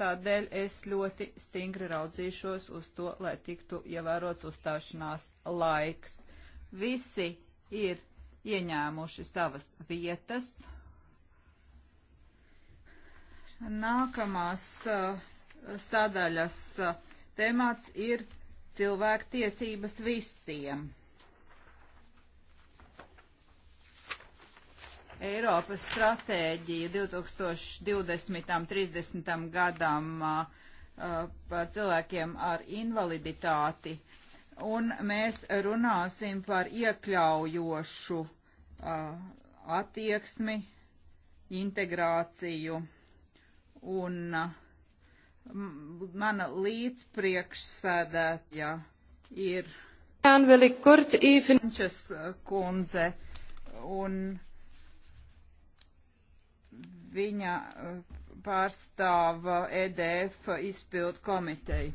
Tādēļ es ļoti stingri raudzīšos uz to, lai tiktu ievērots uzstāšanās laiks. Visi ir ieņēmuši savas vietas. Nākamās uh, sadaļas uh, temats ir cilvēktiesības visiem. Eiropas stratēģija 2020-30 gadam par cilvēkiem ar invaliditāti. Un mēs runāsim par iekļaujošu attieksmi, integrāciju un mana līdzpriekšsēdētā ir Anveli Kurķa Īfinčas kundze. Un, uh, viņa eh, pārstāv EDF izpildu komiteju.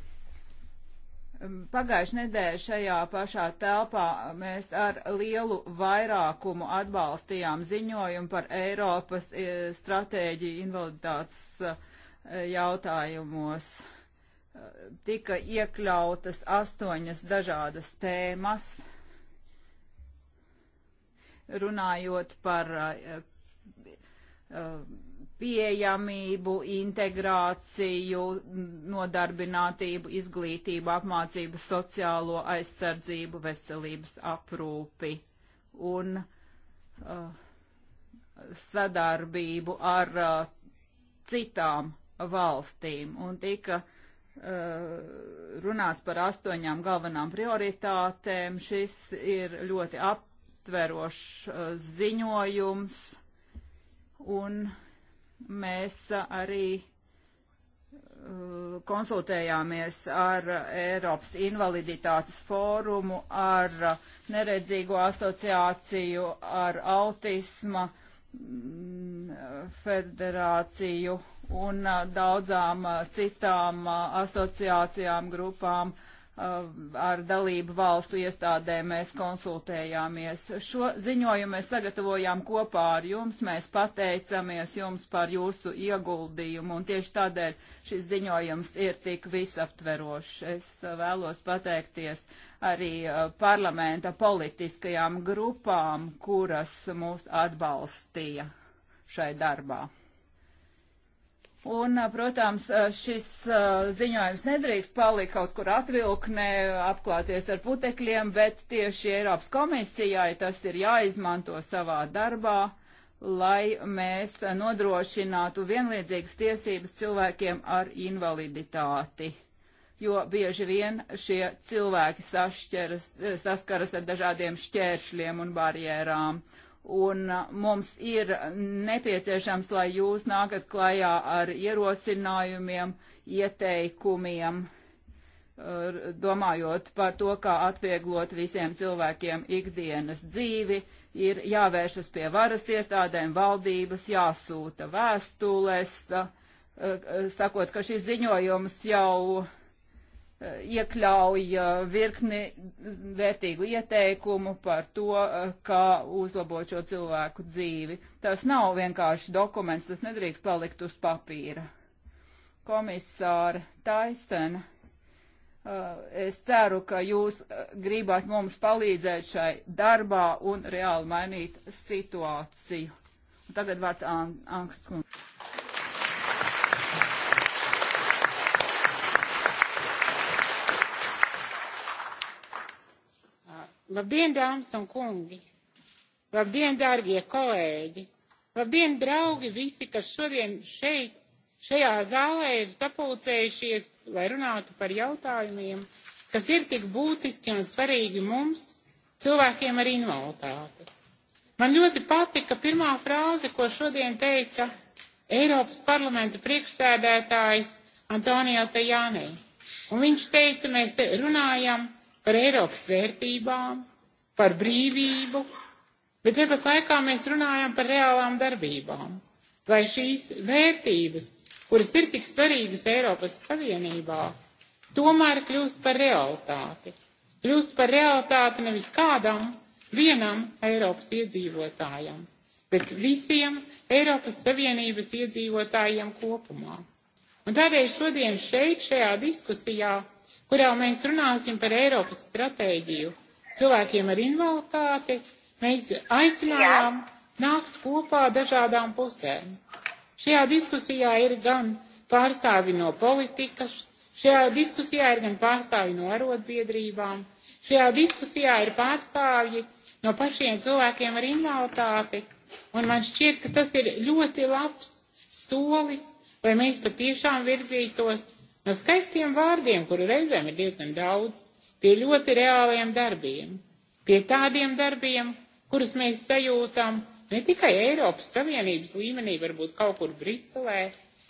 Mm, pagājušajā nedēļā šajā pašā telpā mēs ar lielu vairākumu atbalstījām ziņojumu par Eiropas eh, stratēģiju invaliditātes eh, jautājumos. Tika iekļautas astoņas dažādas tēmas, runājot par uh, uh, pieejamību, integrāciju, nodarbinātību, izglītību, apmācību, sociālo aizsardzību, veselības aprūpi un uh, sadarbību ar uh, citām valstīm. Un tika uh, runāts par astoņām galvenām prioritātēm. Šis ir ļoti aptverošs uh, ziņojums un uh, Mēs uh, arī uh, konsultējāmies ar Eiropas invaliditātes fórumu, ar uh, neredzīgo asociāciju, ar autisma mm, federāciju un daudzām citām asociācijām, grupām Uh, ar dalību valstu iestādēm mēs konsultējāmies. Šo ziņojumu mēs sagatavojām kopā ar jums, mēs pateicamies jums par jūsu ieguldījumu, un tieši tādēļ šis ziņojums ir tik visaptverošs. Es uh, vēlos pateikties arī uh, parlamenta politiskajām grupām, kuras mūs atbalstīja šai darbā. Un, protams, šis ziņojums nedrīkst palikt kaut kur atvilknē, apklāties ar putekļiem, bet tieši Eiropas komisijai tas ir jāizmanto savā darbā, lai mēs nodrošinātu vienlīdzīgas tiesības cilvēkiem ar invaliditāti. Jo bieži vien šie cilvēki sašķeras, saskaras ar dažādiem šķēršļiem un barjerām. Uh, un uh, mums ir nepieciešams, lai jūs nākat klajā ar ierosinājumiem, ieteikumiem, uh, domājot par to, kā atvieglot visiem cilvēkiem ikdienas dzīvi, ir jāvēršas pie varas iestādēm, valdības, jāsūta vēstules, uh, sakot, ka šis ziņojums jau iekļauj uh, virkni vērtīgu ieteikumu par to, uh, kā uzlabot šo cilvēku dzīvi. Tas nav vienkārši dokuments, tas nedrīkst palikt uz papīra. Komisāra Taisena, uh, es ceru, ka jūs gribat mums palīdzēt šai darbā un reāli mainīt situāciju. Tagad vārds Angstkungs. Labdien, dāmas un kungi! Labdien, dārgie kolēģi! Labdien, draugi, visi, kas šodien šeit, šajā zālē ir sapulcējušies, lai runātu par jautājumiem, kas ir tik būtiski un svarīgi mums, cilvēkiem ar invaliditāti. Man ļoti patika pirmā frāze, ko šodien teica Eiropas parlamenta priekšsēdētājs Antonio Tajānei. Un viņš teica, mēs runājam par Eiropas vērtībām, par brīvību, bet tepat laikā mēs runājam par reālām darbībām, lai šīs vērtības, kuras ir tik svarīgas Eiropas Savienībā, tomēr kļūst par realitāti. Kļūst par realitāti nevis kādam, vienam Eiropas iedzīvotājam, bet visiem Eiropas Savienības iedzīvotājiem kopumā. Un tādēļ šodien šeit, šajā diskusijā, kurā mēs runāsim par Eiropas stratēģiju cilvēkiem ar invaliditāti, mēs aicinājām nākt kopā dažādām pusēm. Šajā diskusijā ir gan pārstāvi no politikas, šajā diskusijā ir gan pārstāvi no arotbiedrībām, šajā diskusijā ir pārstāvji no pašiem cilvēkiem ar invaliditāti, un man šķiet, ka tas ir ļoti labs solis, lai mēs patiešām virzītos No skaistiem vārdiem, kuru reizēm ir diezgan daudz, pie ļoti reāliem darbiem, pie tādiem darbiem, kurus mēs sajūtam ne tikai Eiropas Savienības līmenī, varbūt kaut kur Briselē,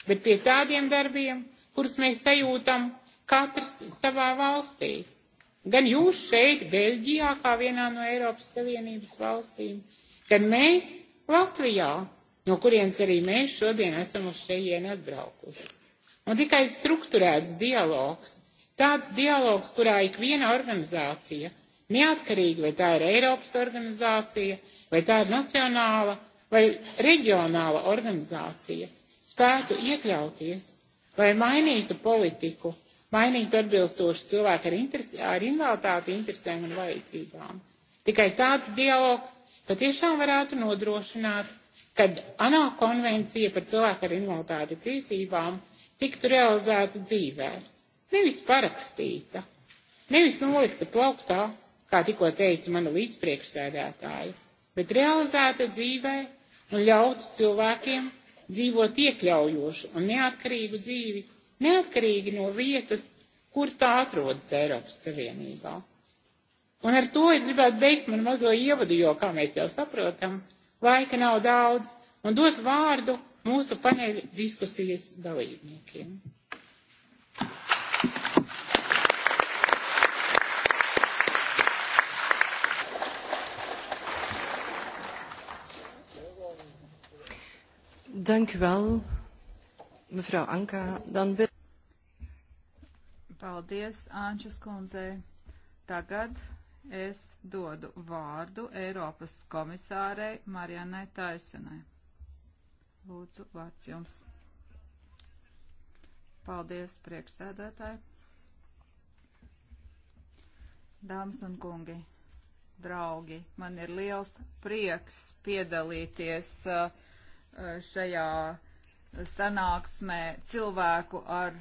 bet pie tādiem darbiem, kurus mēs sajūtam katrs savā valstī. Gan jūs šeit, Beļģijā, kā vienā no Eiropas Savienības valstīm, gan mēs Latvijā, no kurienes arī mēs šodien esam uz šejienu atbraukuši. Un tikai strukturēts dialogs, tāds dialogs, kurā ikviena organizācija, neatkarīgi vai tā ir Eiropas organizācija, vai tā ir nacionāla vai reģionāla organizācija, spētu iekļauties, lai mainītu politiku, mainītu atbilstoši cilvēku ar, interesi, ar invaliditāti interesēm un vajadzībām. Tikai tāds dialogs patiešām varētu nodrošināt, kad ANO konvencija par cilvēku ar invaliditāti tiesībām tiktu realizēta dzīvē, nevis parakstīta, nevis nolikta plauktā, kā tikko teica mana līdzpriekšsēdētāja, bet realizēta dzīvē un ļautu cilvēkiem dzīvot iekļaujošu un neatkarīgu dzīvi, neatkarīgi no vietas, kur tā atrodas Eiropas Savienībā. Un ar to es gribētu beigt manu mazo ievadu, jo, kā mēs jau saprotam, laika nav daudz, un dot vārdu mūsu paneļa diskusijas dalībniekiem. Dank u wel, mevrouw Anka. Dan wil... Paldies, Ančus kundzei. Tagad es dodu vārdu Eiropas komisārei Marianai Taisenai. Lūdzu, vārds jums. Paldies, priekšsēdētāji. Dāmas un kungi, draugi, man ir liels prieks piedalīties uh, šajā sanāksmē cilvēku ar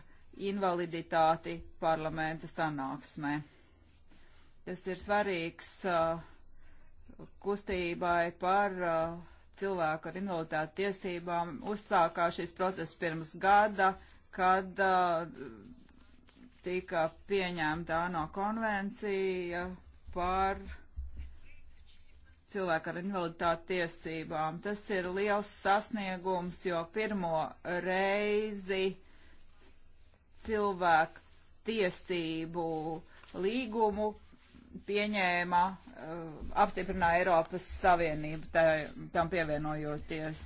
invaliditāti parlamenta sanāksmē. Tas ir svarīgs uh, kustībai par uh, cilvēku ar invaliditāti tiesībām uzsākās šis process pirms gada, kad uh, tika pieņemta ANO konvencija par cilvēku ar invaliditāti tiesībām. Tas ir liels sasniegums, jo pirmo reizi cilvēku tiesību līgumu pieņēma, eh, apstiprināja Eiropas Savienību, tā, tam pievienojoties.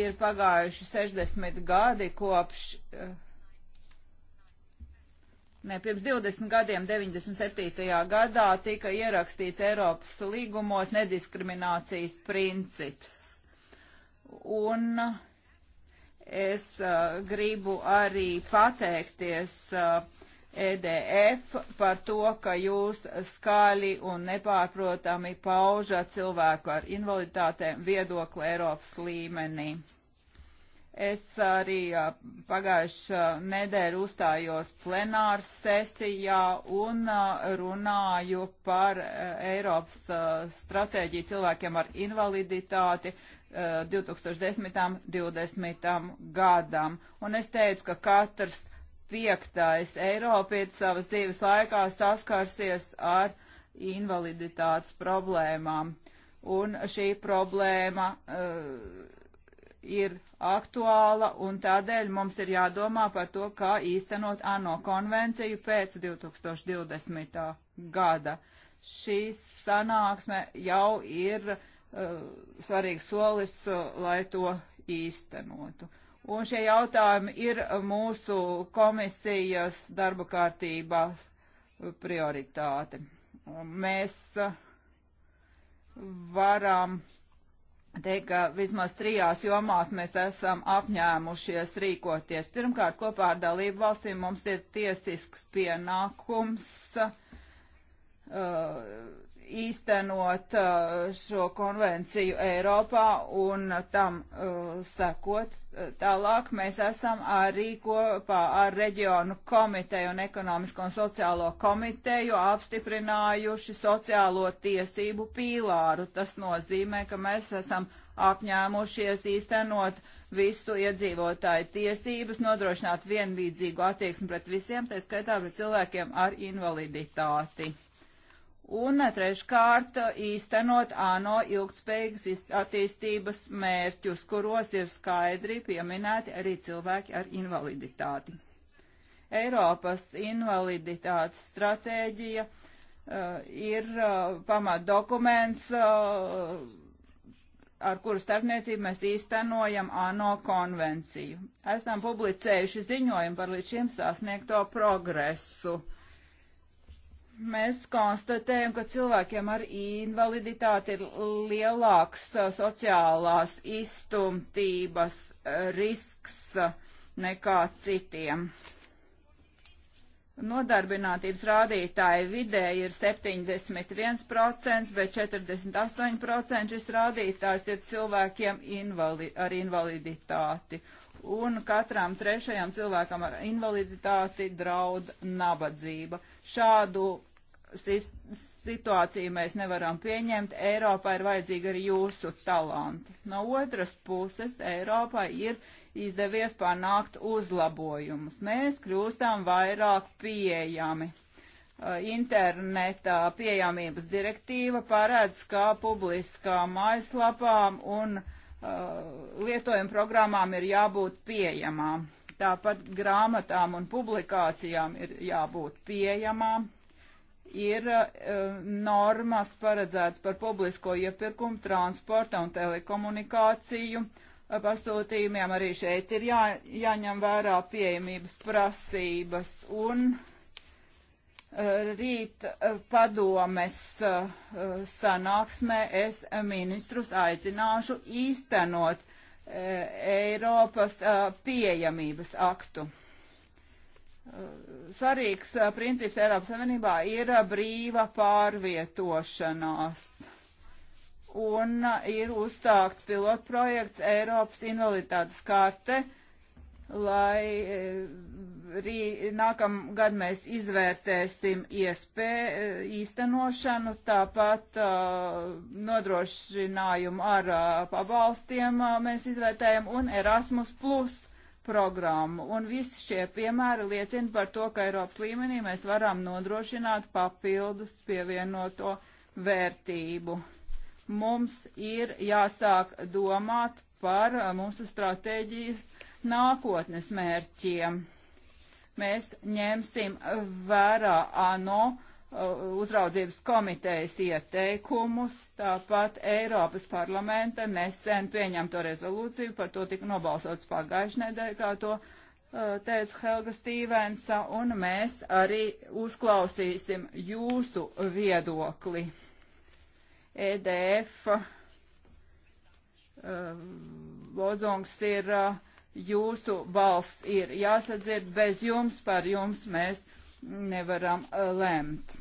Ir pagājuši 60 gadi kopš, eh, ne, pirms 20 gadiem, 97. gadā tika ierakstīts Eiropas līgumos nediskriminācijas princips. Un eh, es uh, gribu arī pateikties uh, EDF par to, ka jūs skaļi un nepārprotami paužat cilvēku ar invaliditātēm viedokli Eiropas līmenī. Es arī pagājušā nedēļa uzstājos plenāru sesijā un runāju par Eiropas stratēģiju cilvēkiem ar invaliditāti 2010. 20. gadam. Un es teicu, ka katrs piektais Eiropietis savas dzīves laikā saskarsies ar invaliditātes problēmām. Un šī problēma uh, ir aktuāla, un tādēļ mums ir jādomā par to, kā īstenot ANO konvenciju pēc 2020. gada. Šī sanāksme jau ir uh, svarīgs solis, uh, lai to īstenotu un šie jautājumi ir mūsu komisijas darba kārtībā prioritāte. Mēs varam teikt, ka vismaz trijās jomās mēs esam apņēmušies rīkoties. Pirmkārt, kopā ar dalību valstīm mums ir tiesisks pienākums uh, īstenot uh, šo konvenciju Eiropā un tam uh, sekot tālāk, mēs esam arī kopā ar reģionu komiteju un ekonomisko un sociālo komiteju apstiprinājuši sociālo tiesību pīlāru. Tas nozīmē, ka mēs esam apņēmušies īstenot visu iedzīvotāju tiesības, nodrošināt vienlīdzīgu attieksmi pret visiem, tā skaitā pret cilvēkiem ar invaliditāti un treškārt īstenot ANO ilgtspējīgas attīstības mērķus, kuros ir skaidri pieminēti arī cilvēki ar invaliditāti. Eiropas invaliditātes stratēģija uh, ir uh, pamat dokuments, uh, ar kuru starpniecību mēs īstenojam ANO konvenciju. Esam publicējuši ziņojumu par līdz šim sasniegto progresu. Uh, mēs konstatējam, ka cilvēkiem ar invaliditāti ir lielāks uh, sociālās izstumtības uh, risks uh, nekā citiem. Nodarbinātības rādītāji vidēji ir 71%, bet 48% šis rādītājs ir cilvēkiem invali ar invaliditāti. Un katram trešajam cilvēkam ar invaliditāti draud nabadzība. Šādu situāciju mēs nevaram pieņemt. Eiropā ir vajadzīgi arī jūsu talanti. No otras puses, Eiropā ir izdevies panākt uzlabojumus. Mēs kļūstam vairāk pieejami. Uh, Internetā pieejamības direktīva paredz, kā publiskām aizslapām un uh, lietojuma programmām ir jābūt pieejamām. Tāpat grāmatām un publikācijām ir jābūt pieejamām ir uh, normas paredzētas par publisko iepirkumu, transporta un telekomunikāciju pasūtījumiem. Arī šeit ir jā, jāņem vērā pieejamības prasības un uh, rīt uh, padomes sanāksmē es ministrus aicināšu īstenot Eiropas pieejamības aktu svarīgs princips Eiropas Savienībā ir brīva pārvietošanās. Un ir uzstākts pilotprojekts Eiropas invaliditātes karte, lai rī, nākamgad mēs izvērtēsim iespēju īstenošanu, tāpat uh, nodrošinājumu ar uh, pabalstiem uh, mēs izvērtējam un Erasmus Plus programmu. Un visi šie piemēri liecina par to, ka Eiropas līmenī mēs varam nodrošināt papildus pievienoto vērtību. Mums ir jāsāk domāt par uh, mūsu stratēģijas nākotnes mērķiem. Mēs ņemsim vērā ANO. Uh, Uh, uzraudzības komitejas ieteikumus, tāpat Eiropas parlamenta nesen pieņemto rezolūciju, par to tika nobalsots pagājušajā nedēļā, kā to uh, teica Helga Stīvensa, un mēs arī uzklausīsim jūsu viedokli. EDF uh, lozungs ir jūsu balss ir jāsadzird, bez jums par jums mēs nevaram lemt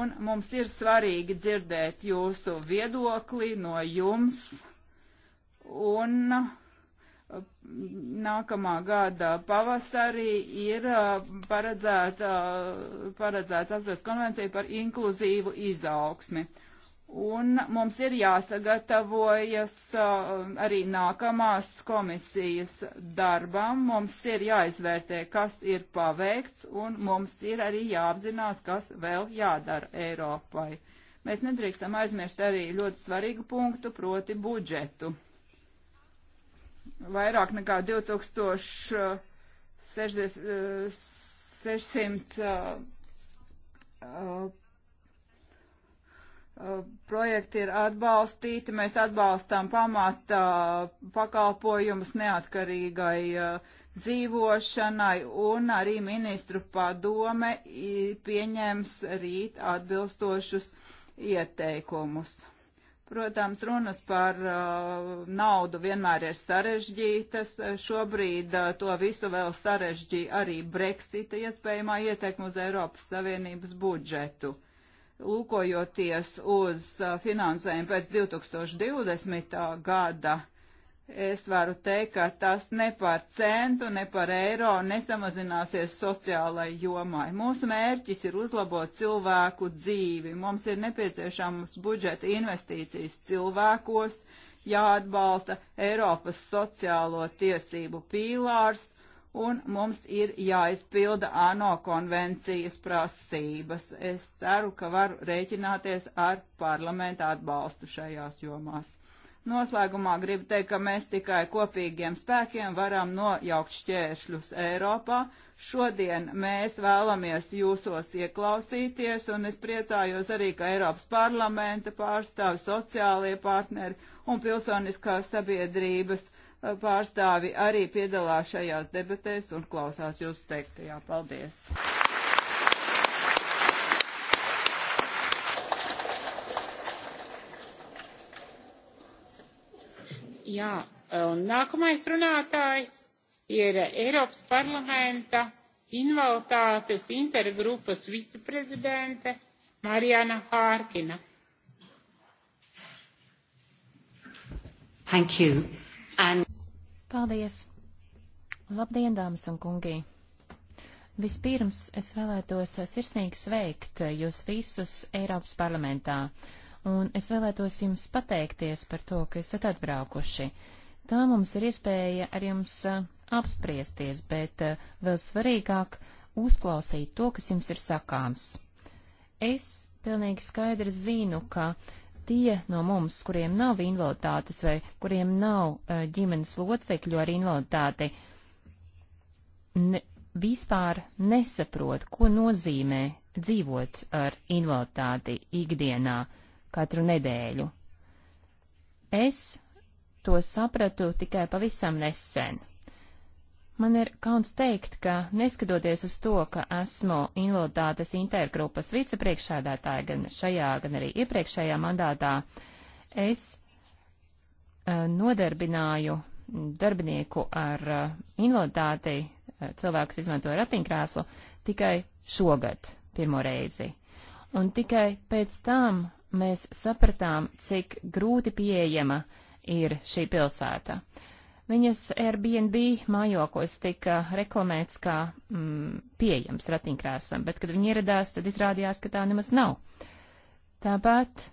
un mums ir svarīgi dzirdēt jūsu viedokli no jums. Un uh, nākamā gada pavasarī ir uh, paredzēta, uh, paredzēts apspriest konvenciju par inkluzīvu izaugsmi. Un mums ir jāsagatavojas uh, arī nākamās komisijas darbam, mums ir jāizvērtē, kas ir paveikts, un mums ir arī jāapzinās, kas vēl jādara Eiropai. Mēs nedrīkstam aizmirst arī ļoti svarīgu punktu, proti budžetu. Vairāk nekā 2060. 600 uh, uh, projekti ir atbalstīti. Mēs atbalstām pamatā uh, pakalpojumus neatkarīgai uh, dzīvošanai, un arī ministru padome pieņems rīt atbilstošus ieteikumus. Protams, runas par uh, naudu vienmēr ir sarežģītas. Šobrīd to visu vēl sarežģīja arī Brexita iespējamā ietekma uz Eiropas Savienības budžetu lūkojoties uz finansējumu pēc 2020. gada, es varu teikt, ka tas ne par centu, ne par eiro nesamazināsies sociālai jomai. Mūsu mērķis ir uzlabot cilvēku dzīvi. Mums ir nepieciešams budžeta investīcijas cilvēkos, jāatbalsta Eiropas sociālo tiesību pīlārs, un mums ir jāizpilda ANO konvencijas prasības. Es ceru, ka varu rēķināties ar parlamentu atbalstu šajās jomās. Noslēgumā gribu teikt, ka mēs tikai kopīgiem spēkiem varam nojaukt šķēršļus Eiropā. Šodien mēs vēlamies jūsos ieklausīties, un es priecājos arī, ka Eiropas parlamenta pārstāvi, sociālie partneri un pilsoniskās sabiedrības pārstāvi arī piedalās šajās debatēs un klausās jūsu teiktajā. Paldies! Jā, un nākamais runātājs ir Eiropas parlamenta invaliditātes intergrupas viceprezidente Marijana Hārkina. Thank you. And Paldies! Labdien, dāmas un kungi! Vispirms es vēlētos sirsnīgi sveikt jūs visus Eiropas parlamentā, un es vēlētos jums pateikties par to, ka esat atbraukuši. Tā mums ir iespēja ar jums a, uh, apspriesties, bet a, uh, vēl svarīgāk uzklausīt to, kas jums ir sakāms. Es pilnīgi skaidri zinu, ka tie no mums, kuriem nav invaliditātes vai kuriem nav uh, ģimenes locekļu ar invaliditāti, ne, vispār nesaprot, ko nozīmē dzīvot ar invaliditāti ikdienā katru nedēļu. Es to sapratu tikai pavisam nesen. Man ir kauns teikt, ka neskatoties uz to, ka esmu invaliditātes intergrupas vicepriekšsēdētāja gan šajā, gan arī iepriekšējā mandātā, es uh, nodarbināju darbinieku ar uh, invaliditāti, uh, eh, cilvēkus izmantoja ratiņkrēslu, tikai šogad pirmo reizi. Un tikai pēc tam mēs sapratām, cik grūti pieejama ir šī pilsēta. Uh, Viņas Airbnb mājoklis tika reklamēts kā mm, pieejams ratiņkrēslam, bet, kad viņi ieradās, tad izrādījās, ka tā nemaz nav. Tāpat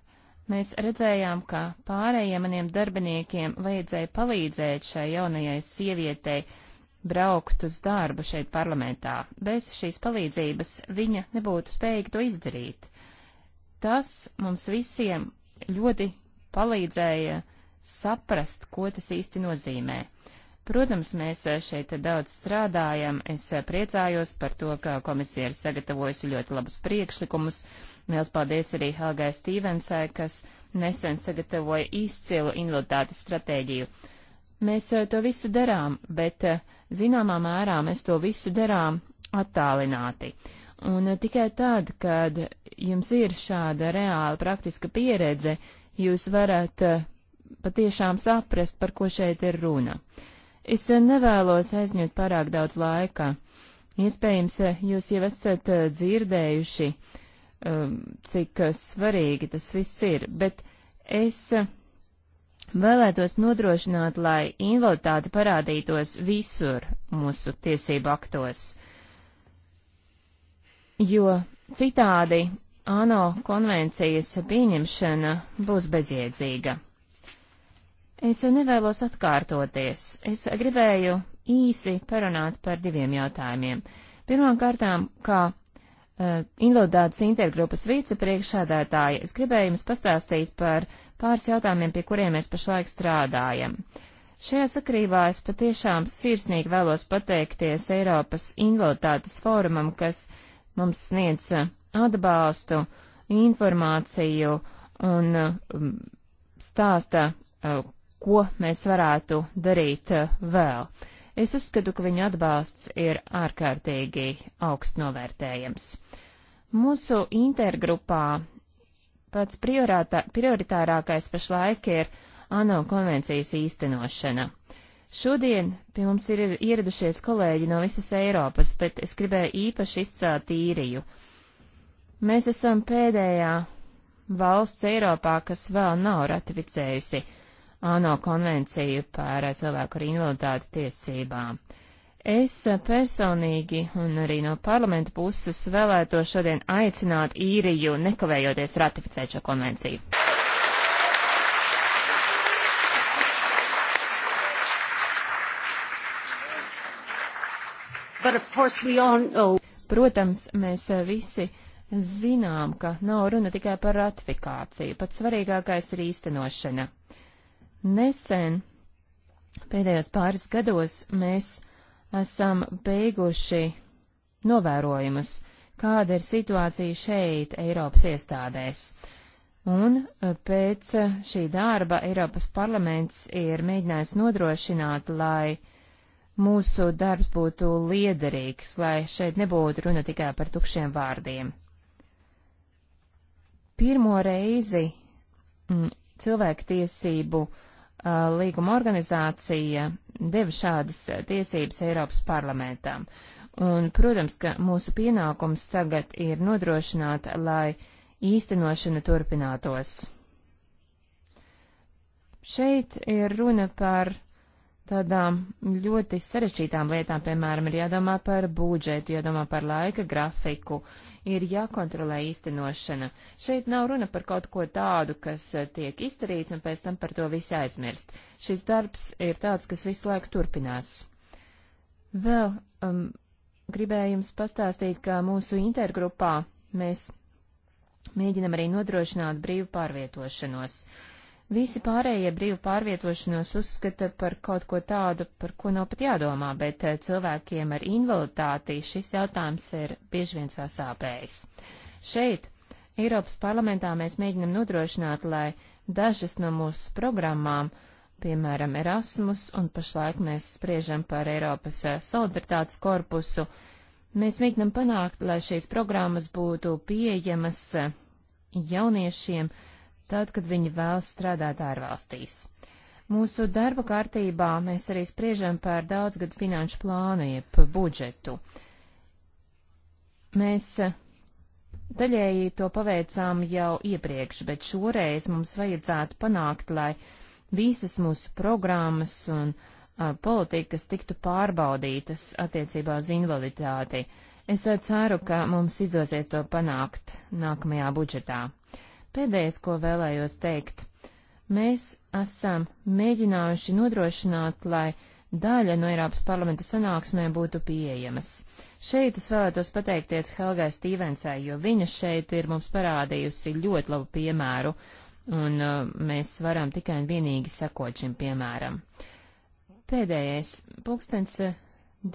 mēs redzējām, ka pārējiem maniem darbiniekiem vajadzēja palīdzēt šai jaunajai sievietei braukt uz darbu šeit parlamentā. Bez šīs palīdzības viņa nebūtu spējīga to izdarīt. Tas mums visiem ļoti palīdzēja uh, saprast, ko tas īsti nozīmē. Protams, mēs eh, šeit daudz strādājam. Es eh, priecājos par to, ka komisija ir sagatavojusi ļoti labus priekšlikumus. Liels paldies arī Helgai Stīvensai, kas nesen sagatavoja izcilu invaliditātes stratēģiju. Mēs eh, to visu darām, bet zināmā mērā mēs to visu darām attālināti. Un tikai tad, kad jums ir šāda reāla praktiska pieredze, jūs varat patiešām saprast, par ko šeit ir runa. Es nevēlos aizņemt pārāk daudz laika. Iespējams, jūs jau esat eh, dzirdējuši, um, cik eh, svarīgi tas viss ir, bet es eh, vēlētos nodrošināt, lai invaliditāte parādītos visur mūsu tiesību aktos, jo citādi ANO konvencijas pieņemšana būs bezjēdzīga. Es nevēlos atkārtoties. Es gribēju īsi parunāt par diviem jautājumiem. Pirmkārtām, kā uh, invaliditātes intergrupas vicepriekšādātāja, es gribēju jums pastāstīt par pāris jautājumiem, pie kuriem mēs pašlaik strādājam. Šajā sakrībā es patiešām sirsnīgi vēlos pateikties Eiropas invaliditātes fórumam, kas mums sniedz eh, atbalstu, informāciju un um, stāsta, uh, ko mēs varētu darīt eh, vēl. Es uzskatu, ka viņa atbalsts ir ārkārtīgi augst novērtējams. Mūsu intergrupā pats prioritārākais pašlaik ir ANO konvencijas īstenošana. Šodien pie mums ir ieradušies kolēģi no visas Eiropas, bet es gribēju īpaši izcelt īriju. Mēs esam pēdējā valsts Eiropā, kas vēl nav ratificējusi ANO konvenciju par cilvēku ar invaliditāti tiesībām. Es personīgi un arī no parlamenta puses vēlēto šodien aicināt īriju nekavējoties ratificēt šo konvenciju. Protams, mēs visi zinām, ka nav runa tikai par ratifikāciju, pats svarīgākais ir īstenošana. Nesen, pēdējos pāris gados, mēs esam beiguši novērojumus, kāda ir situācija šeit, Eiropas iestādēs. Un eh, pēc eh, šī darba Eiropas parlaments ir mēģinājis nodrošināt, lai mūsu darbs būtu liederīgs, lai šeit nebūtu runa tikai par tukšiem vārdiem. Pirmo reizi mm, cilvēktiesību uh, Uh, līguma organizācija deva šādas uh, tiesības Eiropas parlamentām. Un, protams, ka mūsu pienākums tagad ir nodrošināt, lai īstenošana turpinātos. Šeit ir runa par tādām ļoti sarežģītām lietām, piemēram, ir jādomā par budžetu, jādomā par laika grafiku, uh, ir jākontrolē īstenošana. Šeit nav runa par kaut ko tādu, kas eh, tiek izdarīts un pēc tam par to visu aizmirst. Šis darbs ir tāds, kas visu laiku turpinās. Vēl um, gribēju jums pastāstīt, ka mūsu intergrupā mēs mēģinam arī nodrošināt brīvu pārvietošanos. Uh, Visi pārējie brīvu pārvietošanos uzskata par kaut ko tādu, par ko nav pat jādomā, bet eh, cilvēkiem ar invaliditāti šis jautājums ir bieži vien sasāpējis. Šeit, Eiropas parlamentā, mēs mēģinam nodrošināt, lai dažas no mūsu programmām, piemēram, Erasmus, un pašlaik mēs spriežam par Eiropas eh, solidaritātes korpusu, mēs mēģinam panākt, lai šīs programmas būtu pieejamas eh, jauniešiem, uh, tad, kad viņi vēlas strādāt ārvalstīs. Mūsu darba kārtībā mēs arī spriežam par daudzgadu finanšu plānu, jeb budžetu. Mēs eh, daļēji to paveicām jau iepriekš, bet šoreiz mums vajadzētu panākt, lai visas mūsu programmas un a, politikas tiktu pārbaudītas attiecībā uz invaliditāti. Es a, ceru, ka mums izdosies to panākt nākamajā budžetā. Uh, Pēdējais, ko vēlējos teikt. Mēs esam mēģinājuši nodrošināt, lai daļa no Eiropas parlamenta sanāksmēm būtu pieejamas. Šeit es vēlētos pateikties Helgai Stīvensai, jo viņa šeit ir mums parādījusi ļoti labu piemēru, un uh, mēs varam tikai un vienīgi sekot šim piemēram. Pēdējais, pulkstens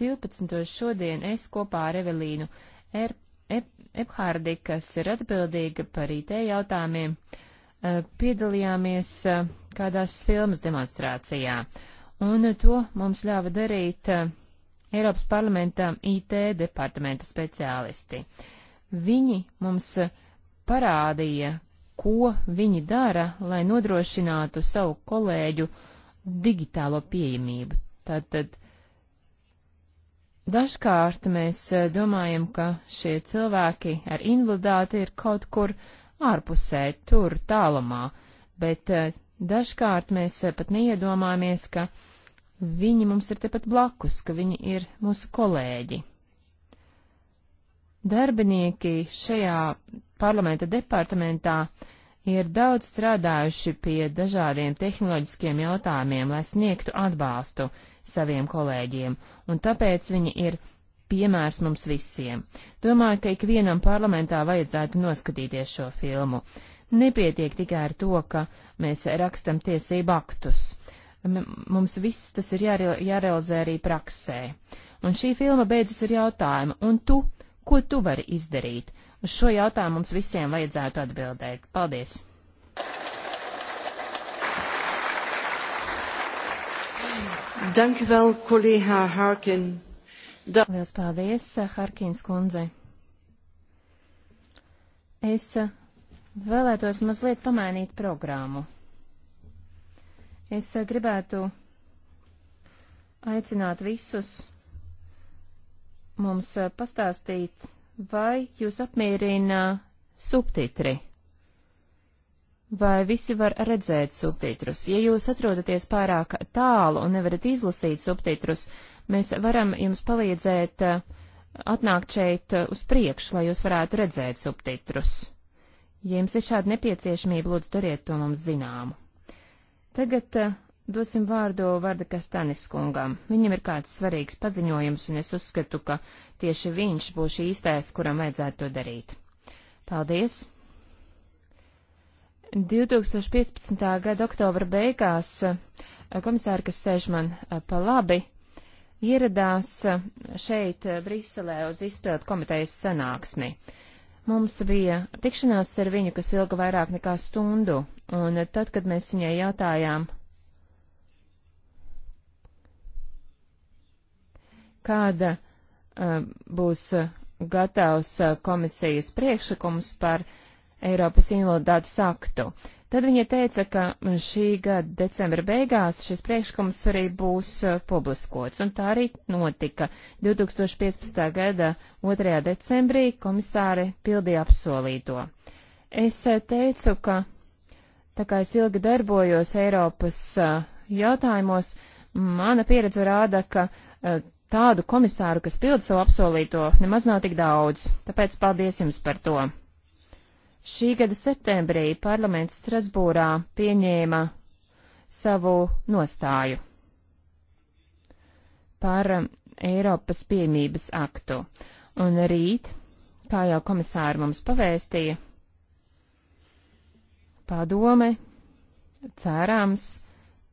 12. Uh, šodien es kopā ar Evelīnu Erp Ephārdi, kas ir atbildīga par IT jautājumiem, e, piedalījāmies e, kādās filmas demonstrācijā, un to mums ļāva darīt e, Eiropas parlamenta IT departamenta speciālisti. Viņi mums parādīja, ko viņi dara, lai nodrošinātu savu kolēģu digitālo pieejamību. Tātad Dažkārt mēs eh, domājam, ka šie cilvēki ar invaliditāti ir kaut kur ārpusē, tur tālumā, bet eh, dažkārt mēs eh, pat neiedomājamies, ka viņi mums ir tepat blakus, ka viņi ir mūsu kolēģi. Darbinieki šajā parlamenta departamentā ir daudz strādājuši pie dažādiem tehnoloģiskiem jautājumiem, lai sniegtu atbalstu saviem kolēģiem, un tāpēc viņi ir piemērs mums visiem. Domāju, ka ikvienam parlamentā vajadzētu noskatīties šo filmu. Nepietiek tikai ar to, ka mēs rakstam tiesību aktus. M mums viss tas ir jāre jārealizē arī praksē. Un šī filma beidzas ar jautājumu, un tu, ko tu vari izdarīt? Uz šo jautājumu mums visiem vajadzētu atbildēt. Paldies! Thank you. Dank vēl, kolēģa Harkin. Da... Lielas paldies, eh, Harkins kundze. Es eh, vēlētos mazliet pamainīt programmu. Es eh, gribētu aicināt visus mums pastāstīt, vai jūs apmierina subtitri vai visi var redzēt subtitrus. Ja jūs atrodaties pārāk tālu un nevarat izlasīt subtitrus, mēs varam jums palīdzēt eh, atnākt šeit eh, uz priekšu, lai jūs varētu redzēt subtitrus. Ja jums ir šāda nepieciešamība, lūdzu, dariet to mums zināmu. Tagad eh, dosim vārdu Varda Kastanis kungam. Viņam ir kāds svarīgs paziņojums, un es uzskatu, ka tieši viņš būs īstais, kuram vajadzētu to darīt. Paldies! 2015. gada oktobra beigās eh, komisāri, kas sēž man eh, pa labi, ieradās eh, šeit Briselē uz izpildu komitejas sanāksmi. Mums bija tikšanās ar viņu, kas ilga vairāk nekā stundu, un tad, kad mēs viņai jautājām, kāda uh, būs gatavs komisijas priekšlikums par uh, Eiropas invaliditātes aktu. Tad viņa teica, ka šī gada decembra beigās šis priekšlikums arī būs uh, publiskots, un tā arī notika. 2015. gada 2. decembrī komisāri pildīja apsolīto. Es uh, teicu, ka tā kā es ilgi darbojos Eiropas uh, jautājumos, mana pieredze rāda, ka uh, tādu komisāru, kas pild savu apsolīto, nemaz nav tik daudz. Tāpēc paldies jums par to. Šī gada septembrī parlaments Strasbūrā pieņēma savu nostāju par um, Eiropas piemības aktu. Un rīt, kā jau komisāri mums pavēstīja, padome cerāms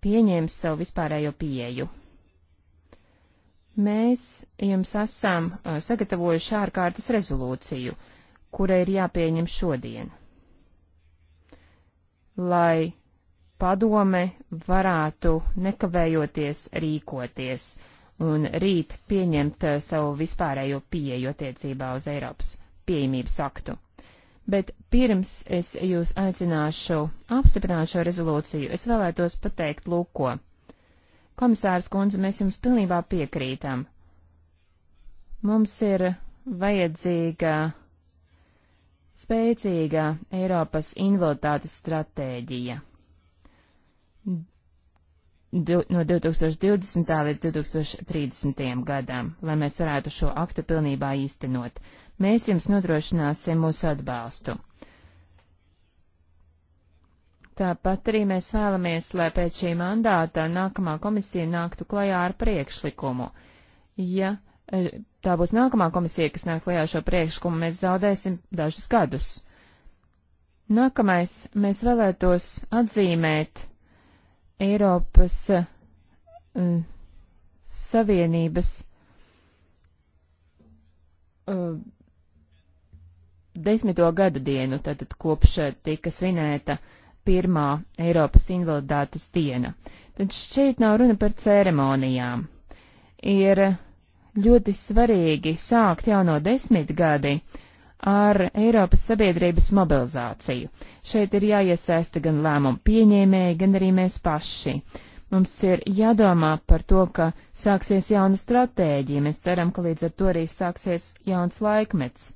pieņēma savu vispārējo pieeju. Mēs jums esam uh, sagatavojuši ārkārtas rezolūciju, kura ir jāpieņem šodien, lai padome varētu nekavējoties rīkoties un rīt pieņemt eh, savu vispārējo pieeju attiecībā uz Eiropas pieejamības aktu. Bet pirms es jūs aicināšu apstiprināt šo rezolūciju, es vēlētos pateikt lūko. Komisārs kundze, mēs jums pilnībā piekrītam. Mums ir vajadzīga spēcīga Eiropas invaliditātes stratēģija. Du, no 2020. līdz 2030. gadam, lai mēs varētu šo aktu pilnībā īstenot. Mēs jums nodrošināsim mūsu atbalstu. Tāpat arī mēs vēlamies, lai pēc šī mandāta nākamā komisija nāktu klajā ar priekšlikumu. Ja eh, tā būs nākamā komisija, kas nāk klajā šo priekšlikumu, mēs zaudēsim dažus gadus. Nākamais mēs vēlētos atzīmēt Eiropas uh, Savienības uh, desmito gada dienu, tātad kopš tika svinēta pirmā Eiropas invaliditātes diena. Tad šeit nav runa par ceremonijām. Ir uh, ļoti svarīgi sākt jauno desmitgadi ar Eiropas sabiedrības mobilizāciju. Šeit ir jāiesaista gan lēmumu pieņēmēji, gan arī mēs paši. Mums ir jādomā par to, ka sāksies jauna stratēģija. Mēs ceram, ka līdz ar to arī sāksies jauns laikmets.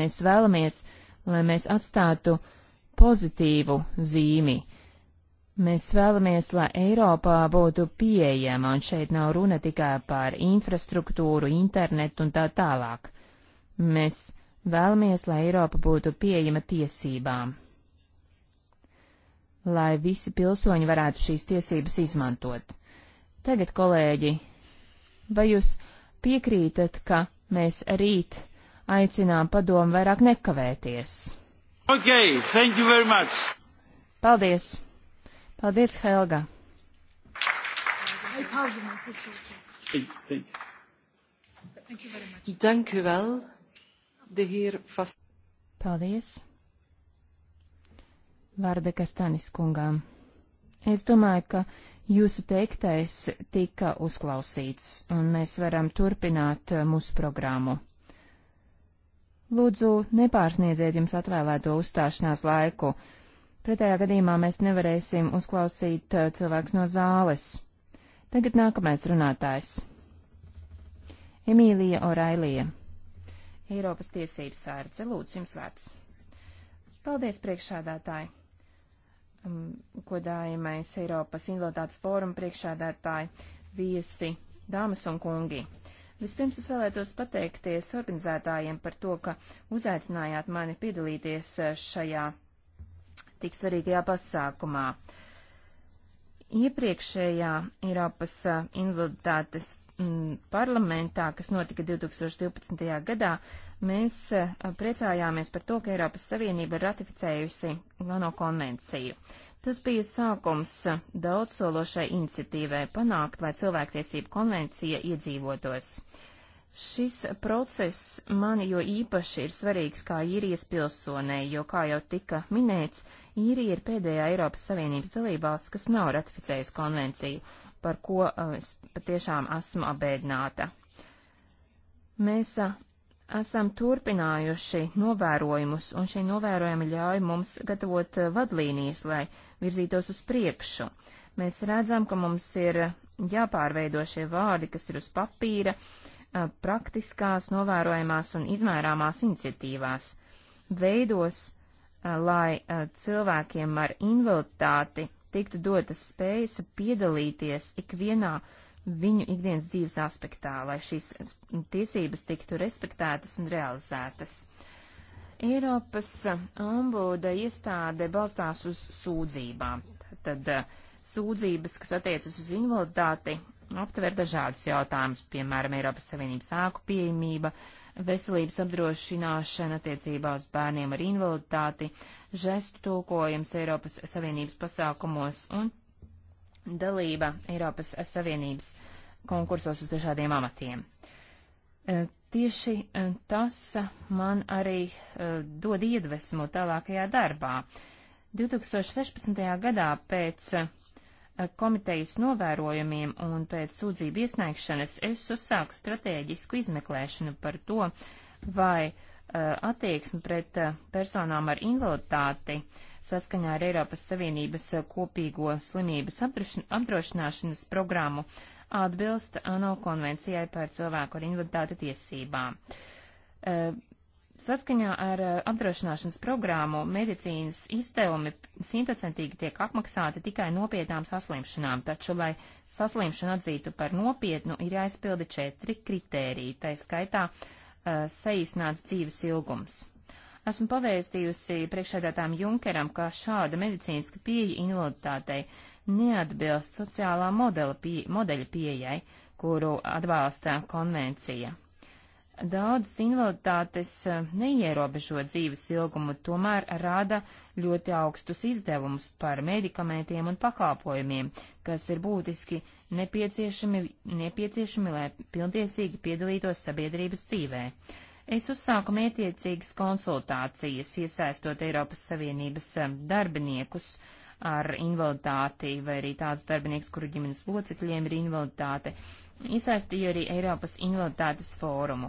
Mēs vēlamies, lai mēs atstātu pozitīvu zīmi Mēs vēlamies, lai Eiropā būtu pieejama, un šeit nav runa tikai par infrastruktūru, internetu un tā tālāk. Mēs vēlamies, lai Eiropa būtu pieejama tiesībām, lai visi pilsoņi varētu šīs tiesības izmantot. Tagad, kolēģi, vai jūs piekrītat, ka mēs rīt aicinām padomu vairāk nekavēties? Okay, thank you very much. Paldies! Paldies, Helga! Dank u wel, de heer Fast. Paldies. Vārda Kastanis kungām. Es domāju, ka jūsu teiktais tika uzklausīts, un mēs varam turpināt eh, mūsu programmu. Lūdzu, nepārsniedziet jums atvēlēto uzstāšanās laiku. Pretējā gadījumā mēs nevarēsim uzklausīt eh, cilvēks no zāles. Tagad nākamais runātājs. Emīlija Orailija. Eiropas tiesības sārdze, lūdzu, jums vārds. Paldies, priekšādātāji. Um, godājamais Eiropas invaliditātes fóruma priekšādātāji, viesi, dāmas un kungi. Vispirms es vēlētos pateikties organizētājiem par to, ka uzaicinājāt mani piedalīties eh, šajā tik svarīgajā pasākumā. Iepriekšējā Eiropas invaliditātes parlamentā, kas notika 2012. gadā, mēs priecājāmies par to, ka Eiropas Savienība ir ratificējusi Gano konvenciju. Tas bija sākums daudzsološai iniciatīvai panākt, lai cilvēktiesību konvencija iedzīvotos. Šis process man jo īpaši ir svarīgs kā īrijas pilsonē, jo, kā jau tika minēts, īrija ir pēdējā Eiropas Savienības dalībās, kas nav ratificējusi konvenciju, par ko uh, es patiešām esmu abēdināta. Mēs uh, esam turpinājuši novērojumus, un šie novērojumi ļauj mums gatavot uh, vadlīnijas, lai virzītos uz priekšu. Mēs redzam, ka mums ir uh, jāpārveido šie vārdi, kas ir uz papīra, uh, praktiskās, novērojamās un izmērāmās iniciatīvās, veidos, lai cilvēkiem ar invaliditāti tiktu dotas spējas piedalīties ikvienā viņu ikdienas dzīves aspektā, lai šīs tiesības tiktu respektētas un realizētas. Eiropas ombuda iestāde balstās uz sūdzībām. Tad sūdzības, kas attiecas uz invaliditāti, aptver dažādus jautājumus, piemēram, Eiropas Savienības āku pieejamība, veselības apdrošināšana attiecībā uz bērniem ar invaliditāti, žestu tulkojums Eiropas Savienības pasākumos un dalība Eiropas Savienības konkursos uz dažādiem amatiem. E, tieši e, tas man arī e, dod iedvesmu tālākajā darbā. 2016. gadā pēc komitejas novērojumiem un pēc sūdzību iesniegšanas es uzsāku stratēģisku izmeklēšanu par to, vai eh, attieksme pret eh, personām ar invaliditāti saskaņā ar Eiropas Savienības eh, kopīgo slimības apdrošināšanas programmu atbilst ANO konvencijai par cilvēku ar invaliditāti tiesībām. Saskaņā ar eh, apdrošināšanas programmu medicīnas izdevumi simtprocentīgi tiek apmaksāti tikai nopietnām saslimšanām, taču, lai saslimšanu atzītu par nopietnu, ir jāizpilda četri kritēriji, tai skaitā uh, saīsnāts dzīves ilgums. Esmu pavēstījusi priekšēdētām Junkeram, ka šāda medicīniska pieeja invaliditātei neatbilst sociālā modela pie, modeļa pieejai, kuru atbalsta konvencija. Daudzas invaliditātes eh, neierobežo dzīves ilgumu, tomēr rada ļoti augstus izdevumus par medikamentiem un pakalpojumiem, kas ir būtiski nepieciešami, nepieciešami lai pilntiesīgi piedalītos sabiedrības dzīvē. Es uzsāku mētiecīgas konsultācijas, iesaistot Eiropas Savienības eh, darbiniekus ar invaliditāti vai arī tādus darbiniekus, kuru ģimenes locekļiem ir invaliditāte Iesaistīju arī Eiropas invaliditātes fórumu.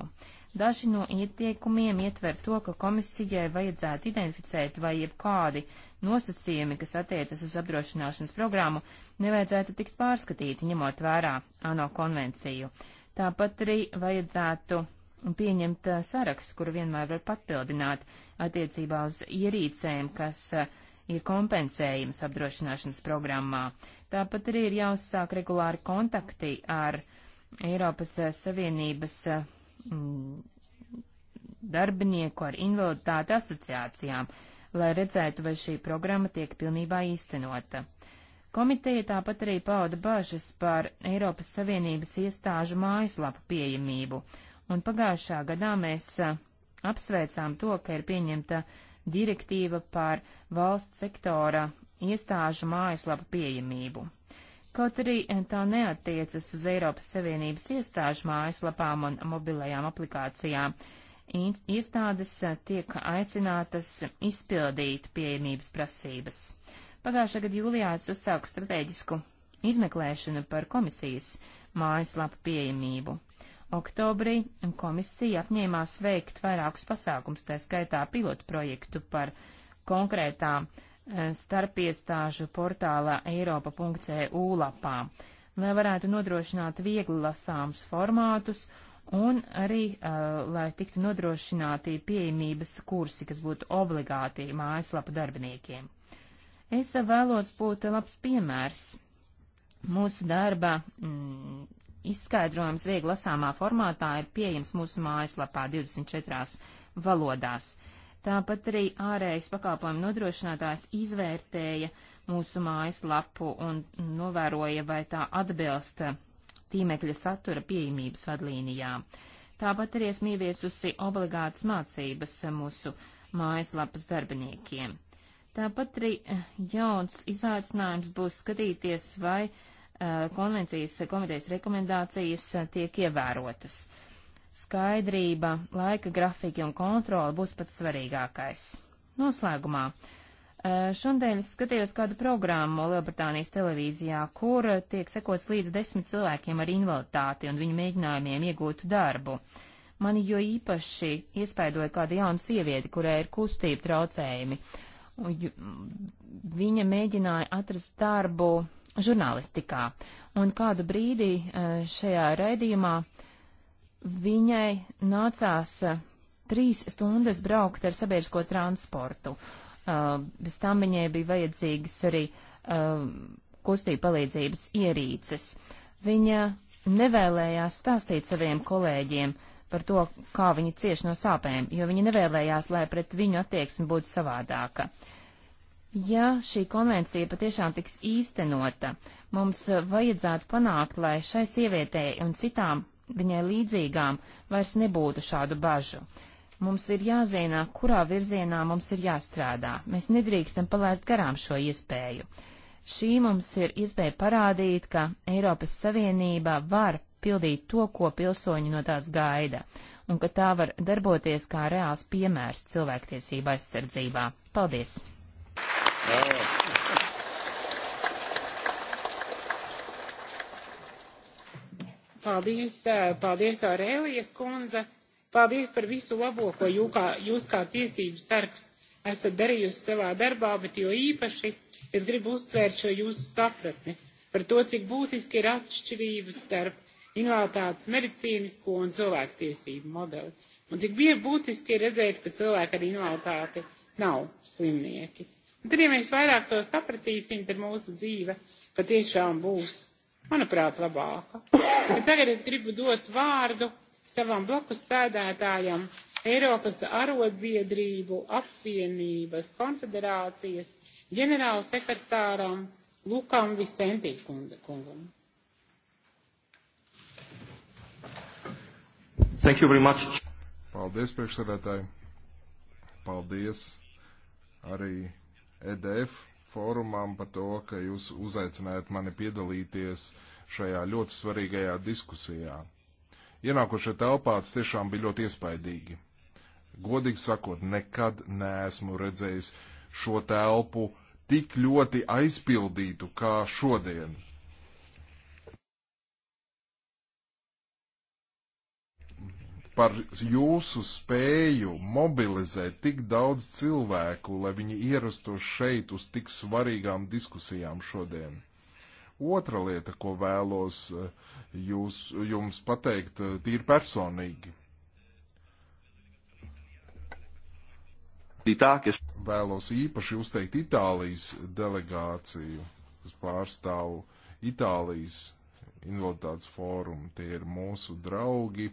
Daži no ieteikumiem ietver to, ka komisijai vajadzētu identificēt, vai jebkādi nosacījumi, kas attiecas uz apdrošināšanas programmu, nevajadzētu tikt pārskatīti, ņemot vērā ANO konvenciju. Tāpat arī vajadzētu pieņemt sarakstu, kuru vienmēr var papildināt attiecībā uz ierīcēm, kas ir kompensējums apdrošināšanas programmā. Tāpat arī ir jāuzsāk regulāri kontakti ar uh, Eiropas eh, Savienības eh, mm, darbinieku ar invaliditāti asociācijām, lai redzētu, vai šī programma tiek pilnībā īstenota. Komiteja tāpat arī pauda bažas par Eiropas Savienības iestāžu mājaslapu pieejamību, un pagājušā gadā mēs eh, apsveicām to, ka ir pieņemta direktīva par valsts sektora iestāžu mājaslapu pieejamību. Kaut arī eh, tā neatiecas uz Eiropas Savienības iestāžu mājaslapām un mobilajām aplikācijām, iestādes eh, tiek aicinātas izpildīt pieejamības prasības. Pagājušā gada jūlijā es uzsāku strateģisku izmeklēšanu par komisijas mājaslapu pieejamību. Oktobrī komisija apņēmās veikt vairākus pasākums, tā skaitā pilotu projektu par konkrētām uh, starpiestāžu portālā eiropa.eu lapā, lai varētu nodrošināt viegli lasāms formātus un arī, uh, lai tiktu nodrošināti pieejamības kursi, kas būtu obligāti mājaslapu darbiniekiem. Es vēlos būt labs piemērs mūsu darba mm, izskaidrojums viegli lasāmā formātā ir pieejams mūsu mājaslapā 24 valodās. Uh, Tāpat arī ārējais pakalpojumu nodrošinātājs izvērtēja mūsu mājaslapu un novēroja, vai tā atbilst tīmekļa satura pieejamības vadlīnijām. Tāpat arī esmu ieviesusi obligātas mācības mūsu mājaslapas darbiniekiem. Tāpat arī eh, jauns izaicinājums būs skatīties, vai uh, konvencijas komitejas rekomendācijas eh, tiek ievērotas. Uh, skaidrība, laika grafiki un kontrola būs pats svarīgākais. Noslēgumā. E, šodien es skatījos kādu programmu Lielbritānijas televīzijā, kur tiek sekots līdz desmit cilvēkiem ar invaliditāti un viņu mēģinājumiem iegūt darbu. Mani jo īpaši iespaidoja kāda jauna sieviete, kurai ir kustība traucējumi. Viņa mēģināja atrast darbu žurnālistikā, un kādu brīdi e, šajā raidījumā uh, viņai nācās eh, trīs stundas braukt ar sabiedrisko transportu. Uh, bez tam viņai bija vajadzīgas arī uh, kustību palīdzības ierīces. Viņa nevēlējās stāstīt saviem kolēģiem par to, kā viņa cieši no sāpēm, jo viņa nevēlējās, lai pret viņu attieksme būtu savādāka. Ja šī konvencija patiešām tiks īstenota, mums vajadzētu panākt, lai šai sievietei un citām viņai līdzīgām, vairs nebūtu šādu bažu. Mums ir jāzina, kurā virzienā mums ir jāstrādā. Mēs nedrīkstam palaist garām šo iespēju. Šī mums ir iespēja parādīt, ka Eiropas Savienība var pildīt to, ko pilsoņi no tās gaida, un ka tā var darboties kā reāls piemērs cilvēktiesība aizsardzībā. Paldies! Bravo. Paldies, eh, paldies Aurēlijas kundze. Paldies par visu labo, ko jū kā, jūs kā tiesības sargs esat darījusi savā darbā, bet jo īpaši es gribu uzsvērt šo jūsu sapratni par to, cik būtiski ir atšķirības starp invaliditātes medicīnisko un cilvēktiesību modeli. Un cik bija būtiski ir redzēt, ka cilvēki ar invaliditāti nav slimnieki. Un tad, ja mēs vairāk to sapratīsim, tad mūsu dzīve patiešām būs manuprāt, labāka. Bet tagad es gribu dot vārdu savam blakus sēdētājam Eiropas arotbiedrību apvienības konfederācijas ģenerālsekretāram Lukam Visentī kungam. Thank you very much. Paldies, priekšsēdētāji. Paldies arī EDF fórumam par to, ka jūs uzaicinājāt mani piedalīties šajā ļoti svarīgajā diskusijā. Ienākošie telpāts tiešām bija ļoti iespaidīgi. Godīgi sakot, nekad neesmu redzējis šo telpu tik ļoti aizpildītu kā šodien. par jūsu spēju mobilizēt tik daudz cilvēku, lai viņi ierastos šeit uz tik svarīgām diskusijām šodien. Otra lieta, ko vēlos eh, jūs, jums pateikt, eh, tīri personīgi. Vēlos īpaši uzteikt Itālijas delegāciju, kas pārstāv Itālijas invaliditātes fórumu. Tie ir mūsu draugi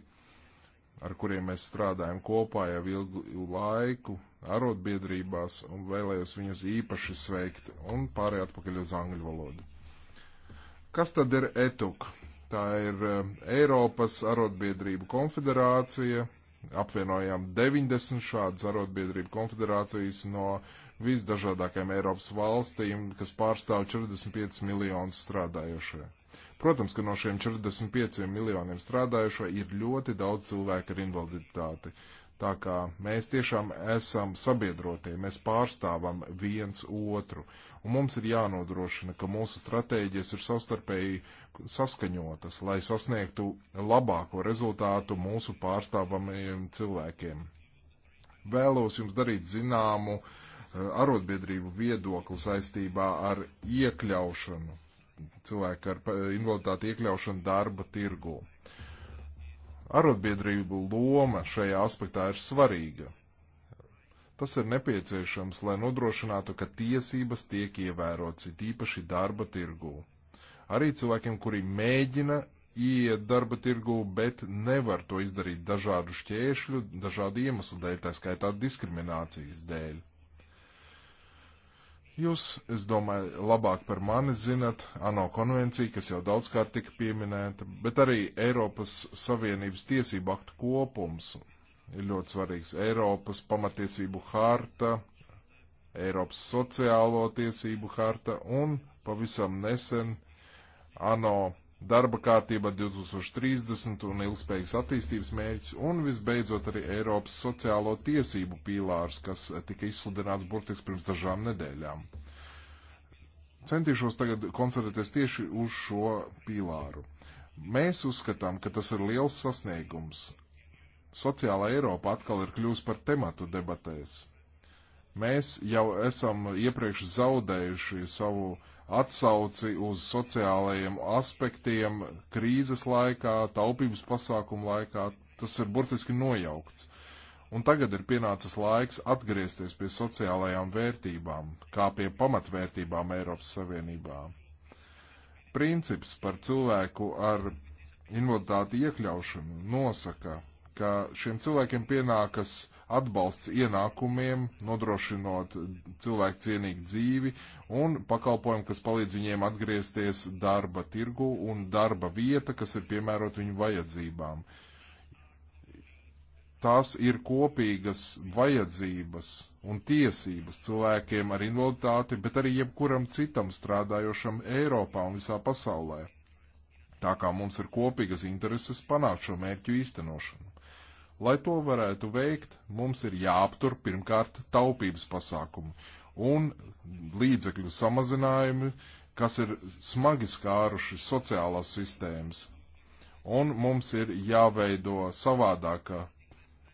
ar kuriem mēs strādājam kopā jau ilgu laiku, arotbiedrībās, un vēlējos viņus īpaši sveikt un pārēj atpakaļ uz angļu valodu. Kas tad ir ETUK? Tā ir eh, Eiropas arotbiedrību konfederācija. Apvienojām 90 šādas arotbiedrību konfederācijas no visdažādākajām Eiropas valstīm, kas pārstāv 45 miljonus strādājošie. Protams, ka no šiem 45 miljoniem strādājušo ir ļoti daudz cilvēku ar invaliditāti. Tā kā mēs tiešām esam sabiedrotie, mēs pārstāvam viens otru, un mums ir jānodrošina, ka mūsu stratēģijas ir savstarpēji saskaņotas, lai sasniegtu labāko rezultātu mūsu pārstāvamajiem cilvēkiem. Vēlos jums darīt zināmu eh, arotbiedrību viedokli saistībā ar iekļaušanu cilvēku ar invaliditāti iekļaušanu darba tirgu. Arotbiedrību loma šajā aspektā ir svarīga. Tas ir nepieciešams, lai nodrošinātu, ka tiesības tiek ievērotas, it īpaši darba tirgū. Arī cilvēkiem, kuri mēģina ieiet darba tirgū, bet nevar to izdarīt dažādu šķēršļu, dažādu iemeslu dēļ, tā skaitā diskriminācijas dēļ. Jūs, es domāju, labāk par mani zinat ANO konvenciju, kas jau daudzkārt tika pieminēta, bet arī Eiropas Savienības tiesību aktu kopums ir ļoti svarīgs. Eiropas pamatiesību harta, Eiropas sociālo tiesību harta un pavisam nesen ANO darba kārtība 2030 un ilgspējīgas attīstības mērķis, un visbeidzot arī Eiropas sociālo tiesību pīlārs, kas tika izsludināts burtiski pirms dažām nedēļām. Centīšos tagad koncentrēties tieši uz šo pīlāru. Mēs uzskatām, ka tas ir liels sasniegums. Sociāla Eiropa atkal ir kļūst par tematu debatēs. Mēs jau esam iepriekš zaudējuši savu uh, atsauci uz sociālajiem aspektiem krīzes laikā, taupības pasākumu laikā. Tas ir burtiski nojaukts. Un tagad ir pienācis laiks atgriezties pie sociālajām vērtībām, kā pie pamatvērtībām Eiropas Savienībā. Princips par cilvēku ar invaliditāti iekļaušanu nosaka, ka šiem cilvēkiem pienākas atbalsts ienākumiem, nodrošinot cilvēku cienīgu dzīvi un pakalpojumu, kas palīdz viņiem atgriezties darba tirgu un darba vieta, kas ir piemērot viņu vajadzībām. Tās ir kopīgas vajadzības un tiesības cilvēkiem ar invaliditāti, bet arī jebkuram citam strādājošam Eiropā un visā pasaulē. Tā kā mums ir kopīgas intereses panākt šo mērķu īstenošanu. Lai to varētu veikt, mums ir jāaptur pirmkārt taupības pasākumu un līdzekļu samazinājumi, kas ir smagi skāruši sociālās sistēmas. Un mums ir jāveido savādāka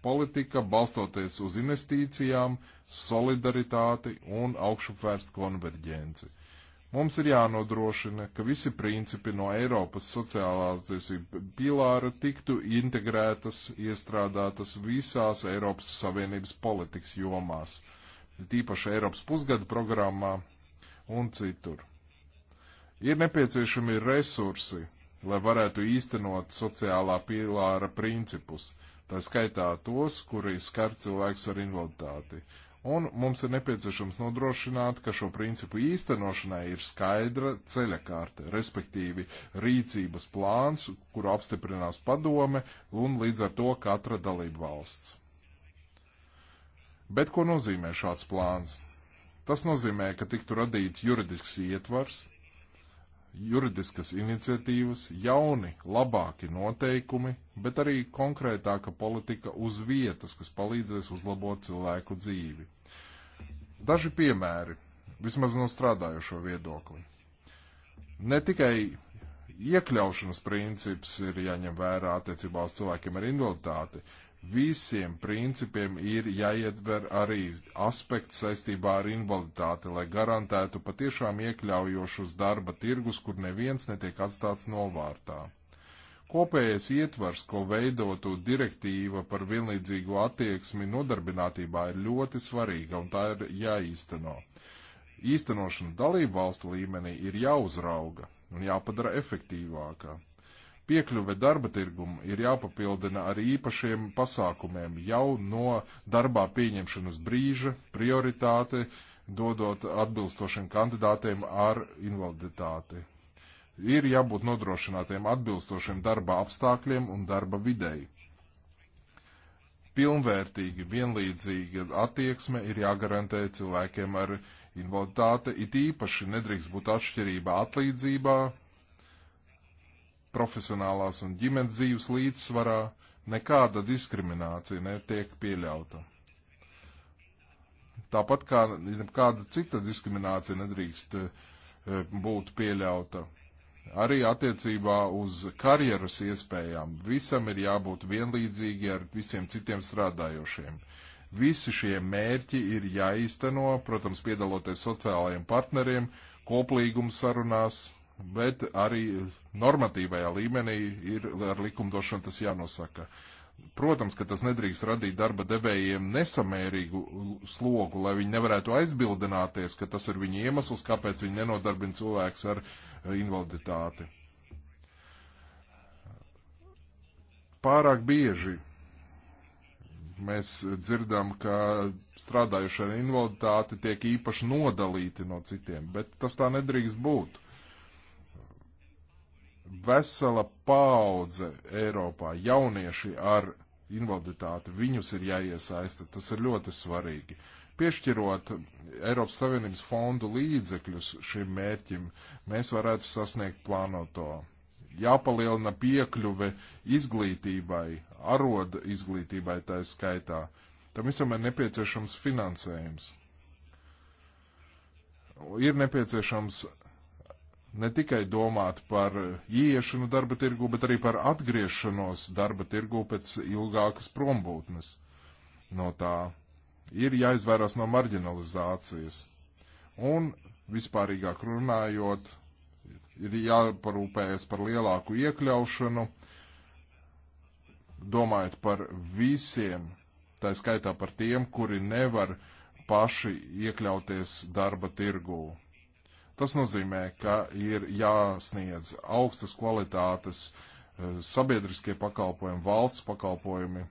politika, balstoties uz investīcijām, solidaritāti un augšupvērst konverģenci. Mums ir jānodrošina, ka visi principi no Eiropas sociālās tiesību pilāra tiktu integrētas, iestrādātas visās Eiropas Savienības politikas jomās, tīpaši Eiropas pusgada programmā un citur. Ir nepieciešami resursi, lai varētu īstenot sociālā pilāra principus, tā skaitā tos, kuri skar cilvēks ar invaliditāti un mums ir nepieciešams nodrošināt, ka šo principu īstenošanai ir skaidra ceļakārte, respektīvi rīcības plāns, kuru apstiprinās padome un līdz ar to katra dalība valsts. Bet ko nozīmē šāds plāns? Tas nozīmē, ka tiktu radīts juridisks ietvars, juridiskas iniciatīvas, jauni, labāki noteikumi, bet arī konkrētāka politika uz vietas, kas palīdzēs uzlabot cilvēku dzīvi. Daži piemēri, vismaz no strādājošo viedokli. Ne tikai iekļaušanas princips ir jāņem vērā attiecībā uz cilvēkiem ar invaliditāti, Visiem principiem ir jāietver arī aspekts saistībā ar invaliditāti, lai garantētu patiešām iekļaujošus darba tirgus, kur neviens netiek atstāts novārtā. Kopējais ietvars, ko veidotu direktīva par vienlīdzīgu attieksmi nodarbinātībā, ir ļoti svarīga un tā ir jāīsteno. Īstenošana dalību valstu līmenī ir jāuzrauga un jāpadara efektīvākā Piekļuve darba tirgumu ir jāpapildina ar īpašiem pasākumiem jau no darbā pieņemšanas brīža prioritāte dodot atbilstošiem kandidātiem ar invaliditāti. Ir jābūt nodrošinātiem atbilstošiem darba apstākļiem un darba videi pilnvērtīga, vienlīdzīga attieksme ir jāgarantē cilvēkiem ar invaliditāti, it īpaši nedrīkst būt atšķirība atlīdzībā, profesionālās un ģimenes dzīves līdzsvarā, nekāda diskriminācija netiek pieļauta. Tāpat kā kāda cita diskriminācija nedrīkst eh, būt pieļauta. Arī attiecībā uz karjeras iespējām visam ir jābūt vienlīdzīgi ar visiem citiem strādājošiem. Visi šie mērķi ir jāīsteno, protams, piedaloties sociālajiem partneriem, koplīgums sarunās bet arī normatīvajā līmenī ir ar likumdošanu tas jānosaka. Protams, ka tas nedrīkst radīt darba devējiem nesamērīgu slogu, lai viņi nevarētu aizbildināties, ka tas ir viņa iemesls, kāpēc viņi nenodarbina cilvēks ar eh, invaliditāti. Pārāk bieži mēs dzirdam, ka strādājuši ar invaliditāti tiek īpaši nodalīti no citiem, bet tas tā nedrīkst būt vesela paudze Eiropā, jaunieši ar invaliditāti, viņus ir jāiesaista, tas ir ļoti svarīgi. Piešķirot Eiropas Savienības fondu līdzekļus šim mērķim, mēs varētu sasniegt plānoto. Jāpalielina piekļuve izglītībai, aroda izglītībai tā skaitā. Tam visam ir nepieciešams finansējums. Ir nepieciešams ne tikai domāt par ieiešanu darba tirgu, bet arī par atgriešanos darba tirgu pēc ilgākas prombūtnes. No tā ir jāizvairās no marginalizācijas. Un vispārīgāk runājot, ir jāparūpējas par lielāku iekļaušanu, domājot par visiem, tā skaitā par tiem, kuri nevar paši iekļauties darba tirgū Tas nozīmē, ka ir jāsniedz augstas kvalitātes eh, sabiedriskie pakalpojumi, valsts pakalpojumi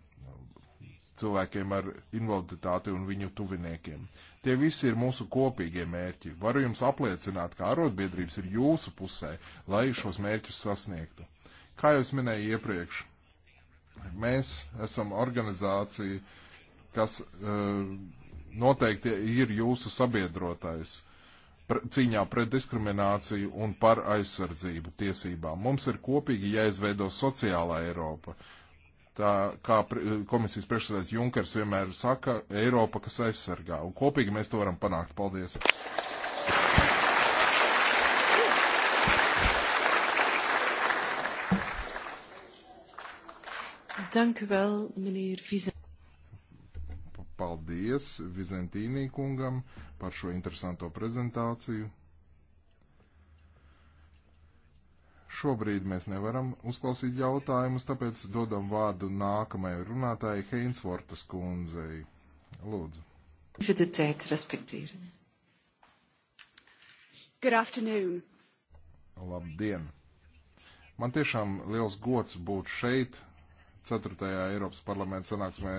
cilvēkiem ar invaliditāti un viņu tuviniekiem. Tie visi ir mūsu kopīgie mērķi. Varu jums apliecināt, ka arotbiedrības ir jūsu pusē, lai šos mērķus sasniegtu. Kā jau es minēju iepriekš, mēs esam organizācija, kas uh, noteikti ir jūsu sabiedrotais. Uh, cīņā pret diskrimināciju un par aizsardzību tiesībām. Mums ir kopīgi jāizveido sociālā Eiropa. Tā kā komisijas priekšsēdētājs Junkers vienmēr saka, Eiropa, kas aizsargā. Un kopīgi mēs to varam panākt. Paldies! Dank u wel, meneer Vizen. Paldies Vizentīnī kungam par šo interesanto prezentāciju. Šobrīd mēs nevaram uzklausīt jautājumus, tāpēc dodam vārdu nākamajai runātājai Heinsvortas kundzei. Lūdzu. Juditēt, respektīvi. Good afternoon. Labdien. Man tiešām liels gods būt šeit, 4. Eiropas parlamenta sanāksmē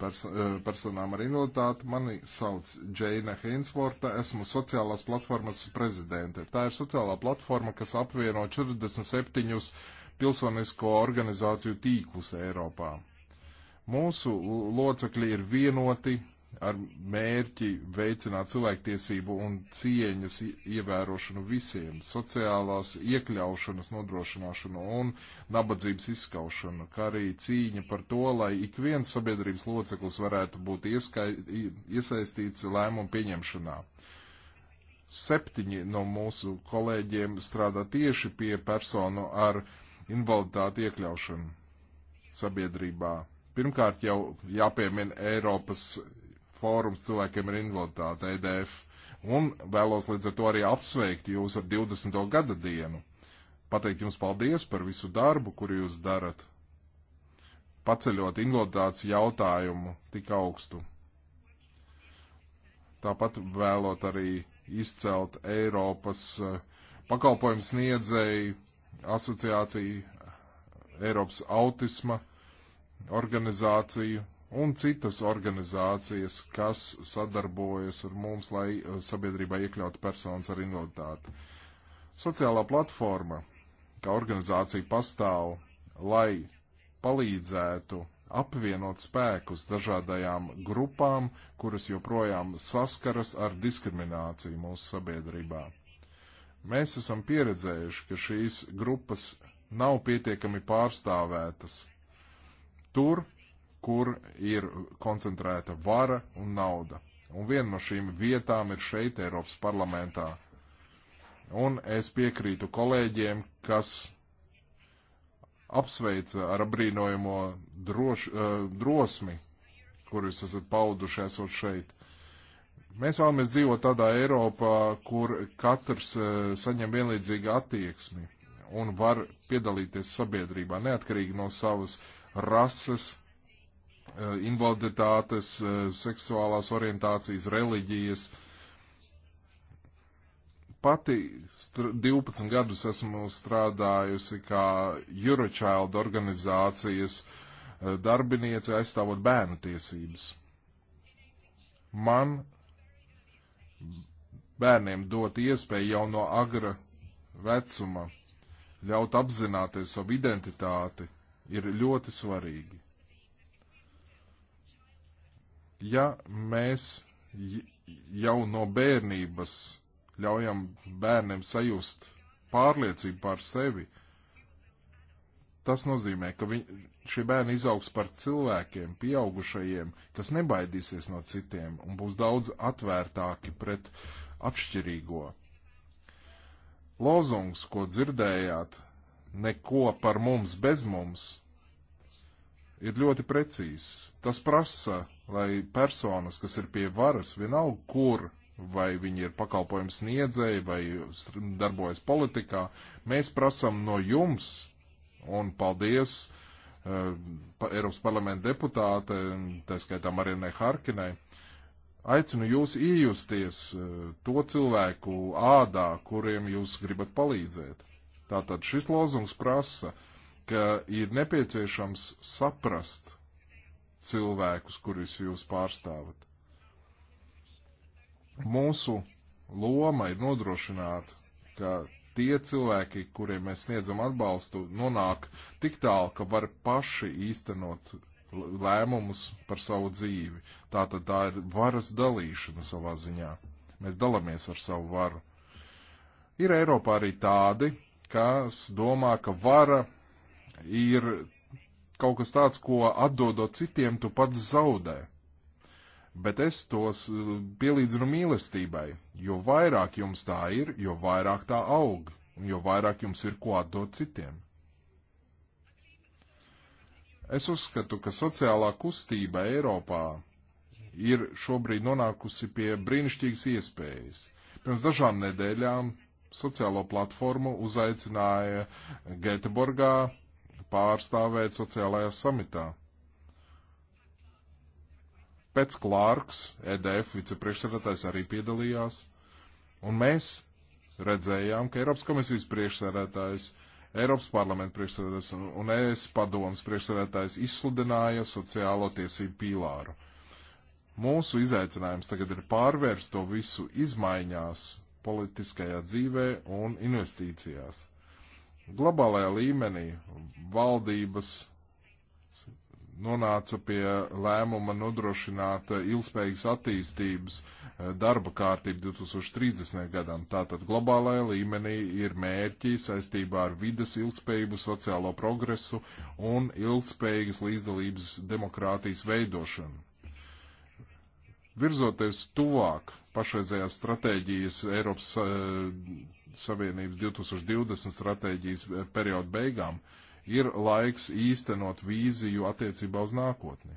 pers eh, personām ar invaliditāti. Mani sauc Džeina Hainsvorta, esmu sociālās platformas prezidente. Tā ir sociālā platforma, kas apvieno 47 pilsonisko organizāciju tīklus Eiropā. Mūsu locekļi ir vienoti ar mērķi veicināt cilvēktiesību un cieņas ievērošanu visiem, sociālās iekļaušanas nodrošināšanu un nabadzības izskaušanu, kā arī cīņa par to, lai ik viens sabiedrības loceklis varētu būt ieskai, iesaistīts lēmumu pieņemšanā. Septiņi no mūsu kolēģiem strādā tieši pie personu ar invaliditāti iekļaušanu sabiedrībā. Pirmkārt jau jāpiemina Eiropas fórums cilvēkiem ar invaliditāti, EDF. Un vēlos līdz ar to arī apsveikt jūs ar 20. gada dienu. Pateikt jums paldies par visu darbu, kuru jūs darat. Paceļot invaliditātes jautājumu tik augstu. Tāpat vēlot arī izcelt Eiropas eh, pakalpojumu sniedzēju asociāciju, Eiropas autisma organizāciju un citas organizācijas, kas sadarbojas ar mums, lai eh, sabiedrībā iekļautu personas ar invaliditāti. Sociālā platforma, kā organizācija pastāv, lai palīdzētu apvienot spēkus dažādajām grupām, kuras joprojām saskaras ar diskrimināciju mūsu sabiedrībā. Mēs esam pieredzējuši, ka šīs grupas nav pietiekami pārstāvētas. Tur, kur ir koncentrēta vara un nauda. Un viena no šīm vietām ir šeit, Eiropas parlamentā. Un es piekrītu kolēģiem, kas apsveica ar abrīnojamo droš, eh, drosmi, kurus esat pauduši esot šeit. Mēs vēlamies dzīvot tādā Eiropā, kur katrs eh, saņem vienlīdzīgu attieksmi un var piedalīties sabiedrībā, neatkarīgi no savas rases, Eh, invaliditātes, eh, seksuālās orientācijas, reliģijas. Pati 12 gadus esmu strādājusi kā Eurochild organizācijas eh, darbiniece aizstāvot bērnu tiesības. Man bērniem dot iespēju jau no agra vecuma ļaut apzināties savu identitāti ir ļoti svarīgi ja mēs jau no bērnības ļaujam bērniem sajust pārliecību par sevi, tas nozīmē, ka viņ, šie bērni izaugs par cilvēkiem, pieaugušajiem, kas nebaidīsies no citiem un būs daudz atvērtāki pret atšķirīgo. Lozungs, ko dzirdējāt, neko par mums bez mums, ir ļoti precīzs. Tas prasa lai personas, kas ir pie varas, vienalga kur, vai viņi ir pakalpojums sniedzēji, vai darbojas politikā, mēs prasam no jums, un paldies uh, pa, Eiropas parlamenta deputāte, tā skaitā Marienai Harkinai, aicinu jūs iejusties uh, to cilvēku ādā, kuriem jūs gribat palīdzēt. Tātad šis lozungs prasa, ka ir nepieciešams saprast, cilvēkus, kurus jūs pārstāvat. Mūsu loma ir nodrošināt, ka tie cilvēki, kuriem mēs sniedzam atbalstu, nonāk tik tālu, ka var paši īstenot lēmumus par savu dzīvi. Tātad tā ir varas dalīšana savā ziņā. Mēs dalāmies ar savu varu. Ir Eiropā arī tādi, kas domā, ka vara ir kaut kas tāds, ko atdodot citiem, tu pats zaudē. Bet es tos eh, pielīdzinu mīlestībai. Jo vairāk jums tā ir, jo vairāk tā aug, un jo vairāk jums ir ko atdot citiem. Es uzskatu, ka sociālā kustība Eiropā ir šobrīd nonākusi pie brīnišķīgas iespējas. Pirms dažām nedēļām sociālo platformu uzaicināja Göteborgā pārstāvēt sociālajā samitā. Pēc Klārks, EDF vicepriekšsēdētājs arī piedalījās, un mēs redzējām, ka Eiropas komisijas priekšsēdētājs, Eiropas parlamenta priekšsēdētājs un ES padomas priekšsēdētājs izsludināja sociālo tiesību pīlāru. Mūsu izaicinājums tagad ir pārvērst to visu izmaiņās politiskajā dzīvē un investīcijās. Globālajā līmenī valdības nonāca pie lēmuma nodrošināt ilgspējīgas attīstības eh, darba kārtību 2030. gadam. Tātad globālajā līmenī ir mērķi saistībā ar vides ilgspējību, sociālo progresu un ilgspējīgas līdzdalības demokrātijas veidošanu. Virzoties tuvāk pašreizējās stratēģijas Eiropas uh, Savienības 2020 stratēģijas eh, perioda beigām, ir laiks īstenot vīziju attiecībā uz nākotni.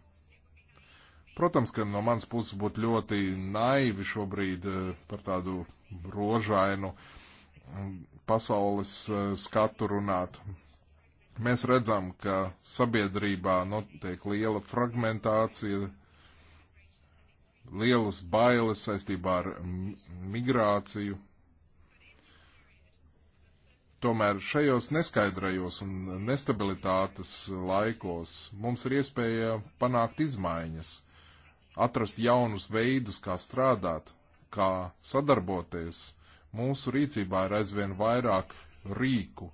Protams, ka no manas puses būtu ļoti naivi šobrīd eh, par tādu rožainu mm, pasaules eh, skatu runāt. Mēs redzam, ka sabiedrībā notiek liela fragmentācija, lielas bailes saistībā ar migrāciju, Tomēr šajos neskaidrajos un nestabilitātes laikos mums ir iespēja panākt izmaiņas, atrast jaunus veidus, kā strādāt, kā sadarboties. Mūsu rīcībā ir aizvien vairāk rīku,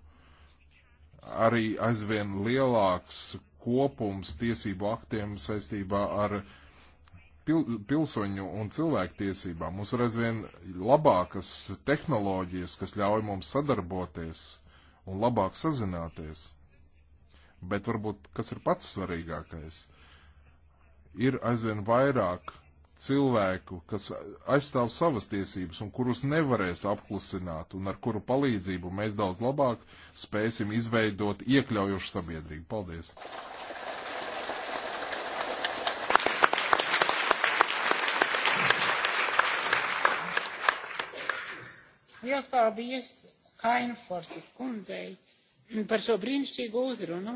arī aizvien lielāks kopums tiesību aktiem saistībā ar pil pilsoņu un cilvēku tiesībām. Mums ir aizvien labākas tehnoloģijas, kas ļauj mums sadarboties un labāk sazināties. Bet varbūt kas ir pats svarīgākais? Ir aizvien vairāk cilvēku, kas aizstāv savas tiesības un kurus nevarēs apklusināt un ar kuru palīdzību mēs daudz labāk spēsim izveidot iekļaujošu sabiedrību. Paldies! Liels paldies Kainforsas kundzei par šo brīnišķīgo uzrunu.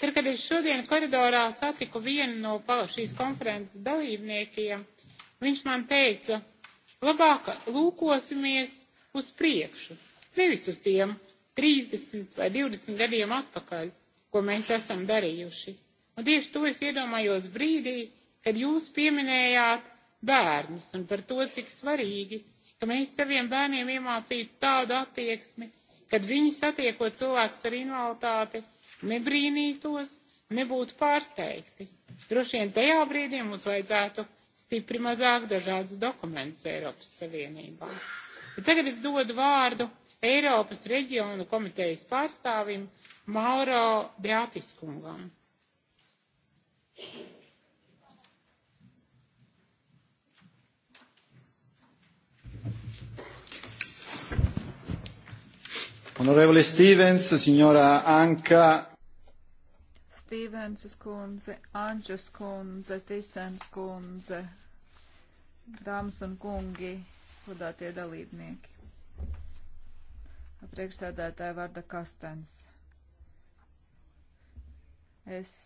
Tad, kad es šodien koridorā satiku vienu no šīs konferences dalībniekiem, viņš man teica, labāk lūkosimies uz priekšu, nevis uz tiem 30 vai 20 gadiem atpakaļ, ko mēs esam darījuši. Un tieši to es iedomājos brīdī, kad jūs pieminējāt bērnus un par to, cik svarīgi ka mēs saviem bērniem iemācītu tādu attieksmi, kad viņi satiekot cilvēkus ar invaliditāti, nebrīnītos, nebūtu pārsteigti. Droši vien tajā brīdī mums vajadzētu stipri mazāk dažādus dokumentus Eiropas Savienībā. Bet tagad es dodu vārdu Eiropas reģionu komitejas pārstāvim Mauro Beatiskungam. Thank you. Honorevole Stevens, signora Anka. Stevens kundze, Anģis kundze, Tisens kundze, dāmas un kungi, godātie dalībnieki. Priekšsēdētāja Varda Kastens. Es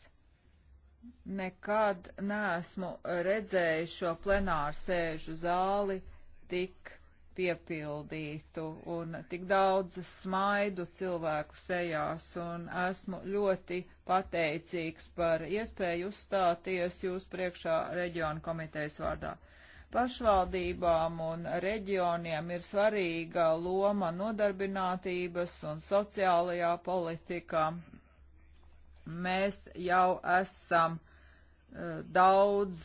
nekad neesmu redzējis šo plenāru sēžu zāli tik piepildītu un tik daudz smaidu cilvēku sejās un esmu ļoti pateicīgs par iespēju uzstāties jūs priekšā reģionu komitejas vārdā. Pašvaldībām un reģioniem ir svarīga loma nodarbinātības un sociālajā politikā. Mēs jau esam uh, daudz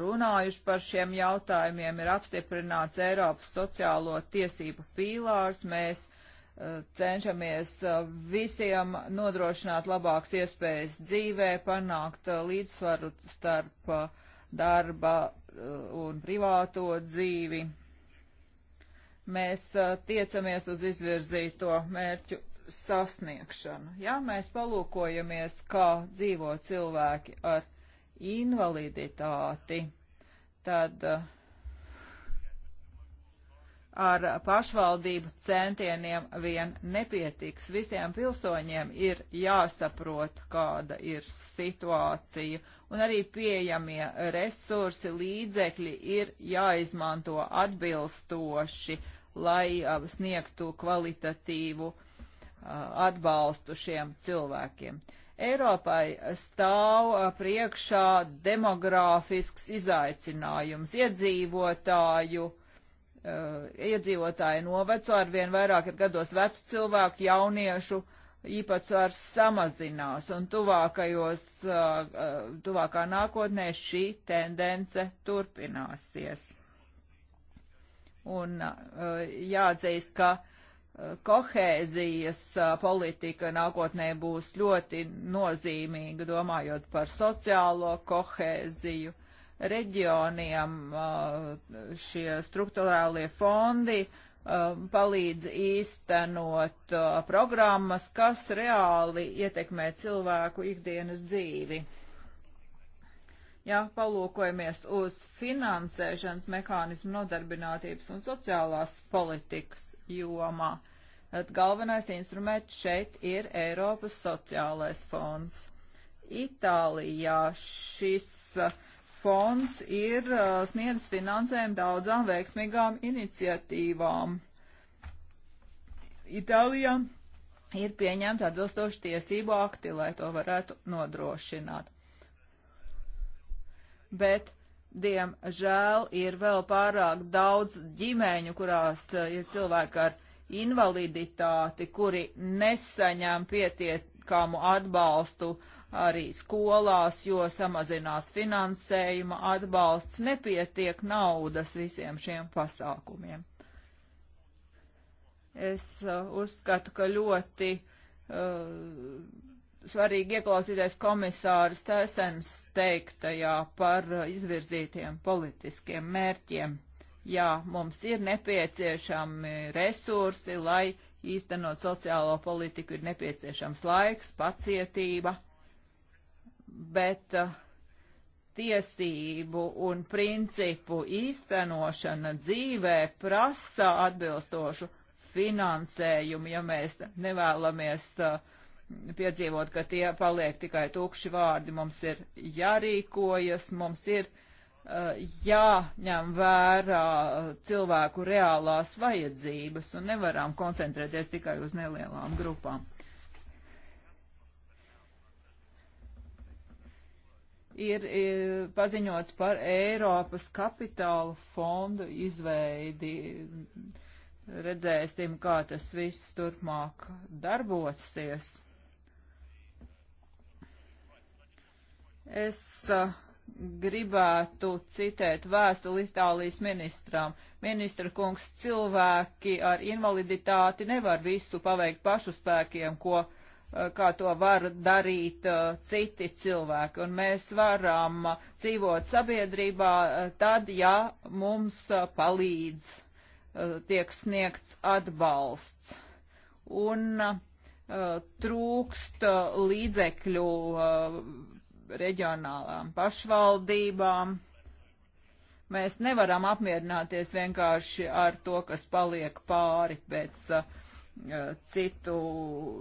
runājuši par šiem jautājumiem, ir apstiprināts Eiropas sociālo tiesību pīlārs. Mēs cenšamies visiem nodrošināt labākas iespējas dzīvē, panākt līdzsvaru starp darba un privāto dzīvi. Mēs tiecamies uz izvirzīto mērķu sasniegšanu. Ja mēs palūkojamies, kā dzīvo cilvēki ar invaliditāti, tad eh, ar pašvaldību centieniem vien nepietiks. Visiem pilsoņiem ir jāsaprot, kāda ir situācija, un arī pieejamie resursi, līdzekļi ir jāizmanto atbilstoši, lai eh, sniegtu kvalitatīvu eh, atbalstu šiem cilvēkiem. Uh, Eiropai stāv priekšā demogrāfisks izaicinājums. Iedzīvotāju, uh, iedzīvotāji noveco ar vien vairāk ir gados vecu cilvēku, jauniešu īpatsvars samazinās, un tuvākajos, uh, tuvākā nākotnē šī tendence turpināsies. Un uh, jāatzīst, ka kohēzijas politika nākotnē būs ļoti nozīmīga, domājot par sociālo kohēziju. Reģioniem šie struktūrālie fondi palīdz īstenot programmas, kas reāli ietekmē cilvēku ikdienas dzīvi. Ja palūkojamies uz finansēšanas mehānismu nodarbinātības un sociālās politikas jomā, Tad galvenais instruments šeit ir Eiropas sociālais fonds. Itālijā šis uh, fonds ir uh, sniedzis finansējumu daudzām veiksmīgām iniciatīvām. Itālijā ir pieņemta atbilstoši tiesību akti, lai to varētu nodrošināt. Bet diemžēl ir vēl pārāk daudz ģimeņu, kurās uh, ir cilvēki ar invaliditāti, kuri nesaņem pietiekamu atbalstu arī skolās, jo samazinās finansējuma atbalsts, nepietiek naudas visiem šiem pasākumiem. Es uh, uzskatu, ka ļoti uh, svarīgi ieklausīties komisāras Tēsens teiktajā par uh, izvirzītiem politiskiem mērķiem jā, mums ir nepieciešami resursi, lai īstenot sociālo politiku, ir nepieciešams laiks, pacietība, bet uh, tiesību un principu īstenošana dzīvē prasa atbilstošu finansējumu, ja mēs nevēlamies uh, piedzīvot, ka tie paliek tikai tukši vārdi. Mums ir jārīkojas, mums ir uh, Eh, jāņem vērā eh, cilvēku reālās vajadzības un nevaram koncentrēties tikai uz nelielām grupām. Ir, ir eh, paziņots par Eiropas kapitālu fondu izveidi. Redzēsim, kā tas viss turpmāk darbosies. Es uh, gribētu citēt vēstuli Itālijas ministram. Ministra kungs, cilvēki ar invaliditāti nevar visu paveikt pašu spēkiem, ko, eh, kā to var darīt eh, citi cilvēki. Un mēs varam eh, dzīvot sabiedrībā tad, ja mums palīdz, tiek sniegts atbalsts. Un trūkst līdzekļu reģionālām pašvaldībām. Mēs nevaram apmierināties vienkārši ar to, kas paliek pāri pēc uh, citu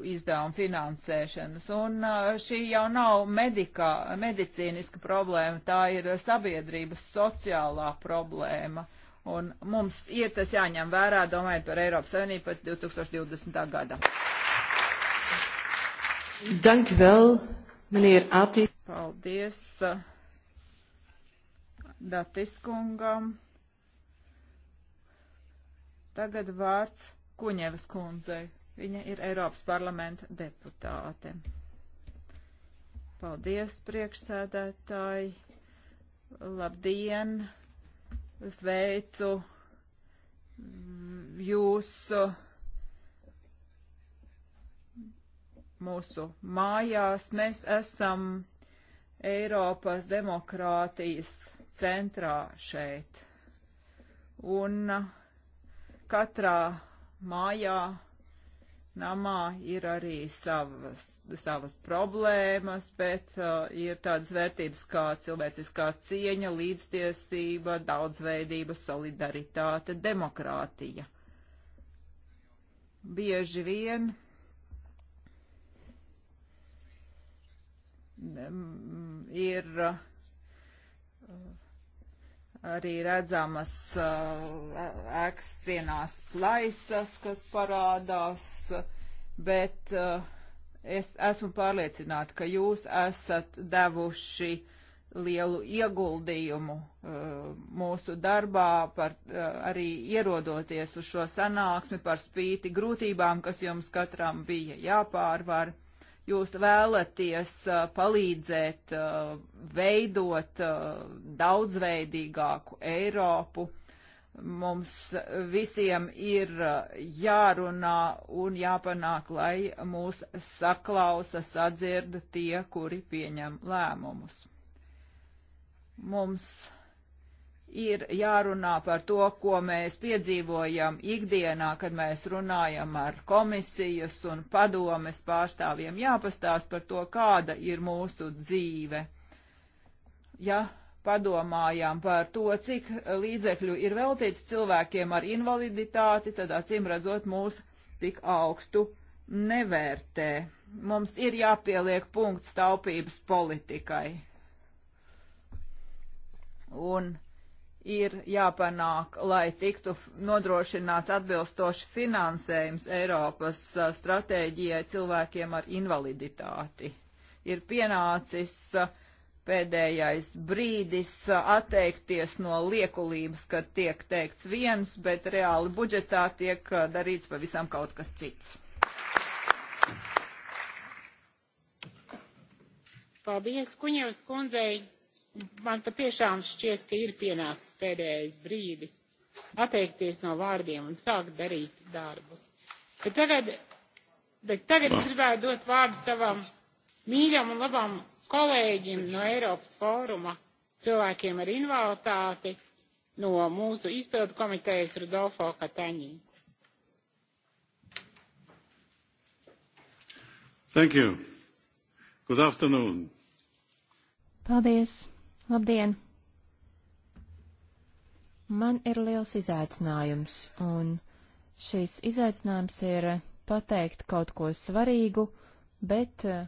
izdevumu finansēšanas. Un uh, šī jau nav medikā, medicīniska problēma, tā ir sabiedrības sociālā problēma. Un mums ir tas jāņem vērā, domājot par Eiropas Savienību pēc 2020. gada. Dank vēl. Man ir attī. Paldies uh, Datiskungam. Tagad vārds Kuņevas kundzei. Viņa ir Eiropas parlamenta deputāte. Paldies, priekšsēdētāji. Labdien! Sveicu mm, jūs! Uh, mūsu mājās. Mēs esam Eiropas demokrātijas centrā šeit. Un uh, katrā mājā, namā ir arī savas, savas problēmas, bet uh, ir tādas vērtības kā cilvēciskā cieņa, līdztiesība, daudzveidība, solidaritāte, demokrātija. Bieži vien uh, ir uh, arī redzamas uh, ēkstienās plaisas, kas parādās, bet uh, es esmu pārliecināta, ka jūs esat devuši lielu ieguldījumu mūsu darbā, par, arī ierodoties uz šo sanāksmi par spīti grūtībām, kas jums katram bija jāpārvar. Ja jūs vēlaties palīdzēt veidot daudzveidīgāku Eiropu. Mums visiem ir jārunā un jāpanāk, lai mūs saklausa, sadzirda tie, kuri pieņem lēmumus. Mums ir jārunā par to, ko mēs piedzīvojam ikdienā, kad mēs runājam ar komisijas un padomes pārstāvjiem, jāpastāst par to, kāda ir mūsu dzīve. Ja padomājām par to, cik līdzekļu ir veltīts cilvēkiem ar invaliditāti, tad acīm redzot mūs tik augstu nevērtē. Mums ir jāpieliek punkts taupības politikai. Un ir jāpanāk, lai tiktu nodrošināts atbilstoši finansējums Eiropas stratēģijai cilvēkiem ar invaliditāti. Ir pienācis pēdējais brīdis atteikties no liekulības, ka tiek teikts viens, bet reāli budžetā tiek darīts pavisam kaut kas cits. Paldies, Kuņevs kundzei! man patiešām šķiet, ka ir pienācis pēdējais brīdis atteikties no vārdiem un sākt darīt darbus. Bet tagad, bet tagad es gribētu dot vārdu savam mīļam un labam kolēģim no Eiropas fóruma cilvēkiem ar invaliditāti no mūsu izpildu komitejas Rudolfo Kataņī. Thank you. Good afternoon. Paldies. Labdien! Man ir liels izaicinājums, un šis izaicinājums ir pateikt kaut ko svarīgu, bet eh,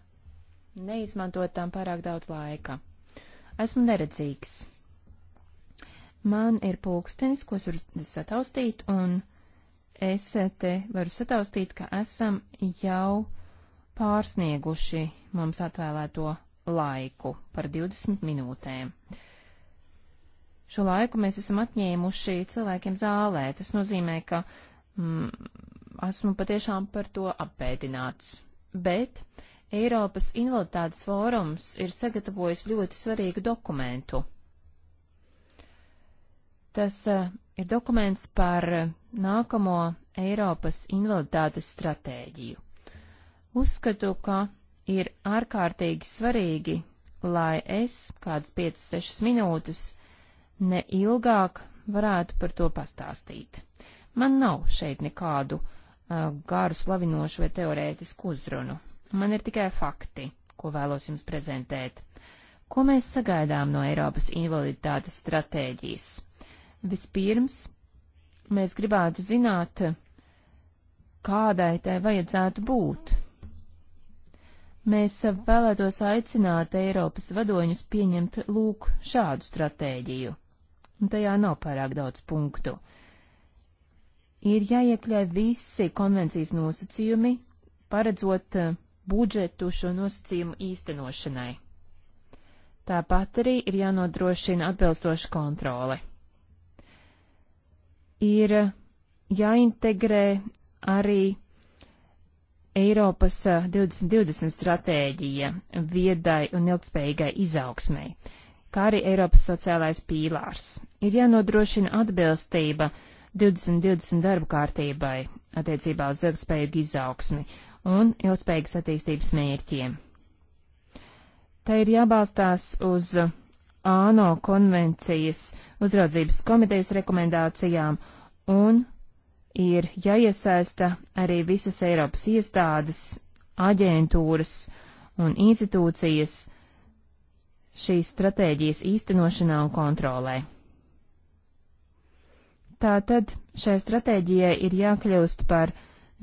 neizmantot tam pārāk daudz laika. Esmu neredzīgs. Man ir pulkstenis, ko es varu sataustīt, un es te varu sataustīt, ka esam jau pārsnieguši mums atvēlēto laiku par 20 minūtēm. Šo laiku mēs esam atņēmuši cilvēkiem zālē. Tas nozīmē, ka mm, esmu patiešām par to apbēdināts. Bet Eiropas invaliditātes fórums ir sagatavojis ļoti svarīgu dokumentu. Tas uh, ir dokuments par nākamo Eiropas invaliditātes stratēģiju. Uzskatu, ka ir ārkārtīgi svarīgi, lai es kādas 5-6 minūtes neilgāk varētu par to pastāstīt. Man nav šeit nekādu uh, garu slavinošu vai teorētisku uzrunu. Man ir tikai fakti, ko vēlos jums prezentēt. Ko mēs sagaidām no Eiropas invaliditātes stratēģijas? Vispirms, mēs gribētu zināt, kādai tai vajadzētu būt, Mēs vēlētos aicināt Eiropas vadoņus pieņemt lūk šādu stratēģiju. Un tajā nav pārāk daudz punktu. Ir jāiekļauj visi konvencijas nosacījumi, paredzot eh, budžetu šo nosacījumu īstenošanai. Tāpat arī ir jānodrošina atbilstoša kontrole. Ir eh, jāintegrē arī Eiropas 2020 stratēģija viedai un ilgspējīgai izaugsmai, kā arī Eiropas sociālais pīlārs. Ir jānodrošina atbilstība 2020 darba kārtībai attiecībā uz ilgspējīgu izaugsmi un ilgspējīgas attīstības mērķiem. Tā ir jābalstās uz ANO konvencijas uzraudzības komitejas rekomendācijām un ir jāiesaista arī visas Eiropas iestādes, aģentūras un institūcijas šīs stratēģijas īstenošanā un kontrolē. Tātad šai stratēģijai ir jākļūst par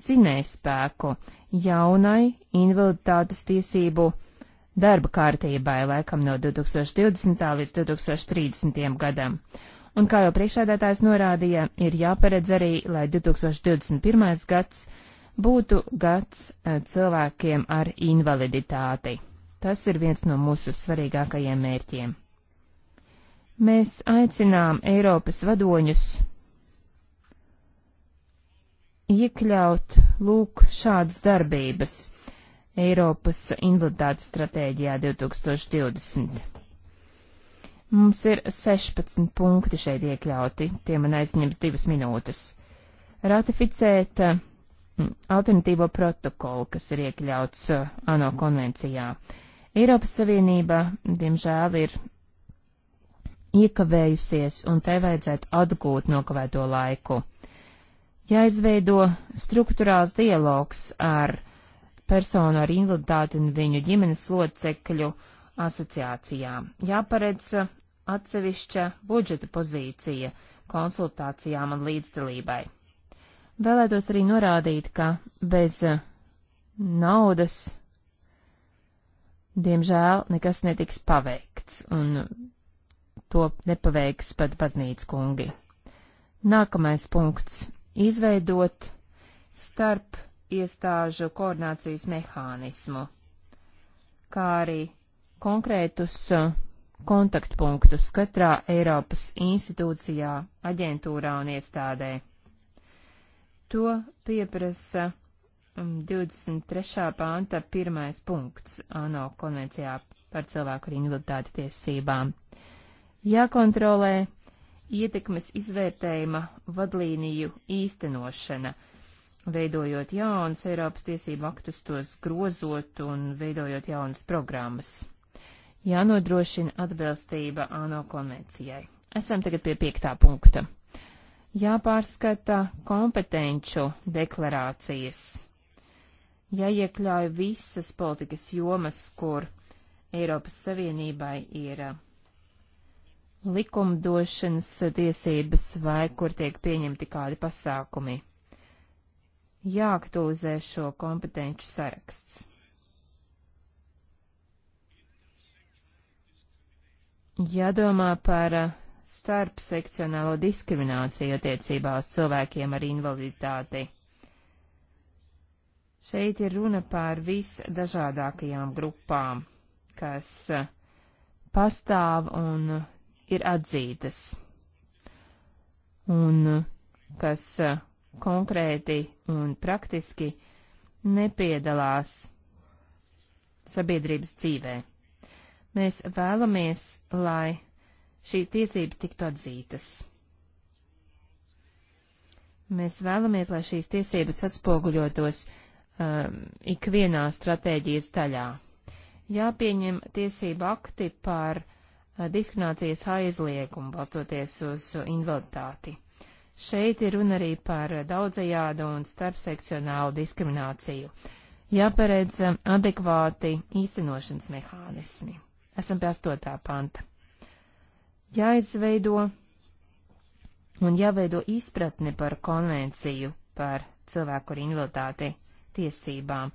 zinējspēku jaunai invaliditātes tiesību darba kārtībai laikam no 2020. līdz 2030. gadam. Un kā jau priekšēdētājs norādīja, ir jāparedz arī, lai 2021. gads būtu gads eh, cilvēkiem ar invaliditāti. Tas ir viens no mūsu svarīgākajiem mērķiem. Mēs aicinām Eiropas vadoņus iekļaut lūk šādas darbības Eiropas invaliditātes stratēģijā 2020. Mums ir 16 punkti šeit iekļauti, tie man aizņems divas minūtes. Ratificēt eh, alternatīvo protokolu, kas ir iekļauts eh, ANO konvencijā. Eiropas Savienība, diemžēl, ir iekavējusies, un tai vajadzētu atgūt nokavēto laiku. Jāizveido struktūrāls dialogs ar personu ar invaliditāti un viņu ģimenes locekļu asociācijām. Jāparedz eh, atsevišķa budžeta pozīcija konsultācijām un līdzdalībai. Vēlētos arī norādīt, ka bez eh, naudas, diemžēl, nekas netiks paveikts, un to nepaveiks pat baznīca kungi. Nākamais punkts - izveidot starp iestāžu koordinācijas mehānismu, kā arī konkrētus eh, kontaktpunktus katrā Eiropas institūcijā, aģentūrā un iestādē. To pieprasa 23. Um, pānta pirmais punkts ANO konvencijā par cilvēku ar invaliditāti tiesībām. Jākontrolē ietekmes izvērtējuma vadlīniju īstenošana, veidojot jaunas Eiropas tiesību aktus, tos grozot un veidojot jaunas programmas jānodrošina atbilstība ANO konvencijai. Esam tagad pie piektā punkta. Jāpārskata kompetenču deklarācijas. Jāiekļauj visas politikas jomas, kur Eiropas Savienībai ir uh, likumdošanas tiesības vai kur tiek pieņemti kādi pasākumi. Jāaktualizē šo kompetenču saraksts. jādomā par eh, starpsekcionālo diskrimināciju attiecībā uz cilvēkiem ar invaliditāti. Šeit ir runa par visdažādākajām grupām, kas eh, pastāv un ir atzītas, un eh, kas konkrēti un praktiski nepiedalās sabiedrības dzīvē. Mēs vēlamies, lai šīs tiesības tiktu atzītas. Mēs vēlamies, lai šīs tiesības atspoguļotos um, ikvienā stratēģijas daļā. Jāpieņem tiesība akti par uh, diskriminācijas aizliegumu, balstoties uz uh, invaliditāti. Šeit ir runa arī par daudzajādu un starpsekcionālu diskrimināciju. Jāparedz um, adekvāti īstenošanas mehānismi. Esam pie 8. panta. Jāizveido un jāveido izpratne par konvenciju par cilvēku ar invaliditāti tiesībām,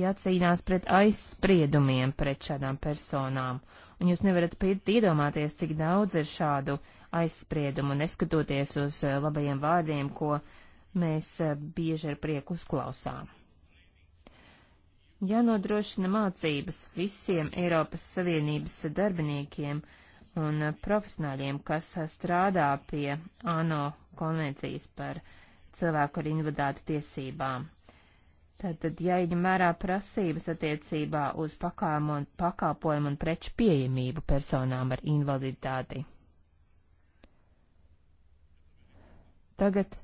jācīnās pret aizspriedumiem pret šādām personām, un jūs nevarat iedomāties, cik daudz ir šādu aizspriedumu, neskatoties uz eh, labajiem vārdiem, ko mēs eh, bieži ar prieku uzklausām jānodrošina mācības visiem Eiropas Savienības darbiniekiem un profesionāļiem, kas strādā pie ANO konvencijas par cilvēku ar invaliditāti tiesībām. Tātad jāņem vērā prasības attiecībā uz un, pakalpojumu un preču pieejamību personām ar invaliditāti. Tagad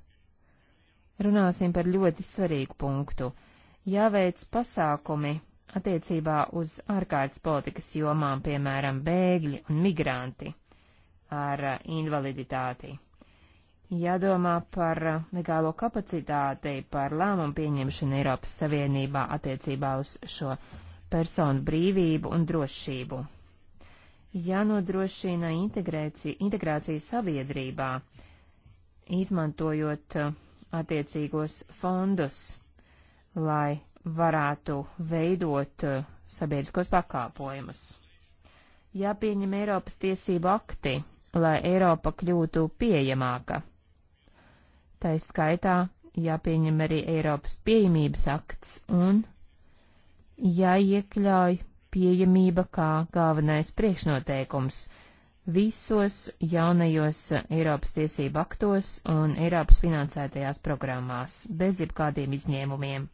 runāsim par ļoti svarīgu punktu jāveic pasākumi attiecībā uz ārkārtas politikas jomām, piemēram, bēgļi un migranti ar uh, invaliditāti. Jādomā par uh, legālo kapacitāti, par lēmumu pieņemšanu Eiropas Savienībā attiecībā uz šo personu brīvību un drošību. Jānodrošina integrācija, integrācija sabiedrībā, izmantojot uh, attiecīgos fondus lai varētu veidot eh, sabiedriskos pakāpojumus. Jāpieņem Eiropas tiesību akti, lai Eiropa kļūtu pieejamāka. Tā skaitā jāpieņem arī Eiropas pieejamības akts un jāiekļauj pieejamība kā galvenais priekšnoteikums visos jaunajos Eiropas tiesību aktos un Eiropas finansētajās programmās, bez jebkādiem izņēmumiem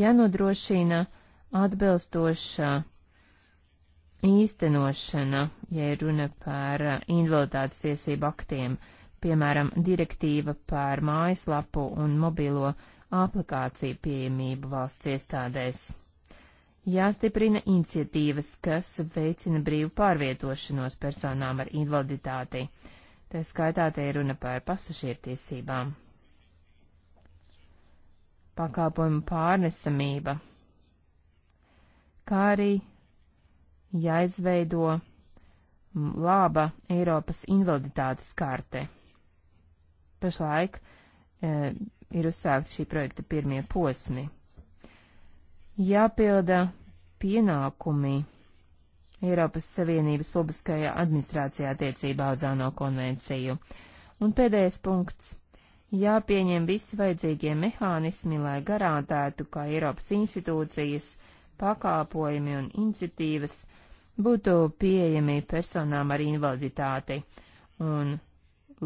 jānodrošina atbilstošā īstenošana, ja runa par invaliditātes tiesību aktiem, piemēram, direktīva par mājaslapu un mobilo aplikāciju pieejamību valsts iestādēs. Jāstiprina iniciatīvas, kas veicina brīvu pārvietošanos personām ar invaliditāti. Tā skaitā te ir runa par pasažiertiesībām pakalpojumu pārnesamība, kā arī jāizveido laba Eiropas invaliditātes kārte. Pašlaik e, ir uzsākti šī projekta pirmie posmi. Jāpilda pienākumi Eiropas Savienības publiskajā administrācijā attiecībā uz ANO konvenciju. Un pēdējais punkts jāpieņem visi vajadzīgie mehānismi, lai garantētu, ka Eiropas institūcijas, pakāpojumi un iniciatīvas būtu pieejami personām ar invaliditāti, un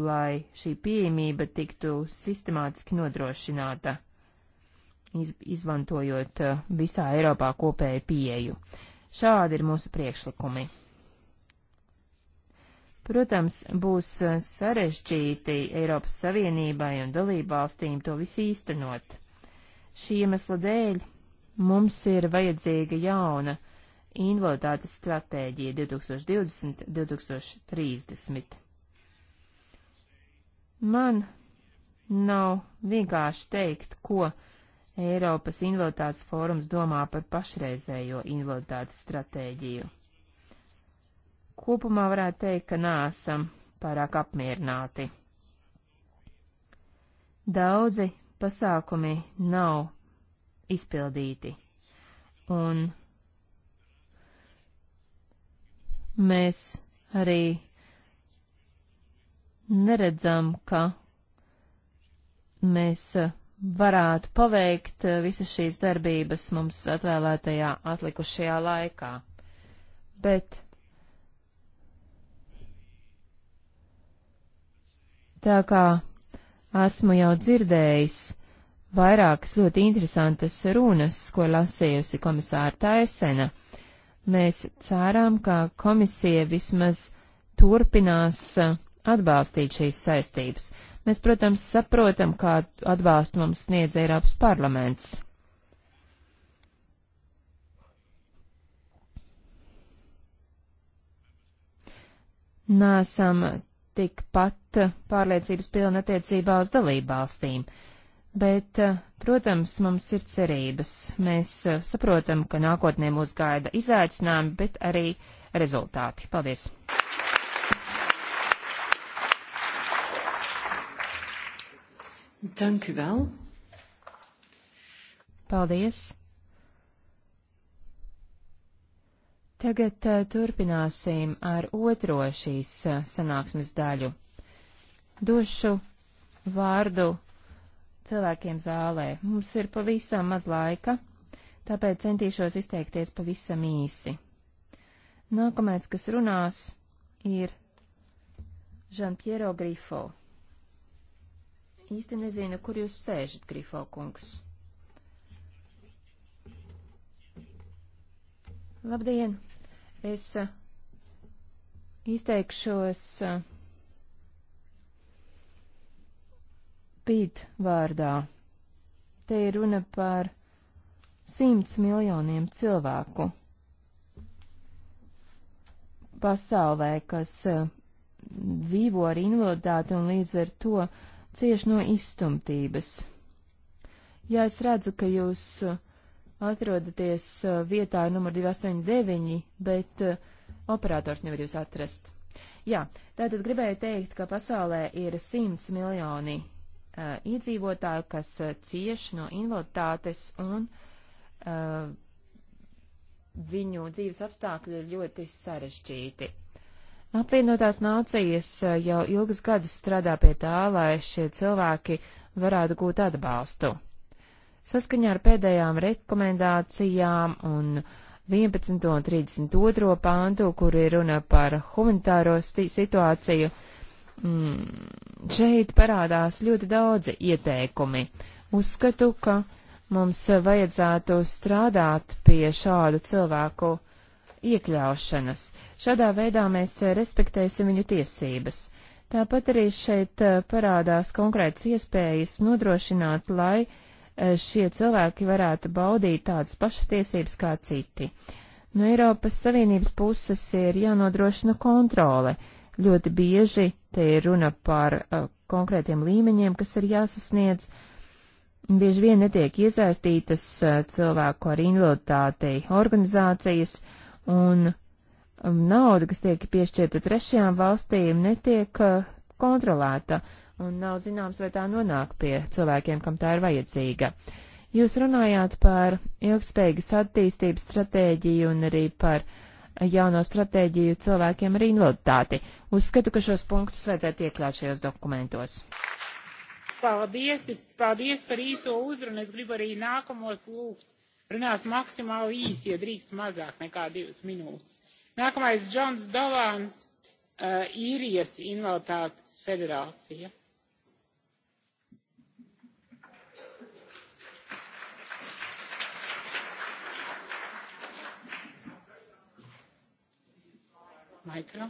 lai šī pieejamība tiktu sistemātiski nodrošināta, iz izmantojot eh, visā Eiropā kopēju pieeju. Šādi ir mūsu priekšlikumi. Protams, būs eh, sarežģīti Eiropas Savienībai un dalību valstīm to visu īstenot. Šī iemesla dēļ mums ir vajadzīga jauna invaliditātes stratēģija 2020-2030. Man nav vienkārši teikt, ko Eiropas invaliditātes fórums domā par pašreizējo invaliditātes stratēģiju. Kopumā varētu teikt, ka nāsam pārāk apmierināti. Daudzi pasākumi nav izpildīti, un mēs arī neredzam, ka mēs varētu paveikt visas šīs darbības mums atvēlētajā atlikušajā laikā. Bet Tā kā esmu jau dzirdējis vairākas ļoti interesantas runas, ko lasījusi komisāra Taisena, mēs ceram, ka komisija vismaz turpinās atbalstīt šīs saistības. Mēs, protams, saprotam, kā atbalstu mums sniedz Eiropas parlaments. Nāsam tikpat pārliecības pilna attiecībā uz dalībvalstīm. Bet, eh, protams, mums ir cerības. Mēs eh, saprotam, ka nākotnē mūs gaida izaicinājumi, bet arī rezultāti. Paldies! Dank u wel. Paldies! Tagad uh, turpināsim ar otro šīs uh, sanāksmes daļu. Došu vārdu cilvēkiem zālē. Mums ir pavisam maz laika, tāpēc centīšos izteikties pavisam īsi. Nākamais, kas runās, ir Žanpiero Grifo. Īsti nezinu, kur jūs sēžat, Grifo kungs. Labdien! Es uh, izteikšos uh, pīt vārdā. Te ir runa par simts miljoniem cilvēku pasaulē, kas uh, dzīvo ar invaliditāti un līdz ar to cieš no izstumtības. Ja es redzu, ka jūs uh, atrodaties uh, vietā numur 289, bet uh, operators nevar jūs atrast. Jā, tātad gribēju teikt, ka pasaulē ir 100 miljoni uh, iedzīvotāju, kas uh, cieš no invaliditātes un uh, viņu dzīves apstākļi ir ļoti sarežģīti. Apvienotās nācijas uh, jau ilgus gadus strādā pie tā, lai šie cilvēki varētu gūt atbalstu. Saskaņā ar pēdējām rekomendācijām un 11. un 32. pāntu, kur ir runa par humanitāro situāciju, mm, šeit parādās ļoti daudzi ieteikumi. Uzskatu, ka mums vajadzētu strādāt pie šādu cilvēku iekļaušanas. Šādā veidā mēs respektēsim viņu tiesības. Tāpat arī šeit eh, parādās konkrētas iespējas nodrošināt, lai uh, Eh, šie cilvēki varētu baudīt tādas pašas tiesības kā citi. No Eiropas Savienības puses ir jānodrošina kontrole. Ļoti bieži te ir runa par uh, konkrētiem līmeņiem, kas ir jāsasniedz. Bieži vien netiek iesaistītas uh, cilvēku ar invaliditāti organizācijas, un mm, nauda, kas tiek piešķirta trešajām valstīm, netiek uh, kontrolēta. Uh, un nav zināms, vai tā nonāk pie cilvēkiem, kam tā ir vajadzīga. Jūs runājāt par ilgspējīgas attīstības stratēģiju un arī par jauno stratēģiju cilvēkiem ar invaliditāti. Uzskatu, ka šos punktus vajadzētu iekļaut šajos dokumentos. Paldies, es, paldies par īso uzrunu. Es gribu arī nākamos lūgt runāt maksimāli īsi, ja drīkst mazāk nekā divas minūtes. Nākamais Džons Dovāns, uh, Īrijas invaliditātes federācija. Micro.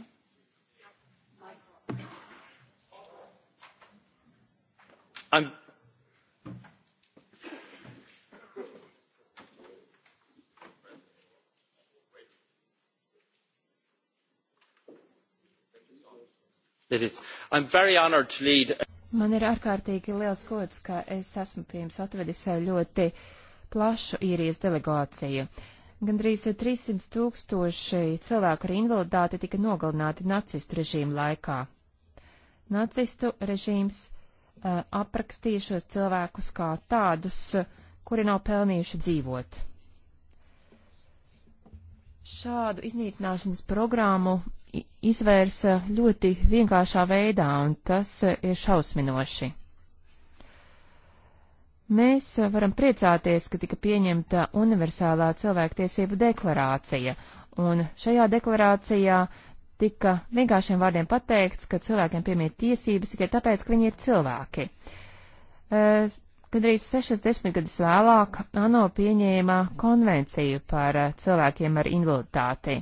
I'm Man ir ārkārtīgi liels gods, ka es esmu pie jums atvedis eh, ļoti plašu īrijas delegāciju. Gandrīz 300 tūkstoši cilvēku ar invaliditāti tika nogalināti nacistu režīmu laikā. Nacistu režīms uh, aprakstīja šos cilvēkus kā tādus, kuri nav pelnījuši dzīvot. Šādu iznīcināšanas programmu izvērsa ļoti vienkāršā veidā, un tas uh, ir šausminoši. Mēs eh, varam priecāties, ka tika pieņemta universālā cilvēktiesību deklarācija, un šajā deklarācijā tika vienkāršiem vārdiem pateikts, ka cilvēkiem piemīt tiesības tikai tāpēc, ka viņi ir cilvēki. Eh, kad arī sešas desmitgadus vēlāk ANO pieņēma konvenciju par eh, cilvēkiem ar invaliditāti.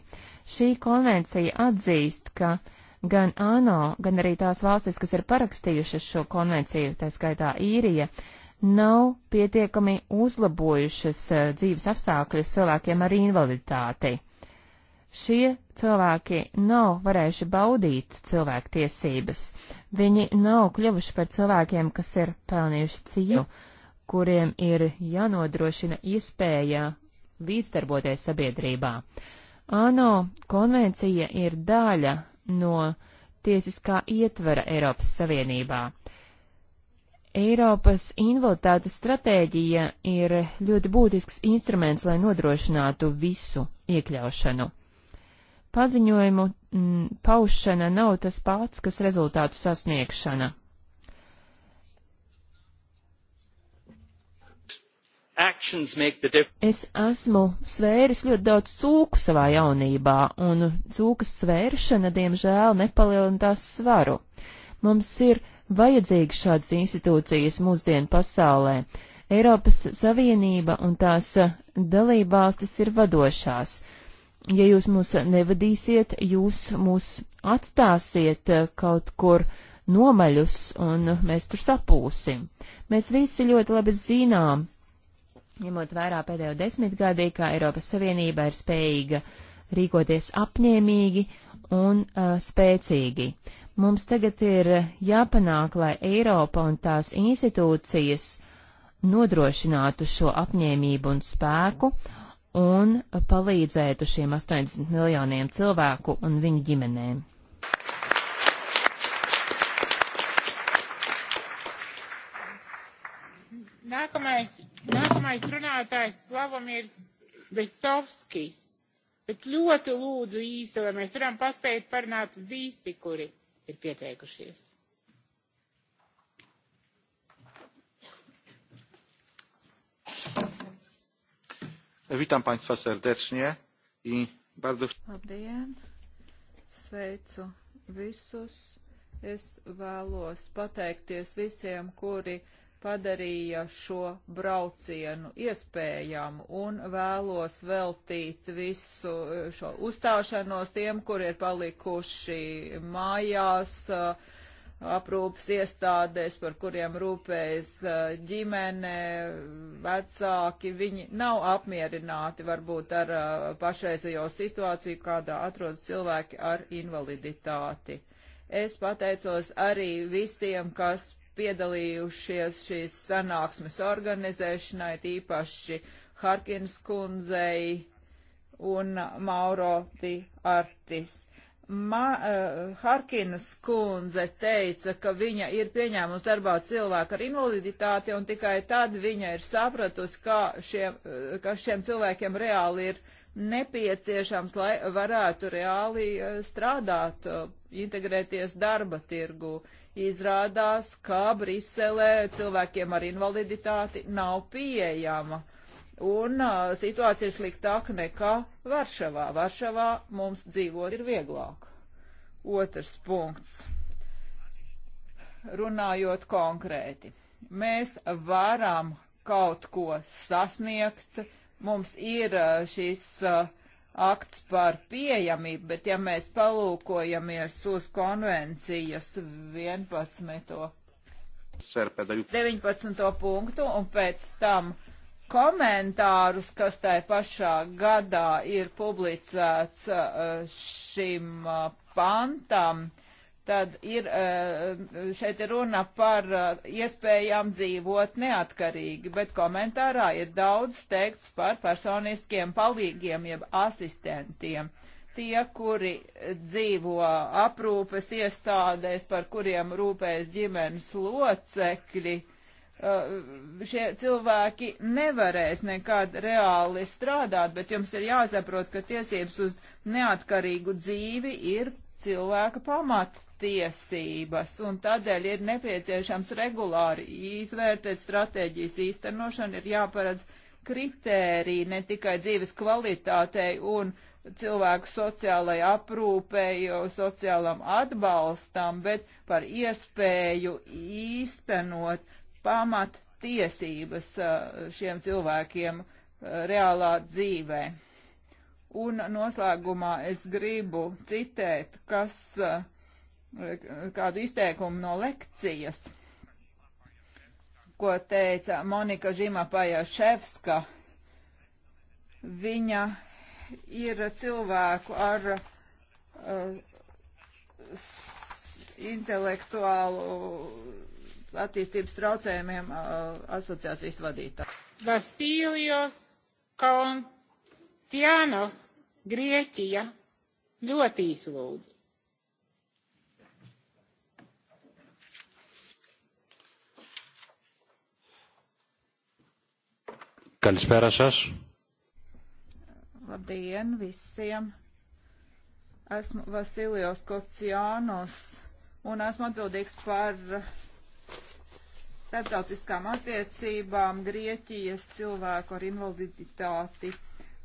Šī konvencija atzīst, ka gan ANO, gan arī tās valstis, kas ir parakstījušas šo konvenciju, tā skaitā īrija, nav pietiekami uzlabojušas eh, dzīves apstākļus cilvēkiem ar invaliditāti. Šie cilvēki nav varējuši baudīt cilvēktiesības, viņi nav kļuvuši par cilvēkiem, kas ir pelnījuši cīņu, kuriem ir jānodrošina iespēja līdzdarboties sabiedrībā. ANO konvencija ir daļa no tiesiskā ietvara Eiropas Savienībā. Eiropas invaliditātes stratēģija ir ļoti būtisks instruments, lai nodrošinātu visu iekļaušanu. Paziņojumu m, mm, paušana nav tas pats, kas rezultātu sasniegšana. Es esmu svēris ļoti daudz cūku savā jaunībā, un cūkas svēršana, diemžēl, nepalielina tās svaru. Mums ir uh, vajadzīgas šādas institūcijas mūsdienu pasaulē. Eiropas Savienība un tās eh, dalībvalstis ir vadošās. Ja jūs mūs nevadīsiet, jūs mūs atstāsiet eh, kaut kur nomaļus un mēs tur sapūsim. Mēs visi ļoti labi zinām, ņemot vērā pēdējo desmitgadī, kā Eiropas Savienība ir spējīga rīkoties apņēmīgi un uh, spēcīgi. Mums tagad ir jāpanāk, lai Eiropa un tās institūcijas nodrošinātu šo apņēmību un spēku un palīdzētu šiem 80 miljoniem cilvēku un viņu ģimenēm. Nākamais, nākamais runātājs Slavomirs Besovskis, bet ļoti lūdzu īsi, lai mēs varam paspēt parunāt visi, kuri ir pieteikušies. Witam Państwa serdecznie i bardzo... Labdien! Sveicu visus! Es vēlos pateikties visiem, kuri padarīja šo braucienu iespējamu un vēlos veltīt visu eh, šo uzstāšanos tiem, kur ir palikuši mājās, eh, aprūpas iestādēs, par kuriem rūpējas eh, ģimene, vecāki. Viņi nav apmierināti varbūt ar pašreizējo situāciju, kādā atrodas cilvēki ar invaliditāti. Es pateicos arī visiem, kas piedalījušies šīs sanāksmes organizēšanai, tīpaši Harkins kundzei un Mauro Di Artis. Ma, uh, eh, Harkinas kundze teica, ka viņa ir pieņēmusi darbā cilvēku ar invaliditāti, un tikai tad viņa ir sapratusi, ka šiem, eh, ka šiem cilvēkiem reāli ir nepieciešams, lai varētu reāli eh, strādāt, integrēties darba tirgu. Uh, izrādās, ka Briselē cilvēkiem ar invaliditāti nav pieejama. Un uh, situācija ir sliktāka nekā Varšavā. Varšavā mums dzīvot ir vieglāk. Otrs punkts. Runājot konkrēti, mēs varam kaut ko sasniegt. Mums ir šis uh, akts par pieejamību, bet ja mēs palūkojamies uz konvencijas 11. 19. punktu un pēc tam komentārus, kas tai pašā gadā ir publicēts uh, šim uh, pantam, uh, tad ir eh, šeit ir runa par eh, iespējām dzīvot neatkarīgi, bet komentārā ir daudz teikts par personiskiem palīgiem jeb asistentiem. Tie, kuri dzīvo aprūpes iestādēs, par kuriem rūpējas ģimenes locekļi, eh, šie cilvēki nevarēs nekad reāli strādāt, bet jums ir jāsaprot, ka tiesības uz neatkarīgu dzīvi ir cilvēka pamattiesības, un tādēļ ir nepieciešams regulāri izvērtēt stratēģijas īstenošanu, ir jāparedz kritēriji ne tikai dzīves kvalitātei un cilvēku sociālai aprūpei, sociālam atbalstam, bet par iespēju īstenot pamattiesības uh, šiem cilvēkiem uh, reālā dzīvē. Un noslēgumā es gribu citēt, kas eh, kādu izteikumu no lekcijas, ko teica Monika Žimapajaševska. Viņa ir cilvēku ar uh, intelektuālu attīstības traucējumiem uh, asociācijas vadītāja. Vasilijos Kont Cianos, Grieķija, ļoti īslūdzu. Καλησπέρα σας. Labdien visiem! Esmu Vasilijos Kociānos un esmu atbildīgs par starptautiskām attiecībām Grieķijas cilvēku ar invaliditāti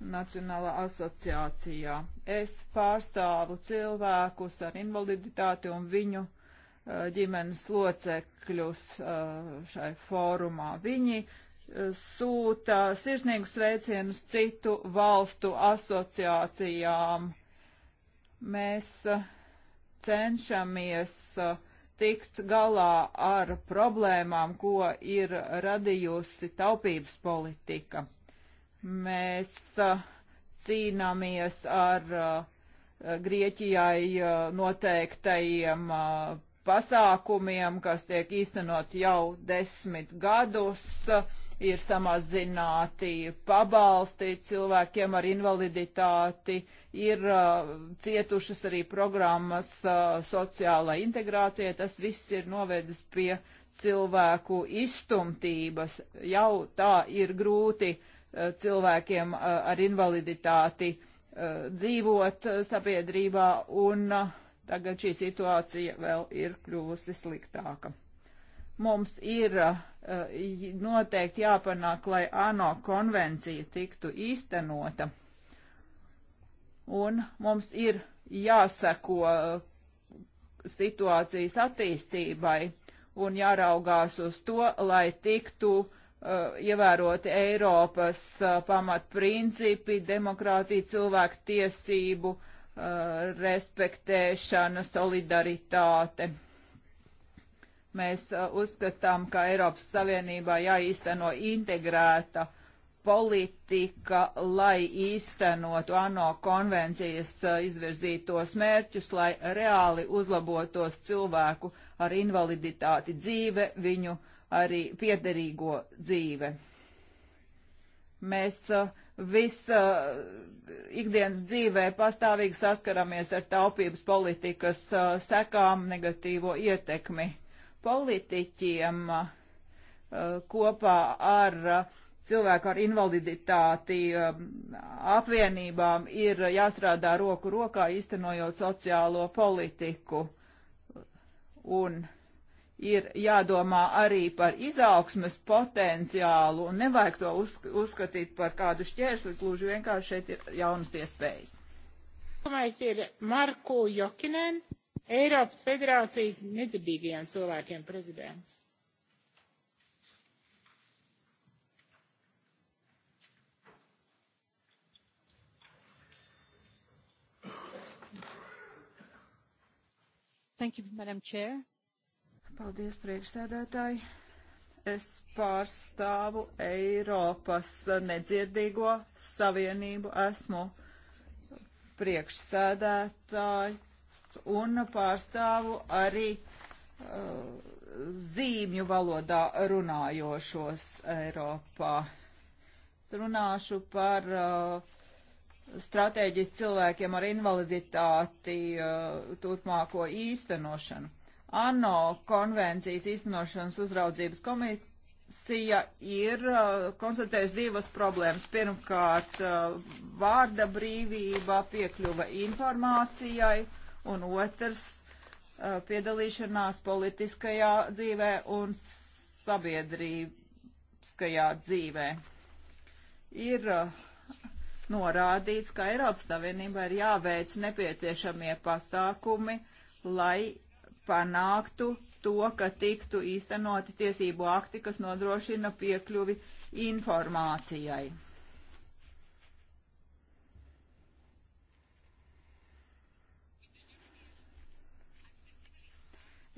Nacionālā asociācijā. Es pārstāvu cilvēkus ar invaliditāti un viņu eh, ģimenes locekļus eh, šai fórumā. Viņi eh, sūta sirsnīgus sveicienus citu valstu asociācijām. Mēs cenšamies tikt galā ar problēmām, ko ir radījusi taupības politika. Mēs uh, cīnāmies ar uh, Grieķijai uh, noteiktajiem pasākumiem, kas tiek īstenot jau desmit gadus, ir samazināti pabalsti cilvēkiem ar invaliditāti, ir cietušas arī programmas sociālai integrācijai. Tas viss ir novedis pie cilvēku izstumtības. Jau tā ir grūti uh, Eh, cilvēkiem eh, ar invaliditāti eh, dzīvot sabiedrībā, un tagad šī situācija vēl ir kļuvusi sliktāka. Mums ir noteikti jāpanāk, lai ANO konvencija tiktu īstenota, un mums ir jāseko situācijas attīstībai un jāraugās uz to, lai tiktu uh, Uh, ievēroti Eiropas uh, pamatprincipi, demokrātija, cilvēku tiesību, uh, respektēšana, solidaritāte. Mēs uzskatām, ka Eiropas Savienībā jāīsteno integrēta politika, lai īstenotu ANO konvencijas izvirzītos mērķus, lai reāli uzlabotos cilvēku ar invaliditāti dzīve, viņu uh, arī piederīgo dzīve. Mēs uh, visa uh, ikdienas dzīvē pastāvīgi saskaramies ar taupības politikas uh, sekām negatīvo ietekmi. Politiķiem kopā ar cilvēku ar invaliditāti apvienībām ir jāstrādā roku rokā, iztenojot sociālo politiku. Un ir jādomā arī par izaugsmes potenciālu un nevajag to uz, uzskatīt par kādu šķērsli, gluži vienkārši šeit ir jaunas iespējas. Nākamais ir Marko Jokinen, Eiropas federācija nedzibīgajiem cilvēkiem prezidents. Thank you, Madam Chair. Paldies, priekšsēdētāji. Es pārstāvu Eiropas nedzirdīgo savienību, esmu priekšsēdētāji un pārstāvu arī uh, zīmju valodā runājošos Eiropā. Runāšu par uh, stratēģijas cilvēkiem ar invaliditāti uh, turpmāko īstenošanu. ANO konvencijas iznošanas uzraudzības komisija ir uh, konstatējusi divas problēmas. Pirmkārt, uh, vārda brīvība piekļuva informācijai, un otrs, uh, piedalīšanās politiskajā dzīvē un sabiedrīskajā dzīvē. Ir uh, norādīts, ka Eiropas Savienībā ir jāveic nepieciešamie pasākumi, lai panāktu to, ka tiktu īstenoti tiesību akti, kas nodrošina piekļuvi informācijai.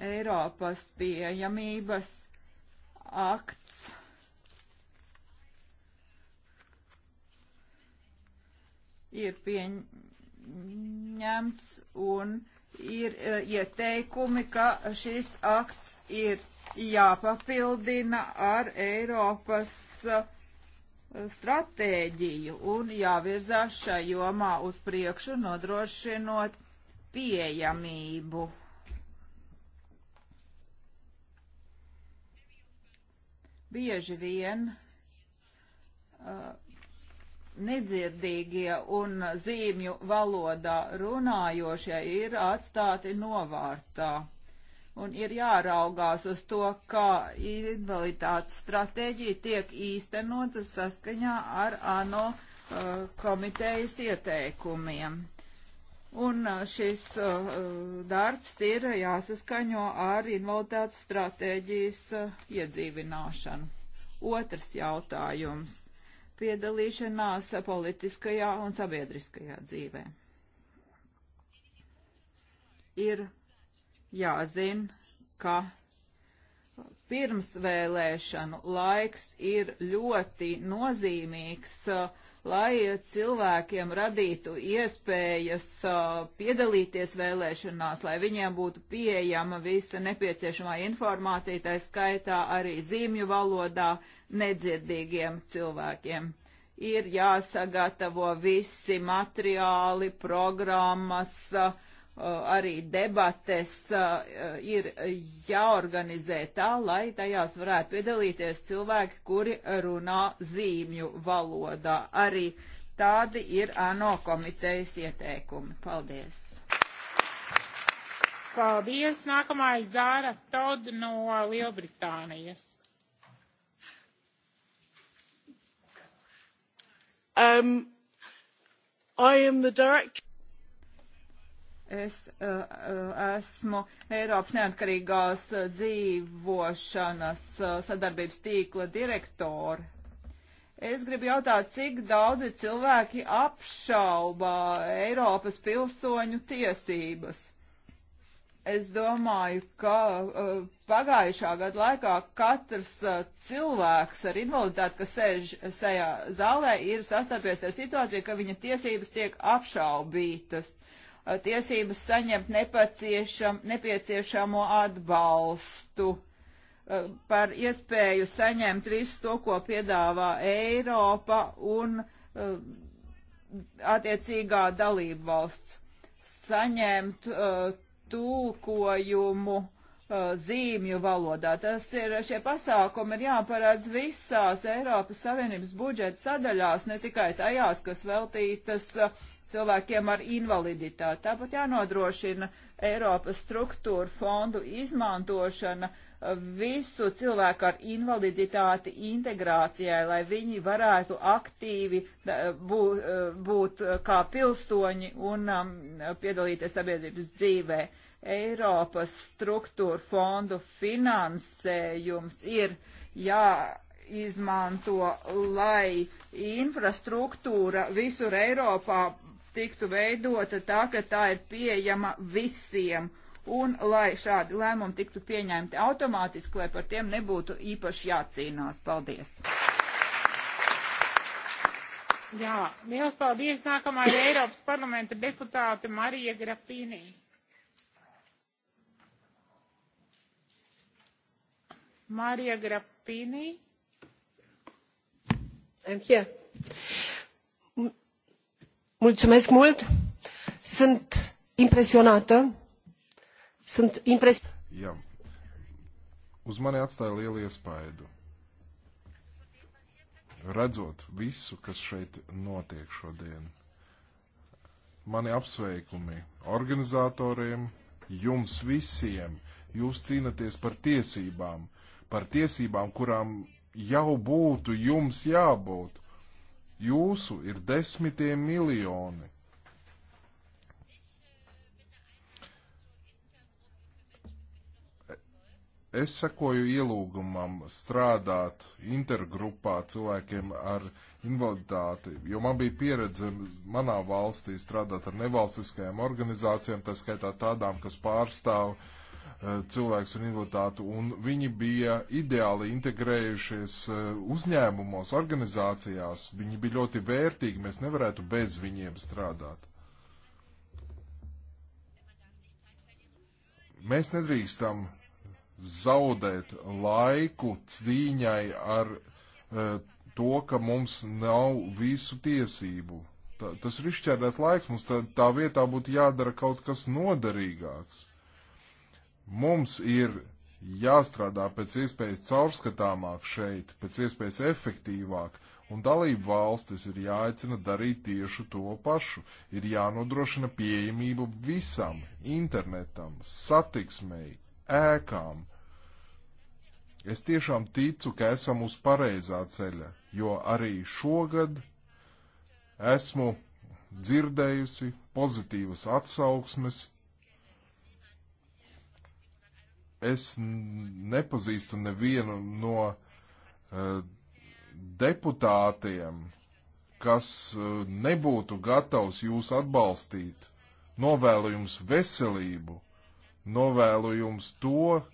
Eiropas pieejamības akts ir pieņemts un ir eh, ieteikumi, ka šis akts ir jāpapildina ar Eiropas eh, stratēģiju un jāvirzās šai jomā uz priekšu, nodrošinot pieejamību. Bieži vien uh, nedzirdīgie un zīmju valodā runājošie ir atstāti novārtā. Un ir jāraugās uz to, kā invaliditātes stratēģija tiek īstenota saskaņā ar ANO uh, komitejas ieteikumiem. Un uh, šis uh, darbs ir jāsaskaņo ar invaliditātes stratēģijas uh, iedzīvināšanu. Otrs jautājums piedalīšanās politiskajā un sabiedriskajā dzīvē. Ir jāzina, ka pirms vēlēšanu laiks ir ļoti nozīmīgs, lai cilvēkiem radītu iespējas piedalīties vēlēšanās, lai viņiem būtu pieejama visa nepieciešamā informācija, tā skaitā arī zīmju valodā, nedzirdīgiem cilvēkiem. Ir jāsagatavo visi materiāli, programmas, arī debates ir jāorganizē tā, lai tajās varētu piedalīties cilvēki, kuri runā zīmju valodā. Arī tādi ir ANO komitejas ieteikumi. Paldies! Paldies! Nākamā ir Zāra Todd no Lielbritānijas. Um, I am the director. Es uh, uh, esmu Eiropas neatkarīgās uh, dzīvošanas uh, sadarbības tīkla direktori. Es gribu jautāt, cik daudzi cilvēki apšaubā Eiropas pilsoņu tiesības. Es domāju, ka uh, pagājušā gada laikā katrs uh, cilvēks ar invaliditāti, kas sēž šajā zālē, ir sastapies ar situāciju, ka viņa tiesības tiek apšaubītas, uh, tiesības saņemt nepieciešamo atbalstu uh, par iespēju saņemt visu to, ko piedāvā Eiropa un uh, attiecīgā dalība valsts saņemt uh, tulkojumu uh, zīmju valodā. Tas ir, šie pasākumi ir jāparādz visās Eiropas Savienības budžeta sadaļās, ne tikai tajās, kas veltītas uh, cilvēkiem ar invaliditāti. Tāpat jānodrošina Eiropas struktūra fondu izmantošana uh, visu cilvēku ar invaliditāti integrācijai, lai viņi varētu aktīvi būt, būt kā pilsoņi un um, piedalīties sabiedrības dzīvē. Uh, Eiropas struktūra fondu finansējums ir jāizmanto, lai infrastruktūra visur Eiropā tiktu veidota tā, ka tā ir pieejama visiem. Un lai šādi lēmumi tiktu pieņemti automātiski, lai par tiem nebūtu īpaši jācīnās. Paldies! Jā, liels paldies! Nākamā ir Eiropas parlamenta deputāte Marija Grapīnija. Marija Grappini. I'm here. Mulțumesc mult. Sunt impresionată. Sunt impresionată. Jā. Uz mani atstāja lielu iespaidu. Redzot visu, kas šeit notiek šodien. Mani apsveikumi organizatoriem, jums visiem. Jūs cīnaties par tiesībām par tiesībām, kurām jau būtu jums jābūt. Jūsu ir desmitiem miljoni. Es sekoju ielūgumam strādāt intergrupā cilvēkiem ar invaliditāti, jo man bija pieredze manā valstī strādāt ar nevalstiskajām organizācijām, tā skaitā tādām, kas pārstāv uh, Eh, cilvēks un invaliditātu, un viņi bija ideāli integrējušies eh, uzņēmumos, organizācijās. Viņi bija ļoti vērtīgi, mēs nevarētu bez viņiem strādāt. Mēs nedrīkstam zaudēt laiku cīņai ar eh, to, ka mums nav visu tiesību. Tā, tas ir izšķērdēts laiks, mums tā, tā vietā būtu jādara kaut kas noderīgāks. Mums ir jāstrādā pēc iespējas caurskatāmāk šeit, pēc iespējas efektīvāk, un dalību valstis ir jāaicina darīt tieši to pašu. Ir jānodrošina pieejamība visam internetam, satiksmei, ēkām. Es tiešām ticu, ka esam uz pareizā ceļa, jo arī šogad esmu dzirdējusi pozitīvas atsauksmes es nepazīstu nevienu no uh, deputātiem, kas uh, nebūtu gatavs jūs atbalstīt. Novēlu jums veselību, novēlu jums to,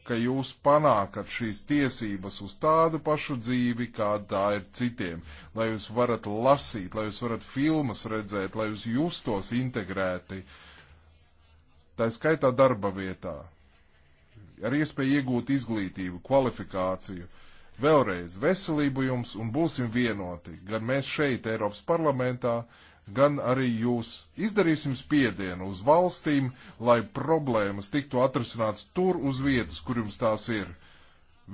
ka jūs panākat šīs tiesības uz tādu pašu dzīvi, kāda tā ir citiem, lai jūs varat lasīt, lai jūs varat filmas redzēt, lai jūs justos integrēti, tā skaitā darba vietā ar iespēju iegūt izglītību, kvalifikāciju. Vēlreiz veselību jums un būsim vienoti, gan mēs šeit, Eiropas parlamentā, gan arī jūs izdarīsim spiedienu uz valstīm, lai problēmas tiktu atrisināts tur uz vietas, kur jums tās ir.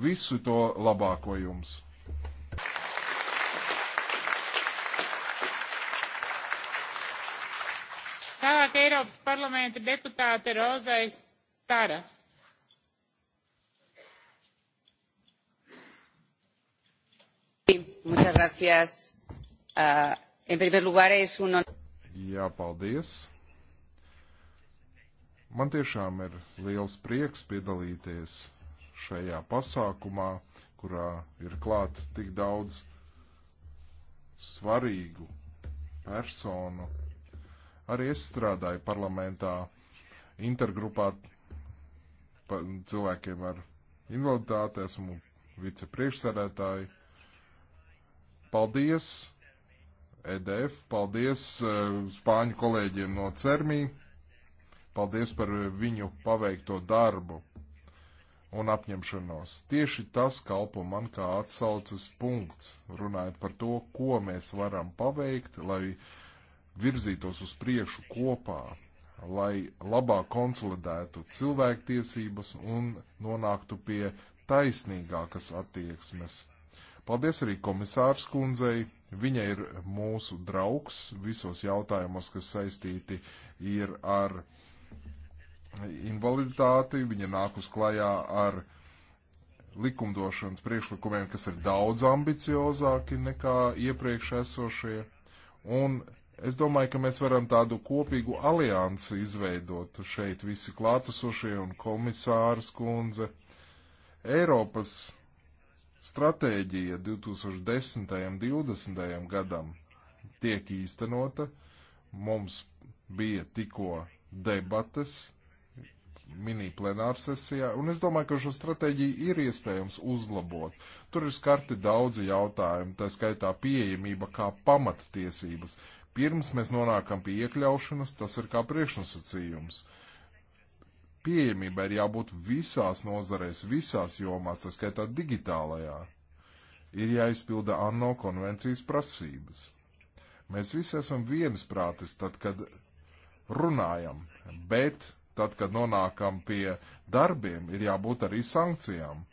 Visu to labāko jums! Tālāk Eiropas parlamenta deputāte Rozais Taras. Muchas gracias. Uh, en primer lugar, es un honor. Jā, paldies. Man tiešām ir liels prieks piedalīties šajā pasākumā, kurā ir klāt tik daudz svarīgu personu. Arī es strādāju parlamentā intergrupā cilvēkiem ar invaliditāti, esmu vicepriekšsēdētāji. Paldies EDF, paldies e, Spāņu kolēģiem no CERMI, paldies par viņu paveikto darbu un apņemšanos. Tieši tas kalpo man kā atsauces punkts, runājot par to, ko mēs varam paveikt, lai virzītos uz priekšu kopā, lai labāk konsolidētu cilvēktiesības un nonāktu pie taisnīgākas attieksmes Paldies arī komisārs kundzei. Viņa ir mūsu draugs visos jautājumos, kas saistīti ir ar invaliditāti. Viņa nāk uz klajā ar likumdošanas priekšlikumiem, kas ir daudz ambiciozāki nekā iepriekš esošie. Un es domāju, ka mēs varam tādu kopīgu aliansi izveidot šeit visi klātesošie un komisārs kundze. Eiropas stratēģija 2010. un 2020. gadam tiek īstenota. Mums bija tikko debates mini plenārsesijā, un es domāju, ka šo stratēģiju ir iespējams uzlabot. Tur ir skarti daudzi jautājumi, tā skaitā pieejamība kā pamattiesības. Pirms mēs nonākam pie iekļaušanas, tas ir kā priekšnosacījums. Uh, pieejamībai ir jābūt visās nozarēs, visās jomās, tā skaitā digitālajā. Ir jāizpilda ANO konvencijas prasības. Mēs visi esam viensprātis tad, kad runājam, bet tad, kad nonākam pie darbiem, ir jābūt arī sankcijām,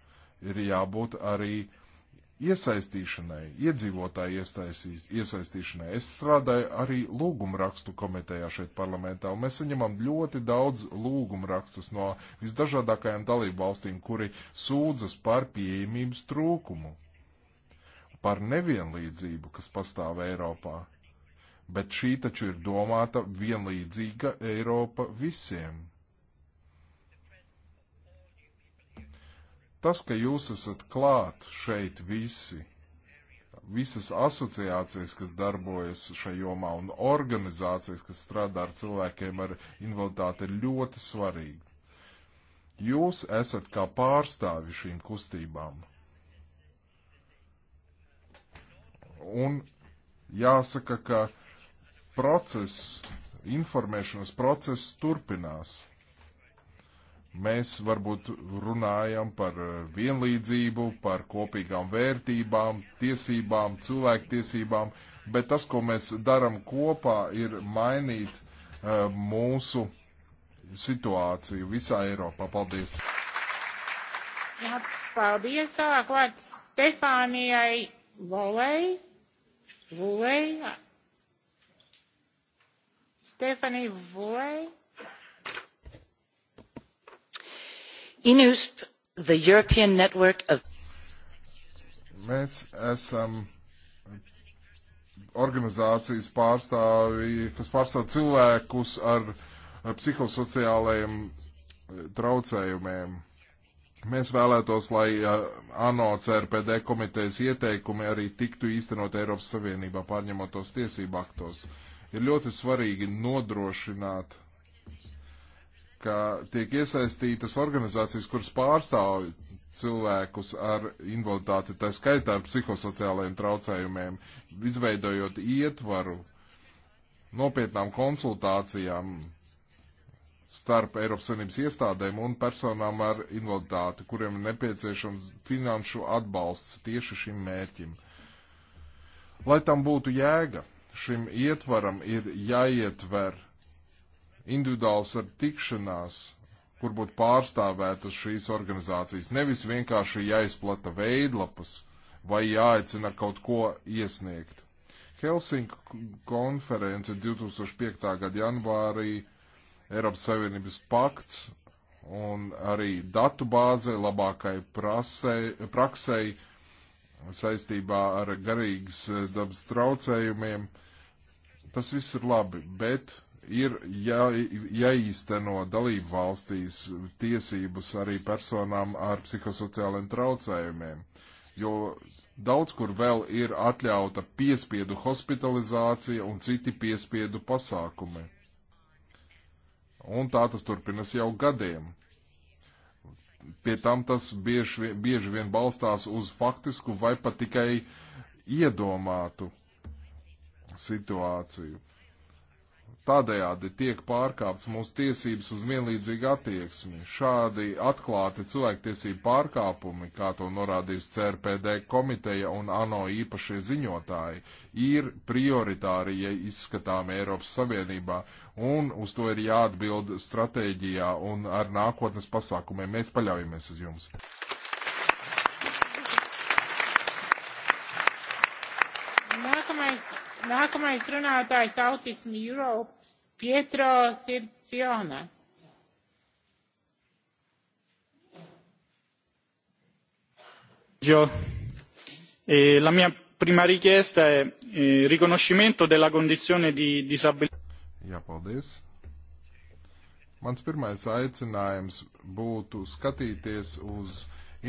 ir jābūt arī uh, iesaistīšanai, iedzīvotāju iesaistīšanai. Es strādāju arī lūgumrakstu komitejā šeit parlamentā, un mēs saņemam ļoti daudz lūgumrakstus no visdažādākajām dalību valstīm, kuri sūdzas par pieejamības trūkumu, par nevienlīdzību, kas pastāv Eiropā. Bet šī taču ir domāta vienlīdzīga Eiropa visiem. Tas, ka jūs esat klāt šeit visi, visas asociācijas, kas darbojas šajā jomā un organizācijas, kas strādā ar cilvēkiem ar invaliditāti, ir ļoti svarīgi. Jūs esat kā pārstāvi šīm kustībām. Un jāsaka, ka process, informēšanas process turpinās. Mēs varbūt runājam par eh, vienlīdzību, par kopīgām vērtībām, tiesībām, cilvēktiesībām, bet tas, ko mēs darām kopā, ir mainīt uh, mūsu situāciju visā Eiropā. Paldies! Jā, paldies! Tālāk vārds Stefānijai Volei. Volei. Stefanija Volei. INUSP, the European Network of Mēs esam organizācijas pārstāvi, kas pārstāv cilvēkus ar psihosociālajiem eh, traucējumiem. Mēs vēlētos, lai eh, ANO CRPD komitejas ieteikumi arī tiktu īstenot Eiropas Savienībā pārņemotos tiesību aktos. Ir ļoti svarīgi nodrošināt ka tiek iesaistītas organizācijas, kuras pārstāv cilvēkus ar invaliditāti, tā skaitā ar psihosociālajiem traucējumiem, izveidojot ietvaru nopietnām konsultācijām starp Eiropas Savienības iestādēm un personām ar invaliditāti, kuriem ir nepieciešams finanšu atbalsts tieši šim mērķim. Lai tam būtu jēga, šim ietvaram ir jāietver individuāls ar tikšanās, kur būtu pārstāvētas šīs organizācijas. Nevis vienkārši jāizplata veidlapas vai jāaicina kaut ko iesniegt. Helsinku konference 2005. gada janvārī Eiropas Savienības pakts un arī datu bāze labākai prasei, praksei saistībā ar garīgas dabas traucējumiem. Tas viss ir labi, bet ir jā, jāīsteno dalību valstīs tiesības arī personām ar psihosociāliem traucējumiem, jo daudz kur vēl ir atļauta piespiedu hospitalizācija un citi piespiedu pasākumi. Un tā tas turpinas jau gadiem. Pie tam tas bieži, vien, bieži vien balstās uz faktisku vai pat tikai iedomātu situāciju. Tādējādi tiek pārkāpts mūsu tiesības uz vienlīdzīgu attieksmi. Šādi atklāti cilvēktiesību pārkāpumi, kā to norādījusi CRPD komiteja un ANO īpašie ziņotāji, ir prioritāri, ja izskatām Eiropas Savienībā, un uz to ir jāatbild stratēģijā un ar nākotnes pasākumiem. Mēs paļaujamies uz jums! Nākamais runātājs Autism Europe, Pietro Sircione. Eh, la mia prima richiesta è eh, riconoscimento della condizione di disabilità. Jā, paldies. Mans pirmais aicinājums būtu skatīties uz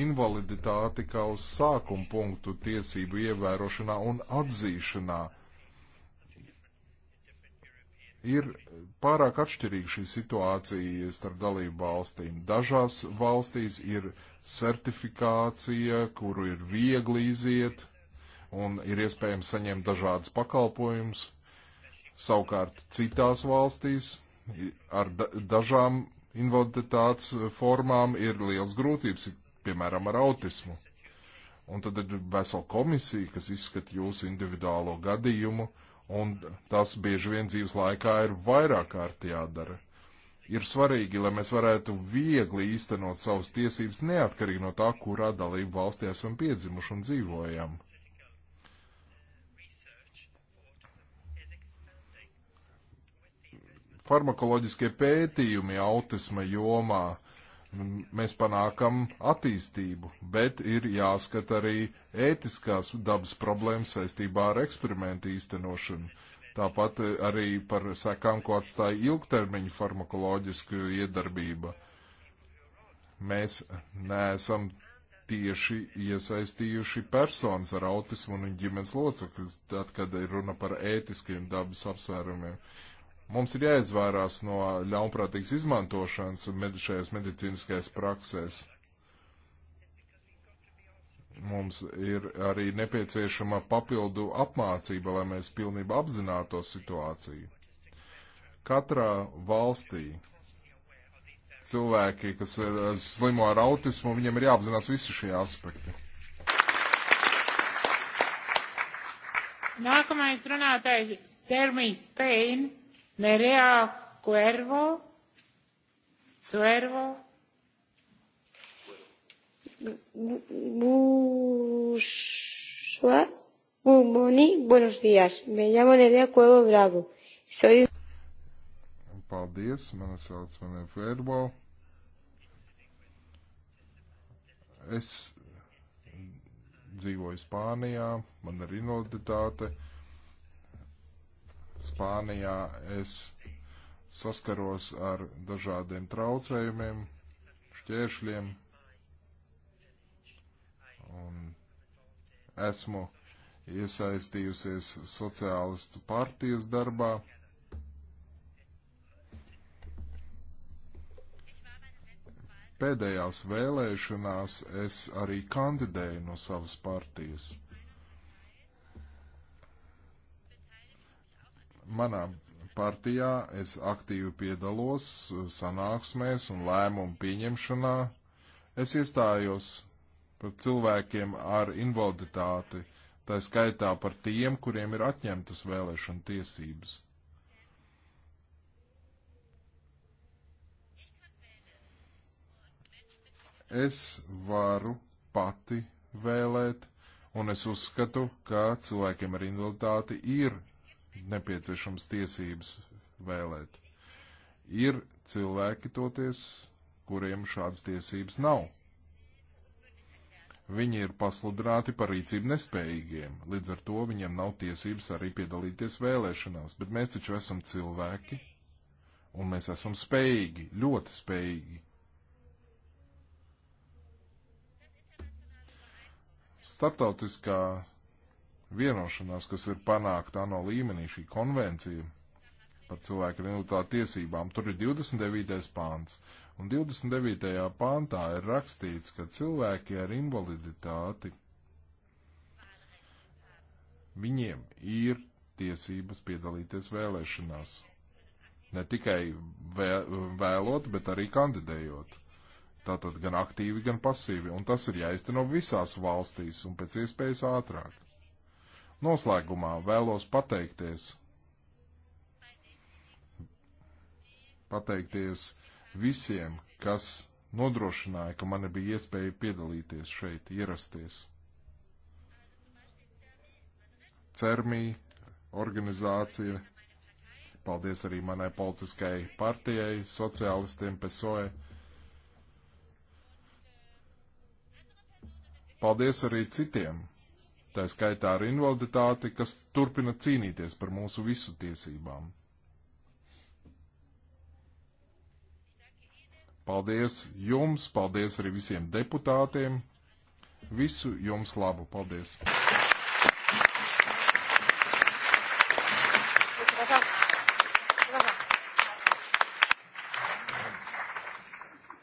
invaliditāti kā uz sākuma punktu tiesību ievērošanā un atzīšanā Ir pārāk atšķirīga šī situācija starp dalību valstīm. Dažās valstīs ir certifikācija, kuru ir viegli iziet un ir iespējams saņemt dažādas pakalpojumus. Savukārt citās valstīs ar dažām invaliditātes formām ir liels grūtības, piemēram, ar autismu. Un tad ir vesela komisija, kas izskata jūsu individuālo gadījumu un tas bieži vien dzīves laikā ir vairāk kārt jādara. Ir svarīgi, lai mēs varētu viegli īstenot savas tiesības neatkarīgi no tā, kurā dalību valstī esam piedzimuši un dzīvojam. Farmakoloģiskie pētījumi autisma jomā mēs panākam attīstību, bet ir jāskata arī ētiskās dabas problēmas saistībā ar eksperimentu īstenošanu. Tāpat e, arī par sekām, ko atstāja ilgtermiņa farmakoloģiska iedarbība. Mēs neesam tieši iesaistījuši personas ar autismu un ģimenes locekļus, tad, kad ir runa par ētiskiem dabas apsvērumiem. Uh, Mums ir jāizvērās no ļaunprātīgas izmantošanas med šajās medicīniskajās praksēs. Mums ir arī nepieciešama papildu apmācība, lai mēs pilnībā apzinātos situāciju. Katrā valstī cilvēki, kas eh, slimo ar autismu, viņiem ir jāapzinās visi šie aspekti. Nākamais runātais Sermijas Speina. Nerea Cuervo. Cuervo. Bushua. Boni, buenos días. Me llamo Nerea Cuervo Bravo. Soy. Paldies, mani sauc Manē Fērbo. Es dzīvoju Spānijā, man ir invaliditāte Spānijā es saskaros ar dažādiem traucējumiem, šķēršļiem un esmu iesaistījusies sociālistu partijas darbā. Pēdējās vēlēšanās es arī kandidēju no savas partijas. Manā partijā es aktīvi piedalos sanāksmēs un lēmumu pieņemšanā. Es iestājos par cilvēkiem ar invaliditāti, tā skaitā par tiem, kuriem ir atņemtas vēlēšana tiesības. Es varu pati vēlēt, un es uzskatu, ka cilvēkiem ar invaliditāti ir nepieciešams tiesības vēlēt. Ir cilvēki toties, kuriem šādas tiesības nav. Viņi ir pasludināti par rīcību nespējīgiem, līdz ar to viņiem nav tiesības arī piedalīties vēlēšanās, bet mēs taču esam cilvēki, un mēs esam spējīgi, ļoti spējīgi. Startautiskā vienošanās, kas ir panākta ANO līmenī, šī konvencija par cilvēku ar invaliditāti tiesībām. Tur ir 29. pāns. Un 29. pāntā ir rakstīts, ka cilvēki ar invaliditāti viņiem ir tiesības piedalīties vēlēšanās. Ne tikai vēlot, bet arī kandidējot. Tātad gan aktīvi, gan pasīvi. Un tas ir jāizteno visās valstīs un pēc iespējas ātrāk. Noslēgumā vēlos pateikties. Pateikties visiem, kas nodrošināja, ka man bija iespēja piedalīties šeit, ierasties. Cermī organizācija, paldies arī manai politiskai partijai, sociālistiem, PSOE. Paldies arī citiem, tā skaitā ar invaliditāti, kas turpina cīnīties par mūsu visu tiesībām. Paldies jums, paldies arī visiem deputātiem. Visu jums labu, paldies!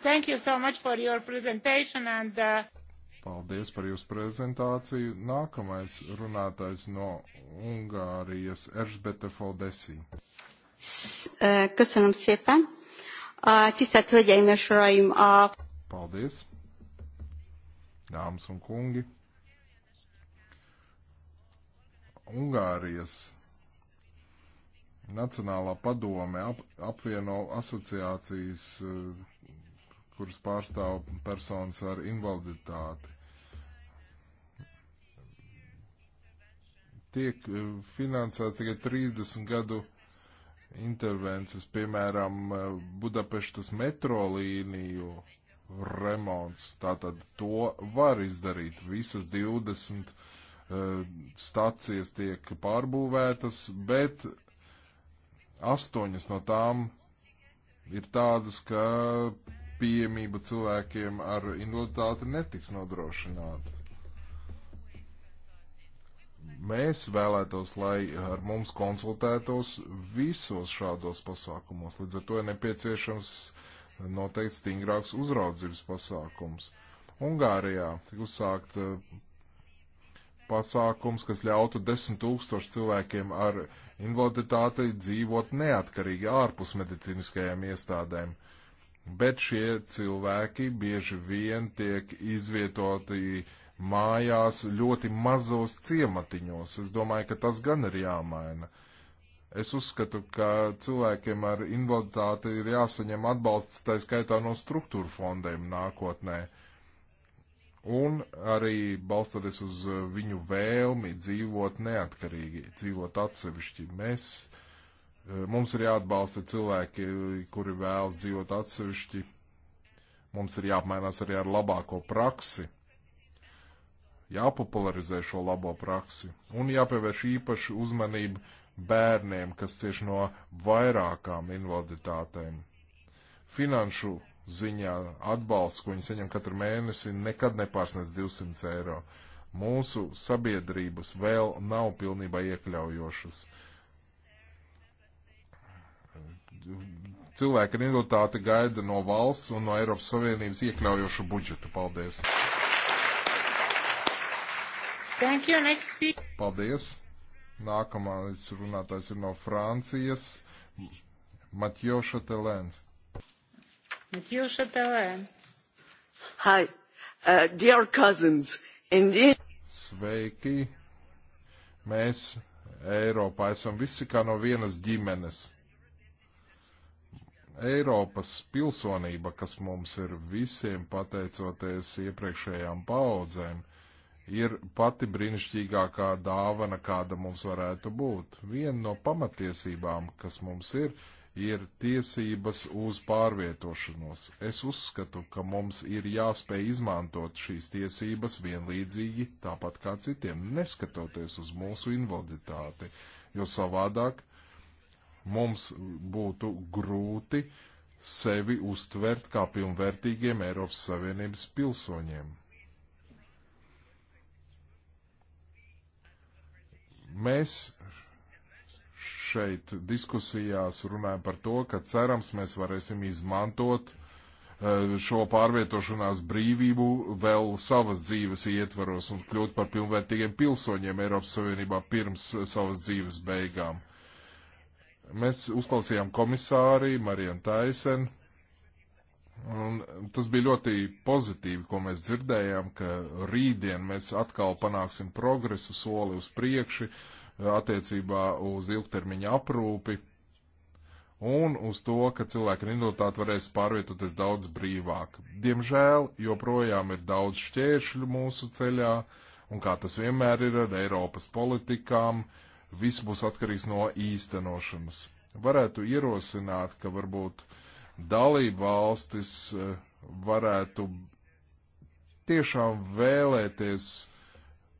Thank you so much for your presentation and uh... Paldies par jūsu prezentāciju. Nākamais runātājs no Ungārijas Erzbete Foldesi. Eh, köszönöm szépen. A tisztelt Hölgyeim és Uraim, a... Paldies. Dāmas un kungi. Ungārijas Nacionālā padome ap, apvieno asociācijas uh, kuras pārstāv personas ar invaliditāti. Tiek eh, finansēts tikai 30 gadu intervences, piemēram, eh, Budapeštas metro līniju remonts. Tātad to var izdarīt. Visas 20 uh, eh, stacijas tiek pārbūvētas, bet astoņas no tām ir tādas, ka pieejamība cilvēkiem ar invaliditāti netiks nodrošināta. Mēs vēlētos, lai ar mums konsultētos visos šādos pasākumos. Līdz ar to ir nepieciešams noteikti stingrāks uzraudzības pasākums. Ungārijā tika uzsākt eh, pasākums, kas ļautu desmit tūkstošu cilvēkiem ar invaliditāti dzīvot neatkarīgi ārpus medicīniskajām iestādēm. Uh, bet šie cilvēki bieži vien tiek izvietoti mājās ļoti mazos ciematiņos. Es domāju, ka tas gan ir jāmaina. Es uzskatu, ka cilvēkiem ar invaliditāti ir jāsaņem atbalsts, tā skaitā no struktūra fondiem nākotnē. Un arī balstoties uz viņu vēlmi dzīvot neatkarīgi, dzīvot atsevišķi. Mēs Mums ir jāatbalsta cilvēki, kuri vēlas dzīvot atsevišķi. Mums ir jāapmainās arī ar labāko praksi, jāpopularizē šo labo praksi un jāpievērš īpaši uzmanību bērniem, kas cieš no vairākām invaliditātēm. Finanšu ziņā atbalsts, ko viņi saņem katru mēnesi, nekad nepārsniedz 200 eiro. Mūsu sabiedrības vēl nav pilnībā iekļaujošas. Uh, cilvēki ar invaliditāti gaida no valsts un no Eiropas Savienības iekļaujošu budžetu. Paldies! Thank you, next Paldies! Nākamais runātājs ir no Francijas - Matjo Šatelēns. Matjo Šatelēns. Hi, uh, dear cousins, indeed. Sveiki! Mēs Eiropā esam visi kā no vienas ģimenes Eiropas pilsonība, kas mums ir visiem pateicoties iepriekšējām paudzēm, ir pati brīnišķīgākā dāvana, kāda mums varētu būt. Viena no pamatiesībām, kas mums ir, ir tiesības uz pārvietošanos. Es uzskatu, ka mums ir jāspēj izmantot šīs tiesības vienlīdzīgi, tāpat kā citiem, neskatoties uz mūsu invaliditāti, jo savādāk mums būtu grūti sevi uztvert kā pilnvērtīgiem Eiropas Savienības pilsoņiem. Mēs šeit diskusijās runājam par to, ka cerams mēs varēsim izmantot eh, šo pārvietošanās brīvību vēl savas dzīves ietvaros un kļūt par pilnvērtīgiem pilsoņiem Eiropas Savienībā pirms eh, savas dzīves beigām. Mēs uzklausījām komisāri Marianu Taisenu. Un tas bija ļoti pozitīvi, ko mēs dzirdējām, ka rītdien mēs atkal panāksim progresu soli uz priekšu attiecībā uz ilgtermiņa aprūpi un uz to, ka cilvēki ar invaliditāti varēs pārvietoties daudz brīvāk. Diemžēl joprojām ir daudz šķēršļu mūsu ceļā, un kā tas vienmēr ir ar Eiropas politikām, uh, Viss būs atkarīgs no īstenošanas. Varētu ierosināt, ka varbūt dalība valstis e, varētu tiešām vēlēties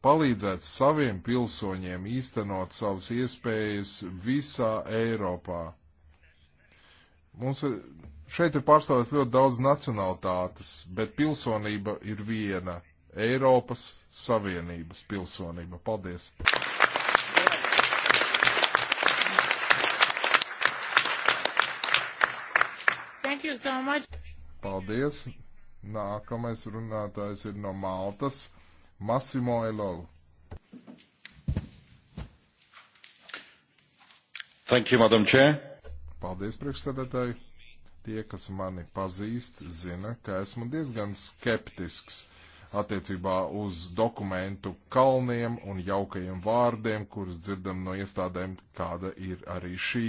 palīdzēt saviem pilsoņiem īstenot savas iespējas visā Eiropā. Mums ir, šeit ir pārstāvēts ļoti daudz nacionalitātes, bet pilsonība ir viena - Eiropas Savienības pilsonība. Paldies! Thank you so much. Paldies. Nākamais runātājs ir no Maltas, Massimo Elov. Thank you, Madam Chair. Paldies, priekšsēdētāji. Tie, kas mani pazīst, zina, ka esmu diezgan skeptisks attiecībā uz dokumentu kalniem un jaukajiem vārdiem, kurus dzirdam no iestādēm, kāda ir arī šī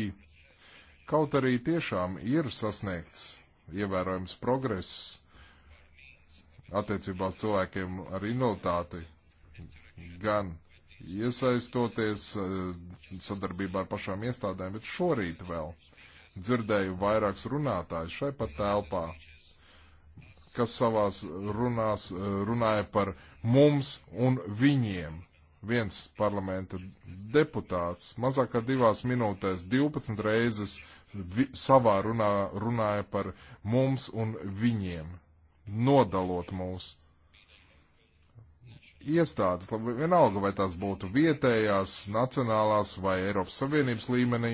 Kaut arī tiešām ir sasniegts ievērojams progress attiecībā uz cilvēkiem ar invaliditāti, gan iesaistoties eh, sadarbībā ar pašām iestādēm, bet šorīt vēl dzirdēju vairākus runātājus šai pat telpā, kas savās runās eh, runāja par mums un viņiem. Viens parlamenta deputāts mazāk kā divās minūtēs 12 reizes uh, vi, savā runā runāja par mums un viņiem, nodalot mūs. Iestādes, labi, vienalga, vai tās būtu vietējās, nacionālās vai Eiropas Savienības līmenī,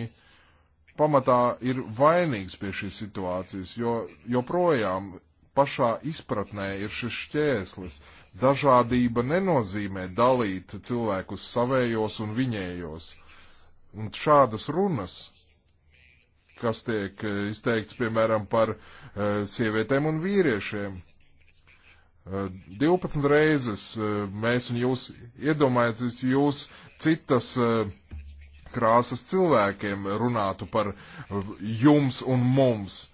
pamatā ir vainīgs pie šīs situācijas, jo joprojām pašā izpratnē ir šis šķēslis. Dažādība nenozīmē dalīt cilvēkus savējos un viņējos. Un šādas runas kas tiek eh, izteikts, piemēram, par eh, sievietēm un vīriešiem. 12 eh, reizes mēs un jūs iedomājaties, jūs citas krāsas cilvēkiem runātu par jums un mums.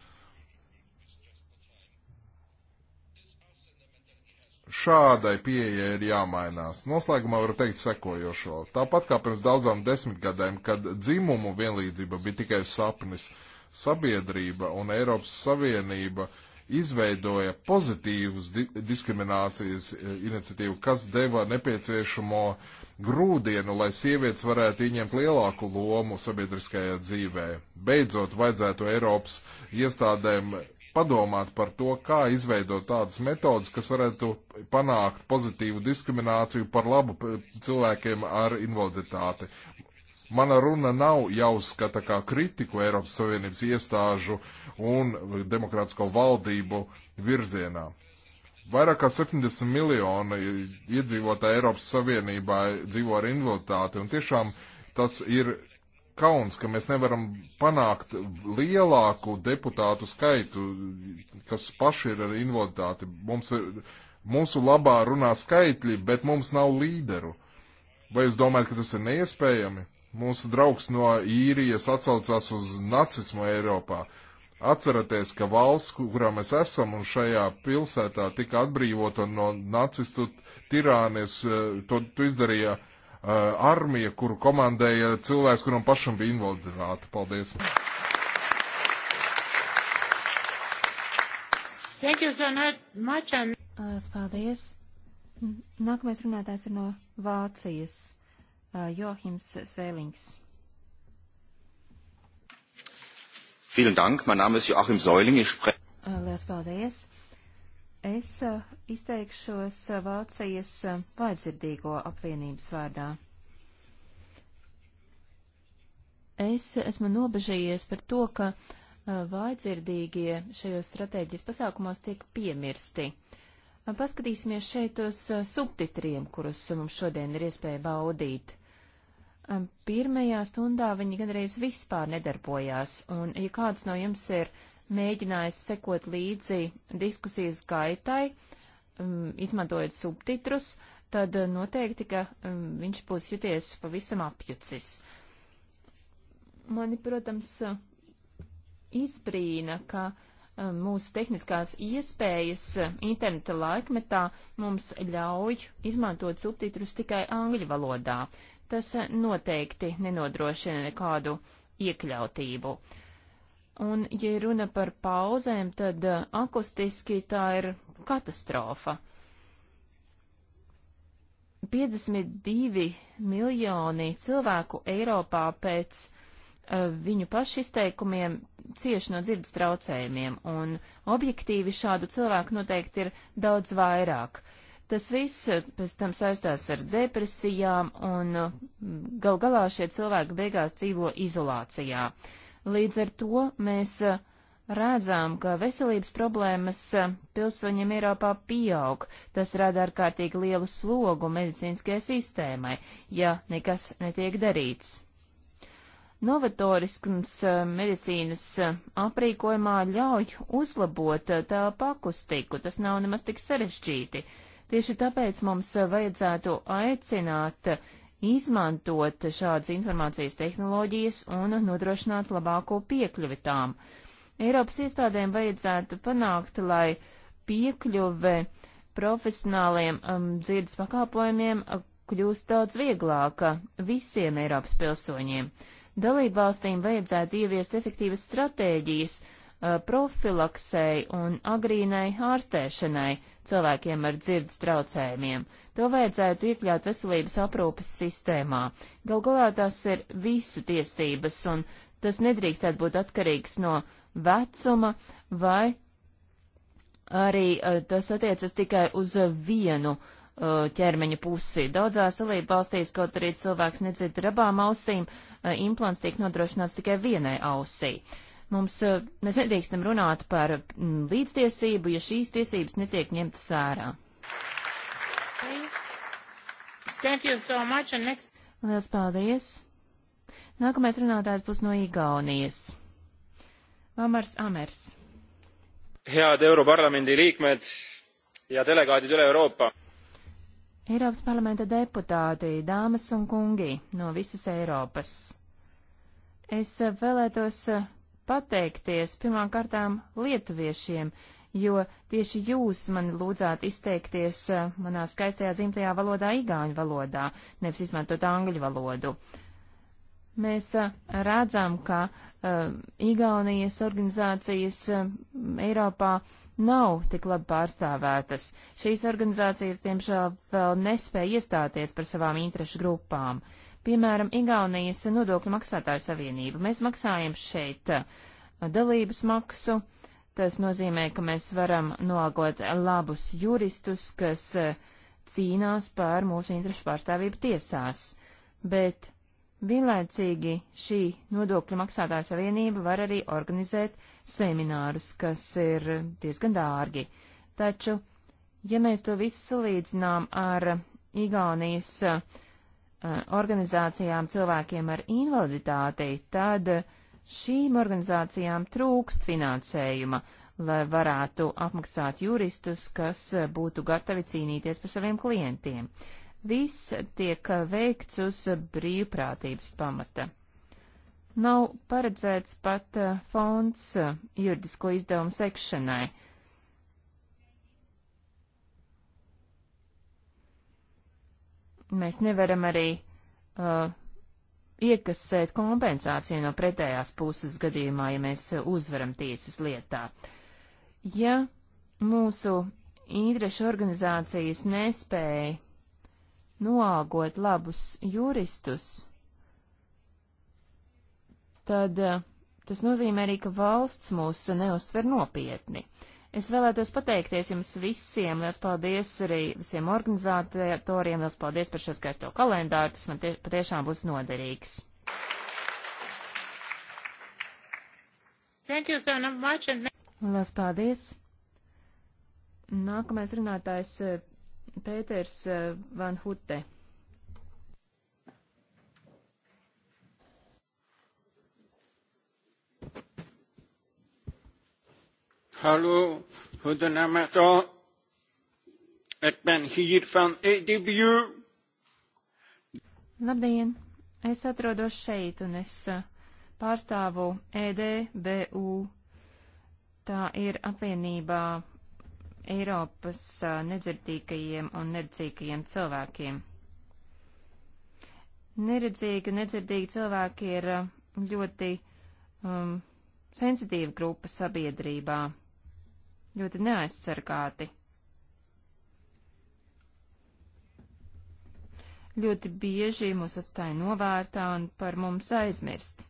Šādai pieeja ir jāmainās. Noslēgumā varu teikt sekojošo. Tāpat kā pirms daudzām desmitgadēm, kad dzimumu vienlīdzība bija tikai sapnis, sabiedrība un Eiropas Savienība izveidoja pozitīvas di diskriminācijas e, iniciatīvu, kas deva nepieciešamo grūdienu, lai sievietes varētu ieņemt lielāku lomu sabiedriskajā dzīvē. Beidzot, vajadzētu Eiropas iestādēm padomāt par to, kā izveidot tādas metodas, kas varētu panākt pozitīvu diskrimināciju par labu cilvēkiem ar invaliditāti. Mana runa nav jāuzskata kā kritiku Eiropas Savienības iestāžu un demokrātisko valdību virzienā. Vairāk kā 70 miljoni iedzīvotāji Eiropas Savienībā dzīvo ar invaliditāti, un tiešām tas ir kauns, ka mēs nevaram panākt lielāku deputātu skaitu, kas paši ir ar invaliditāti. Mums ir, mūsu labā runā skaitļi, bet mums nav līderu. Vai jūs domājat, ka tas ir neiespējami? Mūsu draugs no īrijas atsaucās uz nacismu Eiropā. Atceraties, ka valsts, kurā mēs esam un šajā pilsētā tika atbrīvota no nacistu tirānies, eh, to, to izdarīja uh, Eh, armija, kuru komandēja cilvēks, kuram pašam bija invaliditāte. Paldies! Thank you so much. And... Paldies. Nākamais runātājs ir no Vācijas, eh, Johims Sēlings. Vielen Dank, mein Name ist Joachim Säuling, ich spreche. Eh, Lielas paldies. Es izteikšos Vācijas vaidzirdīgo apvienības vārdā. Es esmu nobežījies par to, ka vājdzirdīgie šajos stratēģijas pasākumos tiek piemirsti. Paskatīsimies šeit uz subtitriem, kurus mums šodien ir iespēja baudīt. Pirmajā stundā viņi gandrīz vispār nedarbojās, un ja kāds no jums ir uh, mēģinājis sekot līdzi diskusijas gaitai, um, izmantojot subtitrus, tad uh, noteikti, ka um, viņš būs juties pavisam apjucis. Mani, protams, izbrīna, ka um, mūsu tehniskās iespējas uh, interneta laikmetā mums ļauj izmantot subtitrus tikai angļu valodā. Tas uh, noteikti nenodrošina nekādu iekļautību. Uh, Un, ja runa par pauzēm, tad eh, akustiski tā ir katastrofa. 52 miljoni cilvēku Eiropā pēc uh, viņu pašu izteikumiem cieši no dzirdes traucējumiem, un objektīvi šādu cilvēku noteikti ir daudz vairāk. Tas viss eh, pēc tam saistās ar depresijām, un gal galā šie cilvēki beigās dzīvo izolācijā. Uh, Līdz ar to mēs e, redzam, ka veselības problēmas e, pilsoņiem Eiropā pieaug. Tas rada ārkārtīgi lielu slogu medicīniskajai sistēmai, ja nekas netiek darīts. Novatorisks e, medicīnas aprīkojumā ļauj uzlabot tā pakustiku, tas nav nemaz tik sarežģīti. Tieši tāpēc mums vajadzētu aicināt izmantot šādas informācijas tehnoloģijas un nodrošināt labāko piekļuvi tām. Eiropas iestādēm vajadzētu panākt, lai piekļuve profesionāliem um, dzirdes pakāpojumiem uh, kļūst daudz vieglāka visiem Eiropas pilsoņiem. Dalībvalstīm vajadzētu ieviest efektīvas stratēģijas uh, profilaksei un agrīnai ārstēšanai, uh, cilvēkiem ar dzirdes traucējumiem. To vajadzētu iekļaut veselības aprūpes sistēmā. Galgolā tas ir visu tiesības, un tas nedrīkstētu būt atkarīgs no vecuma vai arī eh, tas attiecas tikai uz vienu eh, ķermeņa pusi. Daudzās salība valstīs, kaut arī cilvēks nedzird ar abām ausīm, eh, implants tiek nodrošināts tikai vienai ausī. Uh, Mums, eh, mēs nedrīkstam runāt par m, mm, līdztiesību, ja šīs tiesības netiek ņemtas vērā. So next... Lielas paldies! Nākamais runātājs būs no Igaunijas. Vamars Amers. Head Europarlamendi liikmed ja delegaadid üle Euroopa! Eiropas parlamenta deputāti, dāmas un kungi no visas Eiropas. Es eh, vēlētos eh, pateikties pirmām kārtām lietuviešiem, jo tieši jūs mani lūdzāt izteikties eh, manā skaistajā dzimtajā valodā, igauņu valodā, nevis izmantot angļu valodu. Mēs eh, redzam, ka uh, Igaunijas organizācijas uh, Eiropā nav tik labi pārstāvētas. Šīs organizācijas, diemžēl, vēl nespēja iestāties par savām interešu grupām. Uh, Piemēram, Igaunijas nodokļu maksātāju savienība. Mēs maksājam šeit uh, dalības maksu. Tas nozīmē, ka mēs varam nolgot labus juristus, kas uh, cīnās par mūsu interešu pārstāvību tiesās. Bet vienlaicīgi šī nodokļu maksātāju savienība var arī organizēt seminārus, kas ir diezgan dārgi. Taču, ja mēs to visu salīdzinām ar Igaunijas uh, Eh, organizācijām cilvēkiem ar invaliditāti, tad šīm organizācijām trūkst finansējuma, lai varētu apmaksāt juristus, kas eh, būtu gatavi cīnīties par saviem klientiem. Viss tiek eh, veikts uz brīvprātības pamata. Nav paredzēts pat fonds juridisko izdevumu sekšanai. Mēs nevaram arī uh, iekasēt kompensāciju no pretējās puses gadījumā, ja mēs uh, uzvaram tiesas lietā. Ja mūsu īndrešu organizācijas nespēja noalgot labus juristus, tad uh, tas nozīmē arī, ka valsts mūs neuztver nopietni. Uh, Es vēlētos pateikties jums visiem, liels paldies arī visiem organizatoriem, liels paldies par šo skaisto kalendāru, tas man tie, patiešām būs noderīgs. Thank you so much. And... Liels paldies. Nākamais runātājs eh, Pēters eh, Van Hutte. Hallo, goedenavond. Ik ben hier van EDBU. Labdien, es atrodos šeit un es eh, pārstāvu EDBU. Tā ir apvienībā Eiropas eh, nedzirdīgajiem un neredzīgajiem cilvēkiem. Neredzīgi un nedzirdīgi cilvēki ir eh, ļoti um, sensitīva grupa sabiedrībā ļoti neaizsargāti. Ļoti bieži mūs atstāja novērtā un par mums aizmirst.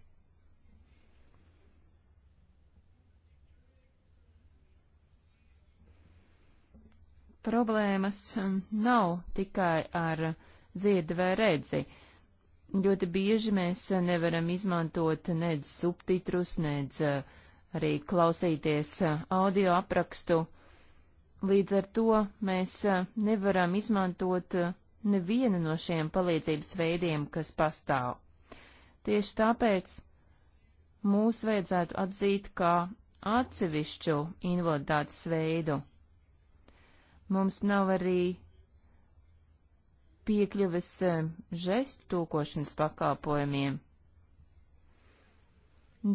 Problēmas um, nav tikai ar dzirdi vai redzi. Ļoti bieži mēs nevaram izmantot nedz subtitrus, nedz uh, arī klausīties eh, audio aprakstu. Līdz ar to mēs eh, nevaram izmantot eh, nevienu no šiem palīdzības veidiem, kas pastāv. Tieši tāpēc mūs vajadzētu atzīt kā atsevišķu invaliditātes veidu. Mums nav arī piekļuves žestu tūkošanas pakalpojumiem.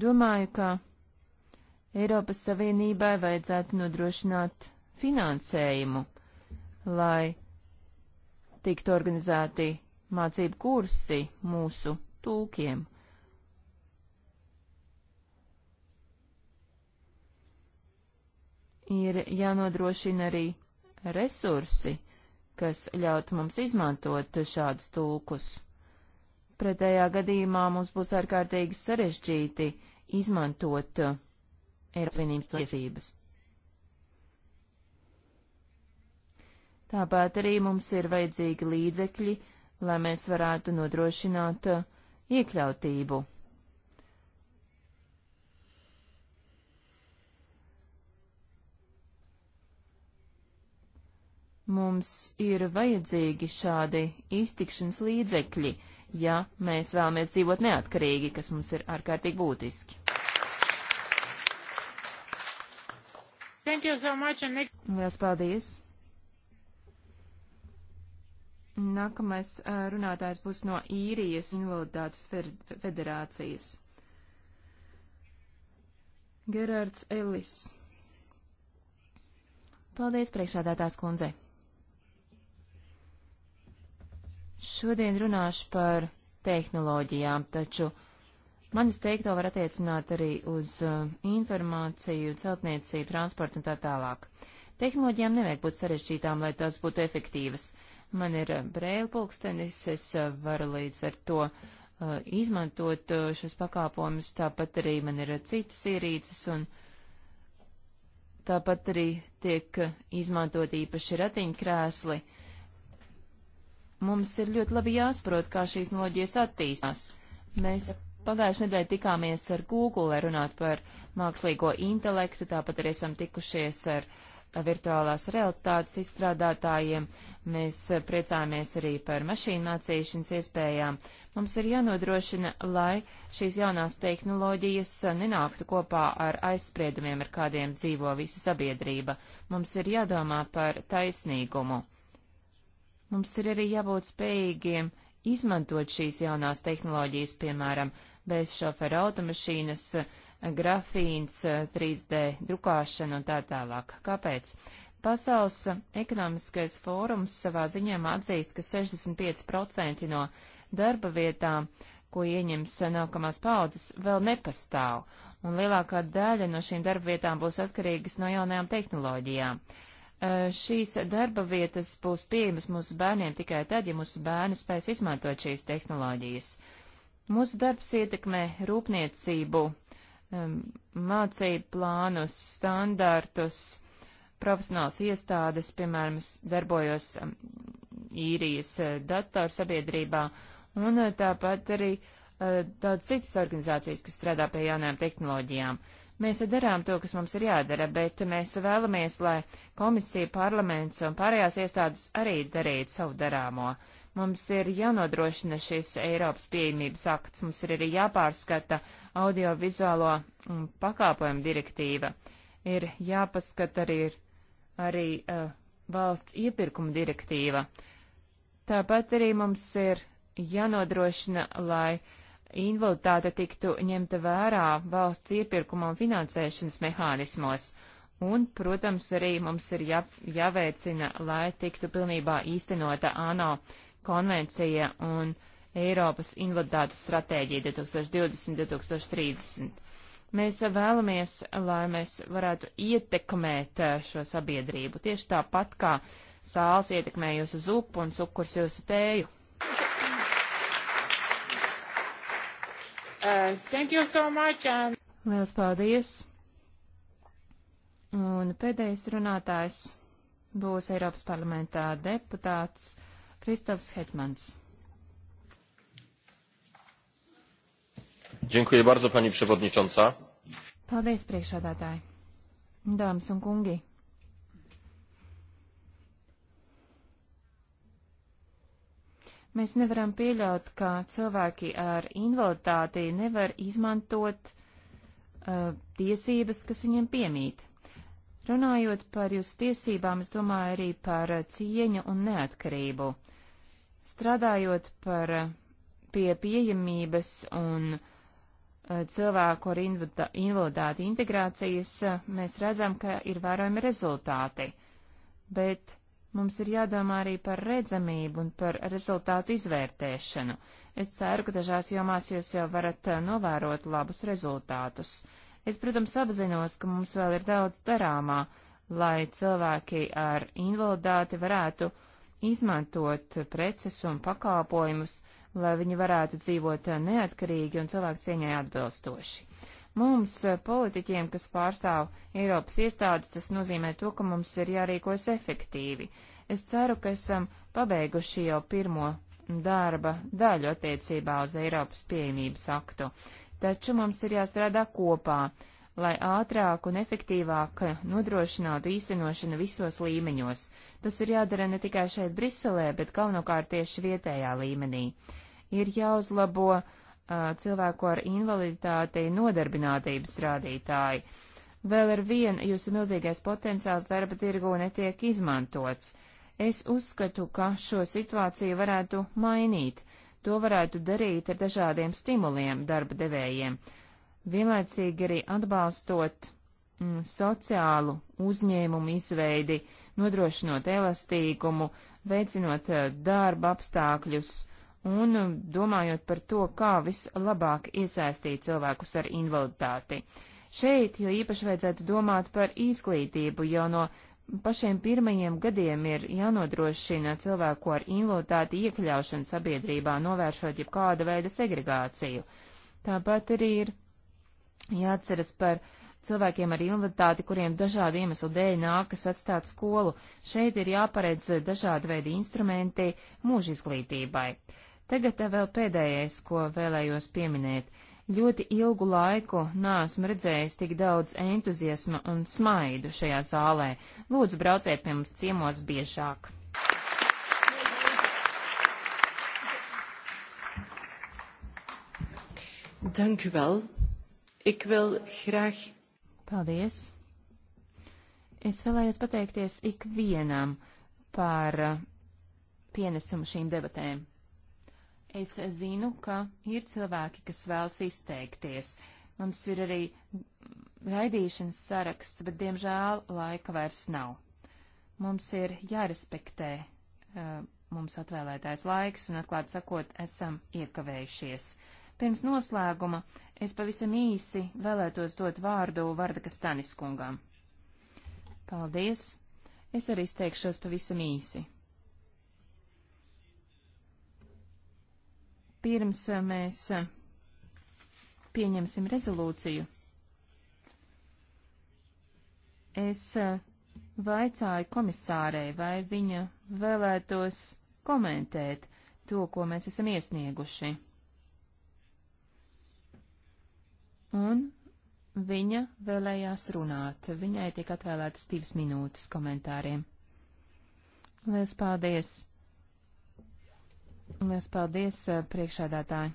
Domāju, ka Eiropas Savienībai vajadzētu nodrošināt finansējumu, lai tiktu organizēti mācību kursi mūsu tulkiem. Ir jānodrošina arī resursi, kas ļautu mums izmantot šādus tulkus. Pretējā gadījumā mums būs ārkārtīgi sarežģīti izmantot Eiropas Savienības tiesības. Tāpat arī mums ir vajadzīgi līdzekļi, lai mēs varētu nodrošināt uh, iekļautību. Mums ir vajadzīgi šādi iztikšanas līdzekļi, ja mēs vēlamies dzīvot neatkarīgi, kas mums ir ārkārtīgi būtiski. Thank you so much. And... Lielas paldies. Nākamais runātājs būs no īrijas invaliditātes federācijas. Gerards Ellis. Paldies, priekšādātās kundze. Šodien runāšu par tehnoloģijām, taču Manis teikto var attiecināt arī uz uh, informāciju, celtniecību, transportu un tā tālāk. Tehnoloģijām nevajag būt sarežģītām, lai tās būtu efektīvas. Man ir uh, brēlu pulkstenis, es uh, varu līdz ar to uh, izmantot uh, šos pakāpojumus, tāpat arī man ir uh, citas ierīces un tāpat arī tiek izmantot īpaši ratiņkrēsli. Mums ir ļoti labi jāsaprot, kā šī tehnoloģijas attīstās. Mēs Pagājušajā nedēļā tikāmies ar Google, lai runātu par mākslīgo intelektu, tāpat arī esam tikušies ar virtuālās realitātes izstrādātājiem. Mēs eh, priecāmies arī par mašīnu mācīšanas iespējām. Mums ir jānodrošina, lai šīs jaunās tehnoloģijas eh, nenāktu kopā ar aizspriedumiem, ar kādiem dzīvo visa sabiedrība. Mums ir jādomā par taisnīgumu. Mums ir arī jābūt spējīgiem izmantot šīs jaunās tehnoloģijas, piemēram, bezšoferu automašīnas, grafīns, 3D drukāšana un tā tālāk. Kāpēc? Pasaules ekonomiskais fórums savā ziņā atzīst, ka 65% no darba vietām, ko ieņems nākamās paudzes, vēl nepastāv, un lielākā daļa no šīm darba vietām būs atkarīgas no jaunajām tehnoloģijām šīs darba vietas būs pieejamas mūsu bērniem tikai tad, ja mūsu bērni spēs izmantot šīs tehnoloģijas. Mūsu darbs ietekmē rūpniecību, um, mācību plānus, standārtus, profesionāls iestādes, piemēram, es darbojos um, īrijas uh, datorsabiedrībā, un uh, tāpat arī uh, daudz citas organizācijas, kas strādā pie jaunajām tehnoloģijām. Mēs darām to, kas mums ir jādara, bet mēs vēlamies, lai komisija, parlaments un pārējās iestādes arī darītu savu darāmo. Uh, Mums ir jānodrošina šis Eiropas pieejamības akts, mums ir arī jāpārskata audiovizuālo mm, pakāpojumu direktīva, ir jāpaskata arī, arī uh, valsts iepirkuma direktīva. Tāpat arī mums ir jānodrošina, lai invaliditāte tiktu ņemta vērā valsts iepirkuma un finansēšanas mehānismos. Un, protams, arī mums ir jā, jāveicina, lai tiktu pilnībā īstenota ANO konvencija un Eiropas invaliditātes stratēģija 2020-2030. Mēs vēlamies, lai mēs varētu ietekmēt eh, šo sabiedrību tieši tāpat, kā sāls ietekmē jūsu zupu un cukurs jūsu tēju. Uh, thank you so much. And... Liels paldies. Un pēdējais runātājs būs Eiropas parlamentā deputāts Krzysztof Hetmans. Dziękuję bardzo, pani przewodnicząca. Paldies, priekšādātāji. Dāmas un kungi. Mēs nevaram pieļaut, ka cilvēki ar invaliditāti nevar izmantot uh, tiesības, kas viņiem piemīt. Runājot par jūsu tiesībām, es domāju arī par cieņu un neatkarību. Strādājot par, eh, pie pieejamības un eh, cilvēku ar invaliditāti integrācijas, eh, mēs redzam, ka ir vērojami rezultāti, bet mums ir jādomā arī par redzamību un par rezultātu izvērtēšanu. Es ceru, ka dažās jomās jūs jau varat novērot labus rezultātus. Es, protams, apzinos, ka mums vēl ir daudz darāmā, lai cilvēki ar invaliditāti varētu uh, izmantot preces un pakāpojumus, lai viņi varētu dzīvot neatkarīgi un cilvēku cieņai atbilstoši. Mums, eh, politiķiem, kas pārstāv Eiropas iestādes, tas nozīmē to, ka mums ir jārīkojas efektīvi. Es ceru, ka esam pabeiguši jau pirmo darba daļu attiecībā uz Eiropas pieejamības aktu, taču mums ir jāstrādā kopā lai ātrāk un efektīvāk nodrošinātu īstenošanu visos līmeņos. Tas ir jādara ne tikai šeit Briselē, bet galvenokārt tieši vietējā līmenī. Ir jāuzlabo uh, cilvēku ar invaliditāti nodarbinātības rādītāji. Vēl ar vienu jūsu milzīgais potenciāls darba tirgū netiek izmantots. Es uzskatu, ka šo situāciju varētu mainīt. To varētu darīt ar dažādiem stimuliem darba devējiem vienlaicīgi arī atbalstot mm, sociālu uzņēmumu izveidi, nodrošinot elastīgumu, veicinot eh, darba apstākļus un eh, domājot par to, kā vislabāk iesaistīt cilvēkus ar invaliditāti. Šeit jo īpaši vajadzētu domāt par izglītību, jo no pašiem pirmajiem gadiem ir jānodrošina cilvēku ar invaliditāti iekļaušana sabiedrībā, novēršot jebkāda veida segregāciju. Tāpat arī ir jāatceras par cilvēkiem ar invaliditāti, kuriem dažādu iemeslu dēļ nākas atstāt skolu. Šeit ir jāparedz dažādi veidi instrumenti mūža izglītībai. Tagad vēl pēdējais, ko vēlējos pieminēt. Ļoti ilgu laiku nāsmu redzējis tik daudz entuziasma un smaidu šajā zālē. Lūdzu, brauciet pie mums ciemos biežāk! Dank u wel. Ik wil graag. Paldies. Es vēlējos pateikties ikvienam par uh, pienesumu šīm debatēm. Es zinu, ka ir cilvēki, kas vēlas izteikties. Mums ir arī raidīšanas saraksts, bet, diemžēl, laika vairs nav. Mums ir jārespektē uh, mums atvēlētais laiks, un, atklāt sakot, esam iekavējušies. Uh, Pirms noslēguma es pavisam īsi vēlētos dot vārdu Vardaka Staniskungam. Paldies! Es arī izteikšos pavisam īsi. Pirms eh, mēs eh, pieņemsim rezolūciju, es eh, vaicāju komisārei, vai viņa vēlētos komentēt to, ko mēs esam iesnieguši. un viņa vēlējās runāt. Viņai tiek atvēlētas divas minūtes komentāriem. Lielas paldies! Lielas paldies, eh, priekšādātāji!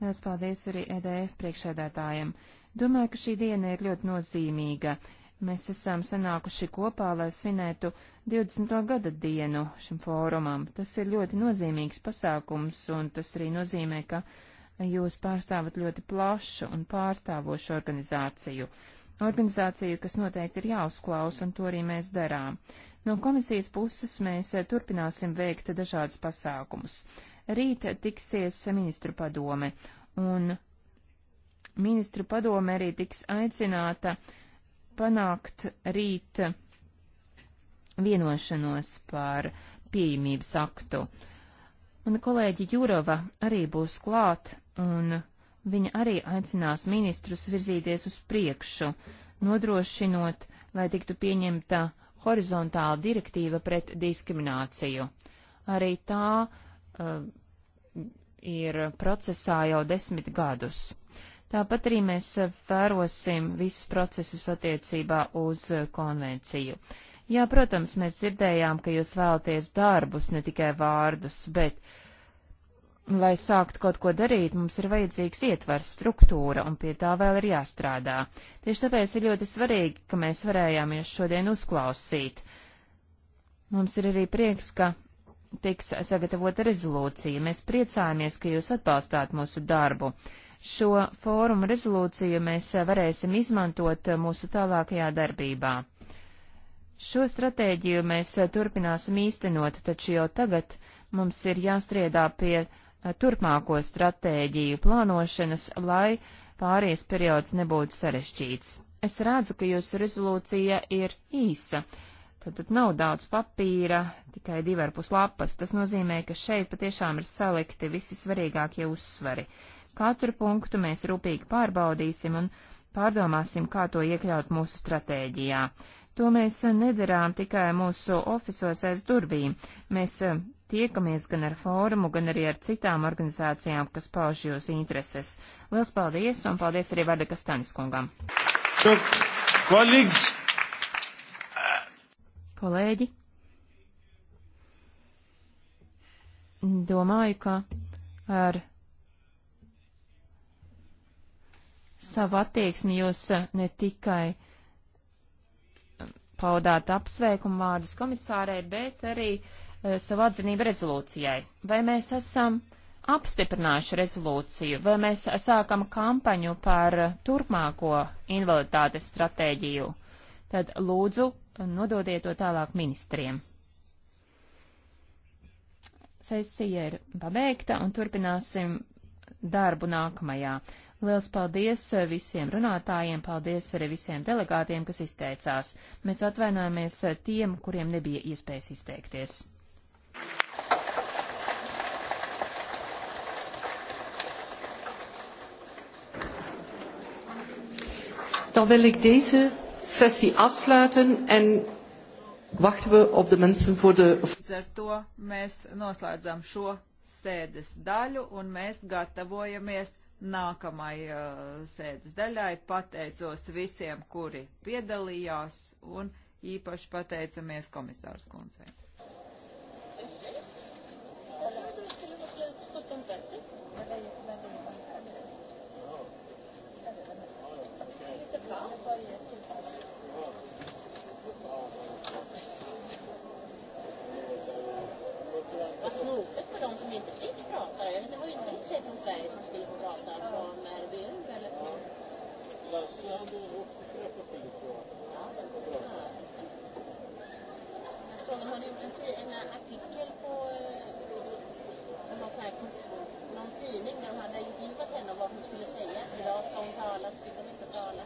Lielas paldies arī EDF priekšādātājiem. Domāju, ka šī diena ir ļoti nozīmīga. Mēs esam sanākuši kopā, lai svinētu 20. gada dienu šim fórumam. Tas ir ļoti nozīmīgs pasākums, un tas arī nozīmē, ka jūs pārstāvat ļoti plašu un pārstāvošu organizāciju. Organizāciju, kas noteikti ir jāuzklausa, un to arī mēs darām. No komisijas puses mēs turpināsim veikt dažādas pasākumus. Rīt tiksies ministru padome, un ministru padome arī tiks aicināta uh, panākt rīt vienošanos par pieejamības aktu. Mana kolēģi Jurova arī būs klāt, un viņa arī aicinās ministrus virzīties uz priekšu, nodrošinot, lai tiktu pieņemta horizontāla direktīva pret diskrimināciju. Arī tā uh, ir procesā jau desmit gadus. Tāpat arī mēs eh, vērosim visus procesus attiecībā uz eh, konvenciju. Jā, protams, mēs dzirdējām, ka jūs vēlaties darbus, ne tikai vārdus, bet, lai sākt kaut ko darīt, mums ir vajadzīgs ietvers, struktūra, un pie tā vēl ir jāstrādā. Tieši tāpēc ir ļoti svarīgi, ka mēs varējām jūs šodien uzklausīt. Mums ir arī prieks, ka tiks sagatavota rezolūcija. Mēs priecājamies, ka jūs atbalstāt mūsu darbu. Šo fórumu rezolūciju mēs eh, varēsim izmantot eh, mūsu tālākajā darbībā. Šo stratēģiju mēs eh, turpināsim īstenot, taču jau tagad mums ir jāstriedā pie turpmāko stratēģiju plānošanas, lai pāries periods nebūtu sarežģīts. Es redzu, ka jūsu rezolūcija ir īsa. Tad nav daudz papīra, tikai divi ar pus lapas. Tas nozīmē, ka šeit patiešām ir salikti visi svarīgākie uzsvari. Katru punktu mēs rūpīgi pārbaudīsim un pārdomāsim, kā to iekļaut mūsu stratēģijā. To mēs nedarām tikai mūsu ofisos aiz durvīm. Mēs eh, tiekamies gan ar fórumu, gan arī ar citām organizācijām, kas pauž jūs intereses. Liels paldies un paldies arī Varda Kastanis kungam. Kolīgs. Kolēģi. Domāju, ka ar savu attieksmi jūs eh, ne tikai paudāt apsveikumu vārdus komisārei, bet arī uh, savu atzinību rezolūcijai. Vai mēs esam apstiprinājuši rezolūciju, vai mēs sākam kampaņu par turpmāko invaliditātes stratēģiju, tad lūdzu eh, nododiet to tālāk ministriem. Sesija ir pabeigta un turpināsim darbu nākamajā. Liels paldies eh, visiem runātājiem, paldies arī visiem delegātiem, kas izteicās. Mēs atvainojamies eh, tiem, kuriem nebija iespējas izteikties. Dan wil ik deze sessie afsluiten en wachten we op de mensen voor de. Ar to mēs noslēdzam šo sēdes daļu un mēs gatavojamies nākamai uh, sēdes daļai. Pateicos visiem, kuri piedalījās, un īpaši pateicamies komisārs kundzei. Vad snopet för de som inte fick. Sverige. Det var ju inte i och för sig från Sverige som skulle få data ja. från RBU eller från... Lasse hade också träffat till tror jag. Ja, jag såg att han gjorde en, en artikel på eh, någon, sån här, någon tidning där de hade intervjuat henne om vad hon skulle säga. Idag ska hon tala, så fick hon inte tala.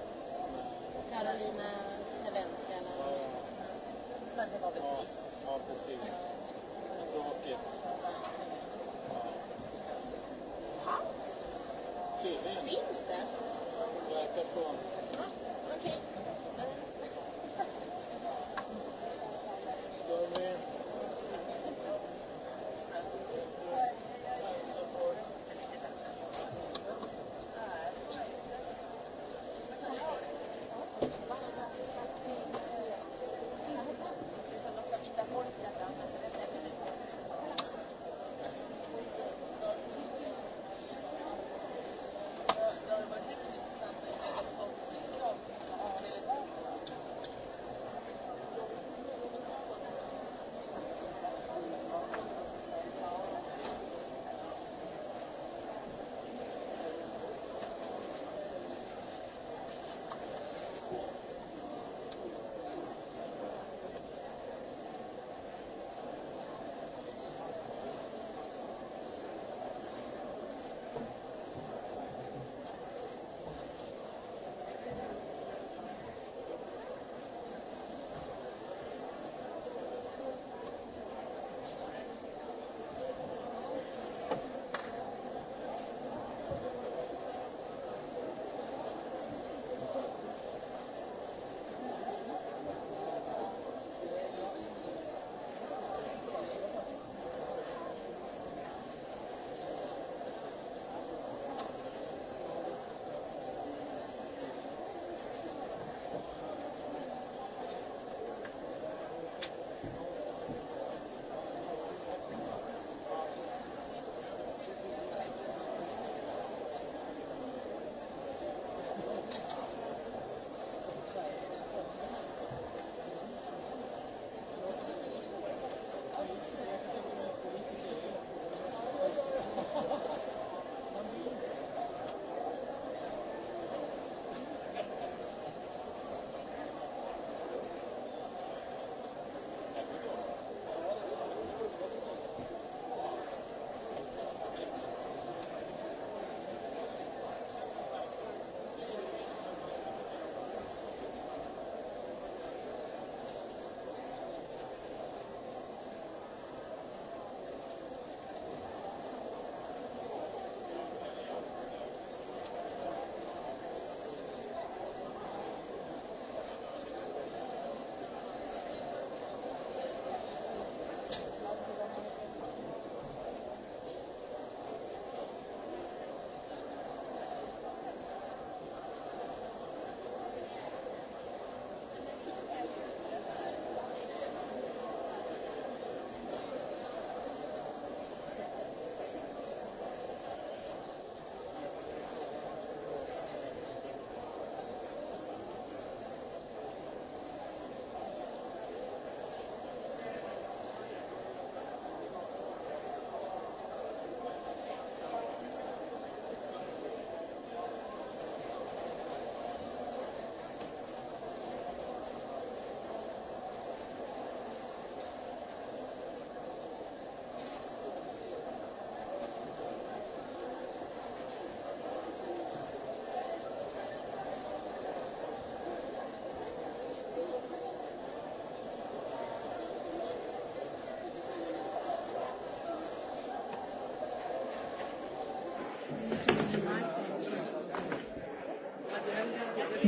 Karolina Svenska eller... Men det var väl trist. Ja, ja precis. Tråkigt. Schwabs? Tydligen. Finns det? Verkar så. Ja, okej. Okay. Ska vi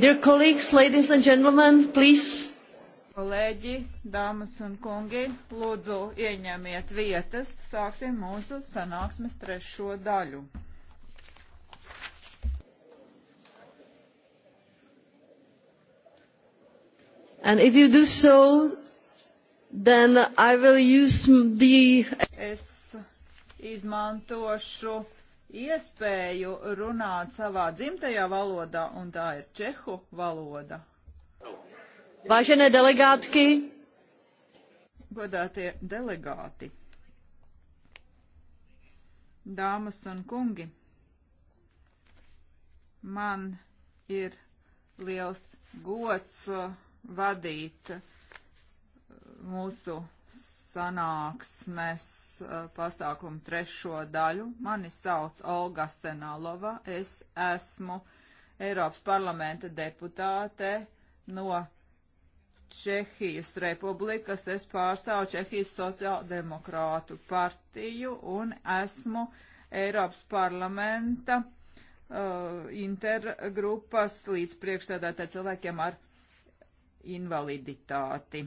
Dear colleagues, ladies and gentlemen, please. Kolēģi, dāmas un kungi, lūdzu ieņemiet vietas. Sāksim mūsu sanāksmes trešo daļu. And if you do so, then I will use the... Es izmantošu iespēju runāt savā dzimtajā valodā, un tā ir čehu valoda. Vážené delegātky! Godātie delegāti! Dāmas un kungi! Man ir liels gods uh, vadīt uh, mūsu sanāksmes pasākumu trešo daļu. Mani sauc Olga Senalova, es esmu Eiropas parlamenta deputāte no Čehijas republikas, es pārstāvu Čehijas sociāldemokrātu partiju un esmu Eiropas parlamenta uh, intergrupas līdz priekšsēdētāju cilvēkiem ar invaliditāti.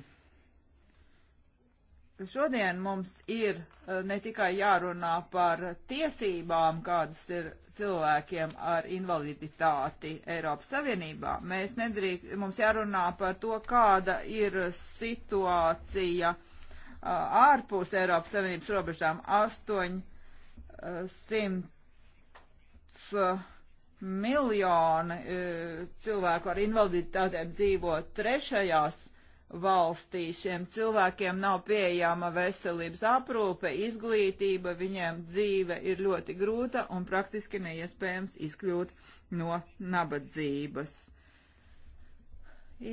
Šodien mums ir eh, ne tikai jārunā par tiesībām, kādas ir cilvēkiem ar invaliditāti Eiropas Savienībā, mēs nedrīkst, mums jārunā par to, kāda ir situācija eh, ārpus Eiropas Savienības robežām 800 eh, miljoni cilvēku ar invaliditātēm dzīvo trešajās valstī. Šiem cilvēkiem nav pieejama veselības aprūpe, izglītība, viņiem dzīve ir ļoti grūta un praktiski neiespējams izkļūt no nabadzības.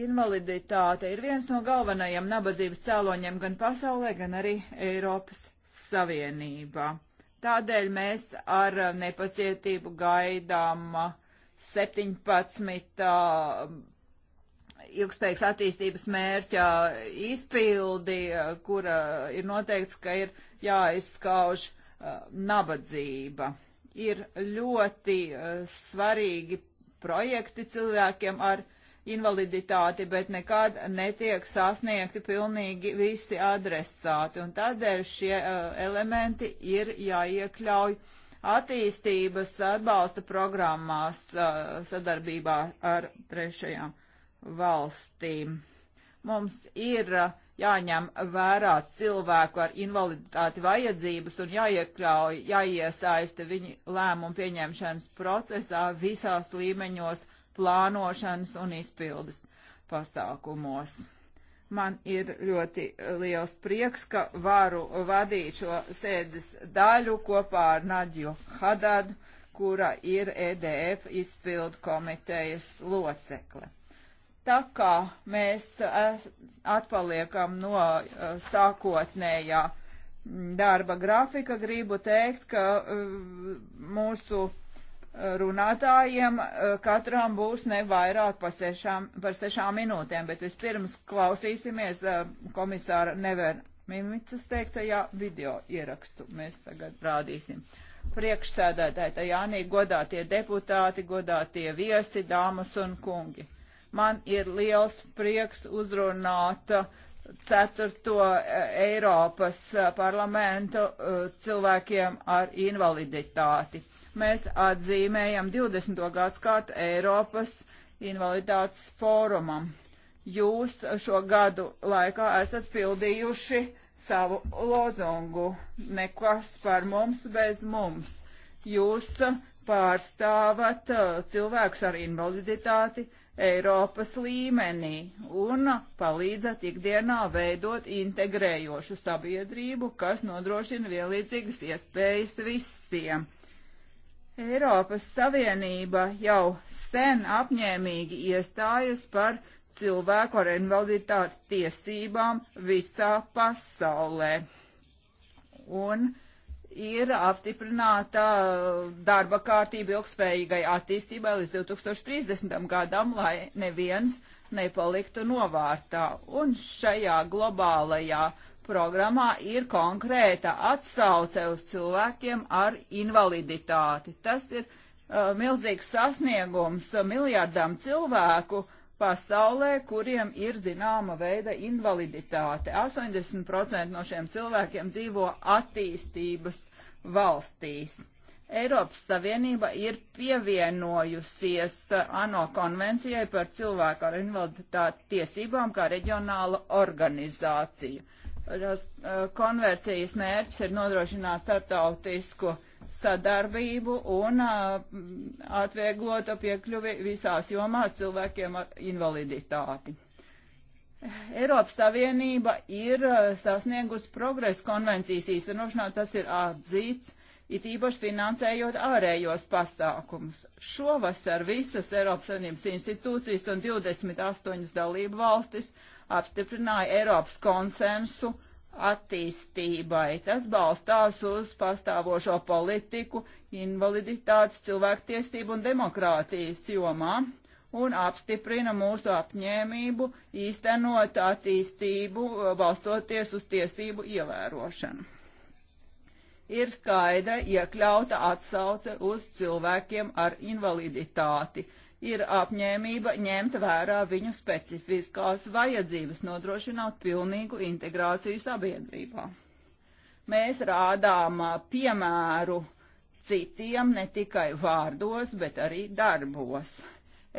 Invaliditāte ir viens no galvenajiem nabadzības cēloņiem gan pasaulē, gan arī Eiropas Savienībā. Tādēļ mēs ar nepacietību gaidām 17 uh, ilgspējīgas attīstības mērķa izpildi, eh, kura ir noteikts, ka ir jāizskauž eh, nabadzība. Ir ļoti eh, svarīgi projekti cilvēkiem ar invaliditāti, bet nekad netiek sasniegti pilnīgi visi adresāti. Un tādēļ šie elementi ir jāiekļauj attīstības atbalsta programmās sadarbībā ar trešajām valstīm. Mums ir uh, jāņem vērā cilvēku ar invaliditāti vajadzības un jāiekļauj, jāiesaista viņi lēmumu pieņemšanas procesā visās līmeņos plānošanas un izpildes pasākumos. Man ir ļoti uh, liels prieks, ka varu vadīt šo sēdes daļu kopā ar Nadju Hadadu, kura ir EDF izpildu komitejas locekle. Tā kā mēs atpaliekam no sākotnējā darba grafika, gribu teikt, ka mūsu runātājiem katram būs ne vairāk par sešām, par sešām minūtēm, bet vispirms klausīsimies komisāra Never Mimicas teiktajā video ierakstu. Mēs tagad rādīsim. Priekšsēdētāji, tā Jānī, godātie deputāti, godātie viesi, dāmas un kungi. Man ir liels prieks uzrunāt ceturto e, Eiropas e, parlamentu e, cilvēkiem ar invaliditāti. Mēs atzīmējam 20. gadskārtu Eiropas invaliditātes fórumam. Jūs šo gadu laikā esat pildījuši savu lozungu nekas par mums bez mums. Jūs pārstāvat cilvēkus ar invaliditāti, Eiropas līmenī un palīdzat ikdienā veidot integrējošu sabiedrību, kas nodrošina vienlīdzīgas iespējas visiem. Eiropas Savienība jau sen apņēmīgi iestājas par cilvēku ar invaliditāti tiesībām visā pasaulē. Un ir apstiprināta darba kārtība ilgspējīgai attīstībai līdz 2030. gadam, lai neviens nepaliktu novārtā. Un šajā globālajā programmā ir konkrēta atsauce uz cilvēkiem ar invaliditāti. Tas ir uh, milzīgs sasniegums miljardam cilvēku, uh, pasaulē, kuriem ir zināma veida invaliditāte. 80% no šiem cilvēkiem dzīvo attīstības valstīs. Eiropas Savienība ir pievienojusies ANO konvencijai par cilvēku ar invaliditāti tiesībām kā reģionāla organizācija. Eh, Konvercijas mērķis ir nodrošināt starptautisku uh, sadarbību un atvieglotu piekļuvi visās jomās cilvēkiem ar invaliditāti. Eiropas Savienība ir sasniegusi progresu konvencijas īstenošanā, tas ir atzīts, it īpaši finansējot ārējos pasākumus. Šovasar visas Eiropas Savienības institūcijas un 28 dalību valstis apstiprināja Eiropas konsensu uh, attīstībai. Tas balstās uz pastāvošo politiku invaliditātes, cilvēktiesību un demokrātijas jomā un apstiprina mūsu apņēmību īstenot attīstību eh, balstoties uz tiesību ievērošanu. Ir skaidra iekļauta atsauce uz cilvēkiem ar invaliditāti. Uh, ir apņēmība ņemt vērā viņu specifiskās vajadzības, nodrošinot pilnīgu integrāciju sabiedrībā. Mēs rādām piemēru citiem ne tikai vārdos, bet arī darbos.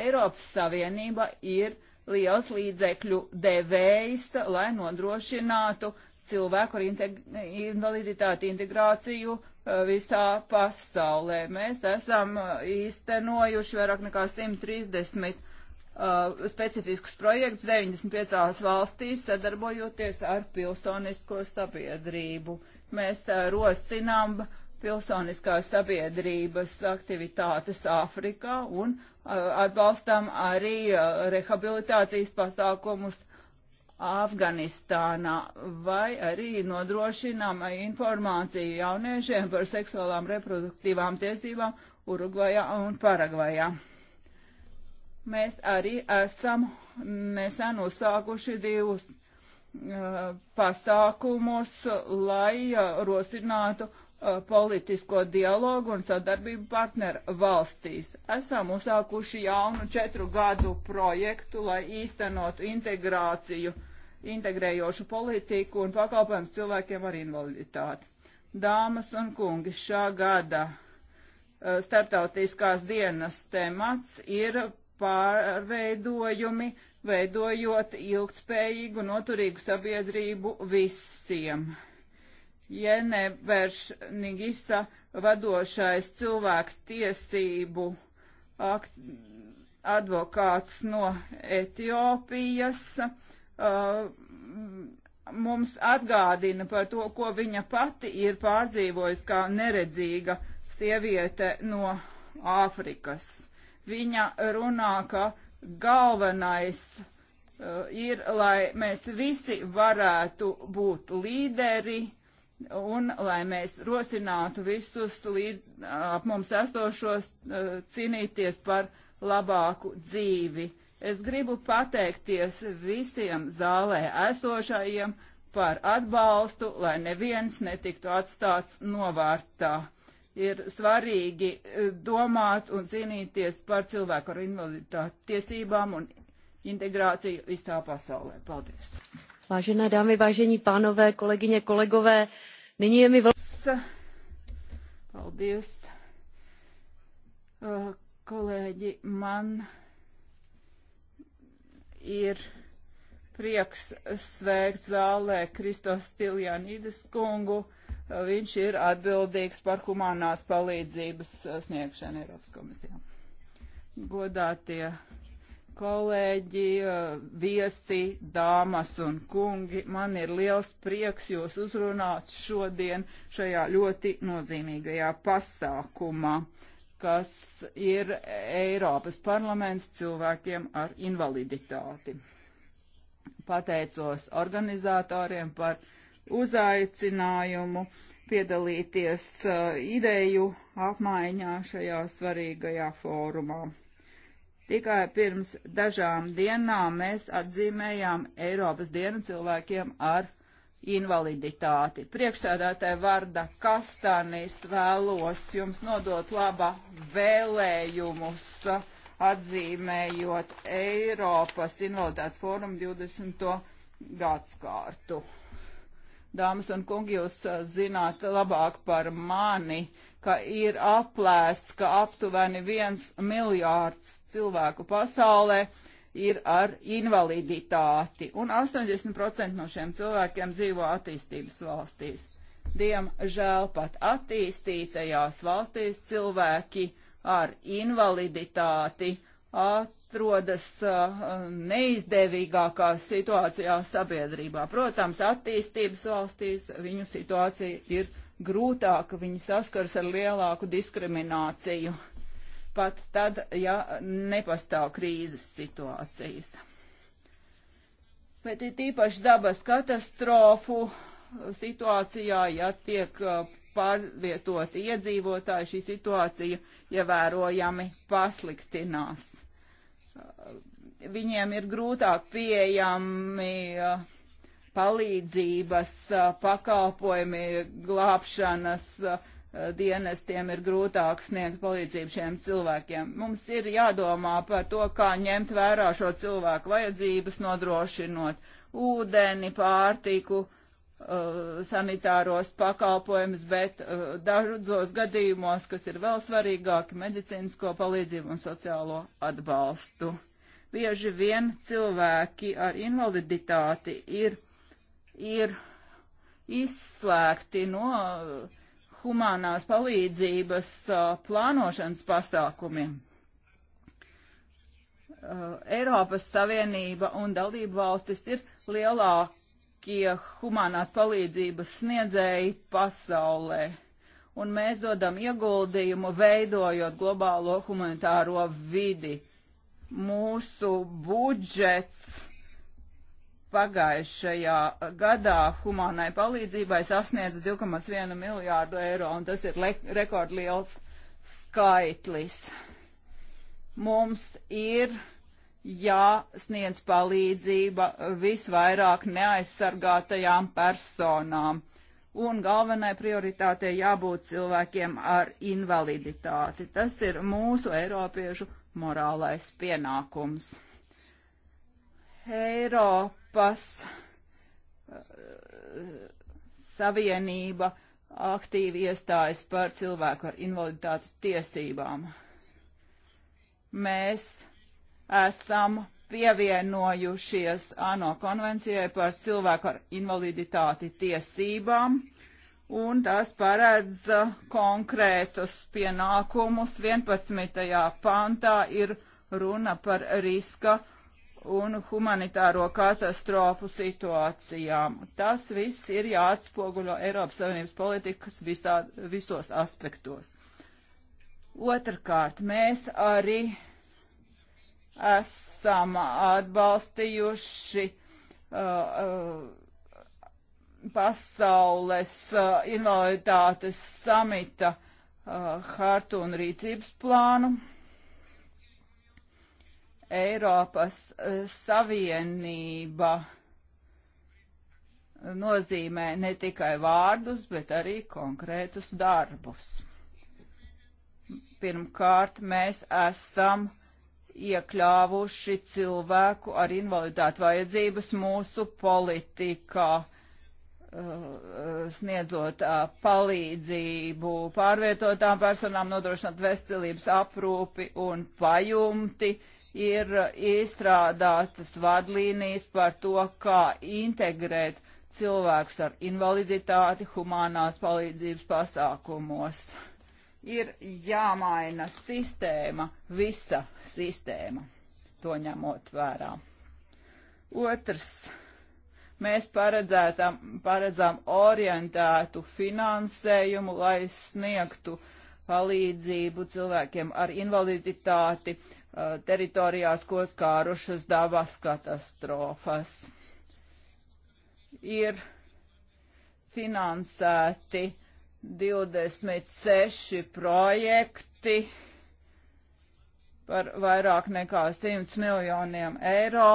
Eiropas Savienība ir liels līdzekļu devējs, lai nodrošinātu cilvēku ar integ invaliditāti integrāciju uh, visā pasaulē. Mēs esam uh, īstenojuši vairāk nekā 130 uh, specifiskus projektus 95 valstīs, sadarbojoties ar pilsonisko sabiedrību. Mēs uh, rosinām pilsoniskās sabiedrības aktivitātes Āfrikā un uh, atbalstam arī uh, rehabilitācijas pasākumus Afganistānā, vai arī nodrošinām informāciju jauniešiem par seksuālām reproduktīvām tiesībām Urugvajā un Paragvajā. Mēs arī esam nesen uzsākuši divus uh, pasākumus, lai uh, rosinātu uh, politisko dialogu un sadarbību partneru valstīs. Esam uzsākuši jaunu četru gadu projektu, lai īstenotu integrāciju uh, integrējošu politiku un pakalpojums cilvēkiem ar invaliditāti. Dāmas un kungi, šā gada eh, starptautiskās dienas temats ir pārveidojumi, veidojot ilgtspējīgu, noturīgu sabiedrību visiem. Jenevērš Nigisa vadošais cilvēku tiesību advokāts no Etiopijas uh, mums atgādina par to, ko viņa pati ir pārdzīvojusi kā neredzīga sieviete no Āfrikas. Viņa runā, ka galvenais uh, ir, lai mēs visi varētu būt līderi un lai mēs rosinātu visus līd, uh, ap mums esošos uh, cīnīties par labāku dzīvi. Es gribu pateikties visiem zālē esošajiem par atbalstu, lai neviens netiktu atstāts novārtā. Ir svarīgi e, domāt un cīnīties par cilvēku ar invaliditāti tiesībām un integrāciju visā pasaulē. Paldies! Vážené dámy, vážení pánové, kolegyně, kolegové, nyní je mi velmi... Paldies, e, kolēģi, man ir prieks sveikt zālē Kristos Stiljanīdis kungu. Viņš ir atbildīgs par humanās palīdzības sniegšanu Eiropas komisijā. Godātie kolēģi, viesi, dāmas un kungi, man ir liels prieks jūs uzrunāt šodien šajā ļoti nozīmīgajā pasākumā. Uh, kas ir Eiropas parlaments cilvēkiem ar invaliditāti. Pateicos organizatoriem par uzaicinājumu piedalīties uh, ideju apmaiņā šajā svarīgajā fórumā. Tikai pirms dažām dienām mēs atzīmējām Eiropas dienu cilvēkiem ar invaliditāti invaliditāti. Priekšsēdētāja Varda Kastanis vēlos jums nodot laba vēlējumus atzīmējot Eiropas invaliditātes fórumu 20. gadskārtu. Dāmas un kungi, jūs uh, zināt labāk par mani, ka ir aplēsts, ka aptuveni viens miljārds cilvēku pasaulē ir ar invaliditāti, un 80% no šiem cilvēkiem dzīvo attīstības valstīs. Diemžēl pat attīstītajās valstīs cilvēki ar invaliditāti atrodas uh, neizdevīgākā situācijā sabiedrībā. Protams, attīstības valstīs viņu situācija ir grūtāka, viņi saskars ar lielāku diskrimināciju pat tad, ja nepastāv krīzes situācijas. Bet ir tīpaši dabas katastrofu situācijā, ja tiek uh, pārvietoti iedzīvotāji, šī situācija ievērojami pasliktinās. Uh, viņiem ir grūtāk pieejami uh, palīdzības pakalpojumi, glābšanas uh, dienestiem ir grūtāk sniegt palīdzību šiem cilvēkiem. Mums ir jādomā par to, kā ņemt vērā šo cilvēku vajadzības, nodrošinot ūdeni, pārtiku, uh, sanitāros pakalpojumus, bet uh, dažos gadījumos, kas ir vēl svarīgāki, medicīnisko palīdzību un sociālo atbalstu. Bieži vien cilvēki ar invaliditāti ir, ir izslēgti no uh, humānās palīdzības plānošanas pasākumiem. Eiropas Savienība un dalību valstis ir lielākie humanās palīdzības sniedzēji pasaulē. Un mēs dodam ieguldījumu veidojot globālo humanitāro vidi. Mūsu budžets pagājušajā gadā humānai palīdzībai sasniedz 2,1 miljārdu eiro, un tas ir rekordliels skaitlis. Mums ir jāsniedz palīdzība visvairāk neaizsargātajām personām, un galvenai prioritātei jābūt cilvēkiem ar invaliditāti. Tas ir mūsu eiropiešu morālais pienākums. Eiropa Eiropas eh, Savienība aktīvi iestājas par cilvēku ar invaliditātes tiesībām. Mēs esam pievienojušies ANO konvencijai par cilvēku ar invaliditāti tiesībām, un tas paredz eh, konkrētus pienākumus. 11. pantā ir runa par riska uh, un humanitāro katastrofu situācijām. Tas viss ir jāatspoguļo Eiropas Savienības politikas visā, visos aspektos. Otrkārt, mēs arī esam atbalstījuši uh, uh, pasaules uh, invaliditātes samita uh, hartu un rīcības plānu. Eiropas eh, Savienība nozīmē ne tikai vārdus, bet arī konkrētus darbus. Pirmkārt, mēs esam iekļāvuši cilvēku ar invaliditāti vajadzības mūsu politikā, eh, sniedzot eh, palīdzību pārvietotām personām, nodrošināt veselības aprūpi un pajumti, uh, ir izstrādātas vadlīnijas par to, kā integrēt cilvēks ar invaliditāti humānās palīdzības pasākumos. Ir jāmaina sistēma, visa sistēma, to ņemot vērā. Otrs. Mēs paredzām orientētu finansējumu, lai sniegtu uh, palīdzību cilvēkiem ar invaliditāti uh, teritorijās, ko skārušas dabas katastrofas. Ir finansēti 26 projekti par vairāk nekā 100 miljoniem eiro,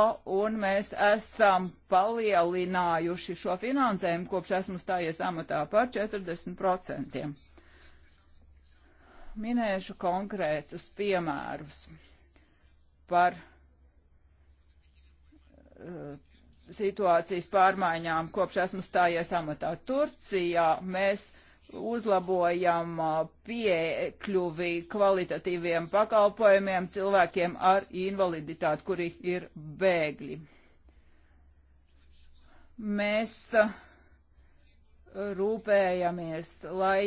un mēs esam palielinājuši šo finansējumu kopš esmu stājies amatā par 40%. Minēšu konkrētus piemērus par uh, situācijas pārmaiņām, kopš esmu stājies amatā Turcijā. Mēs uzlabojam eh, piekļuvi kvalitatīviem pakalpojumiem cilvēkiem ar invaliditāti, kuri ir bēgļi. Mēs eh, rūpējamies, lai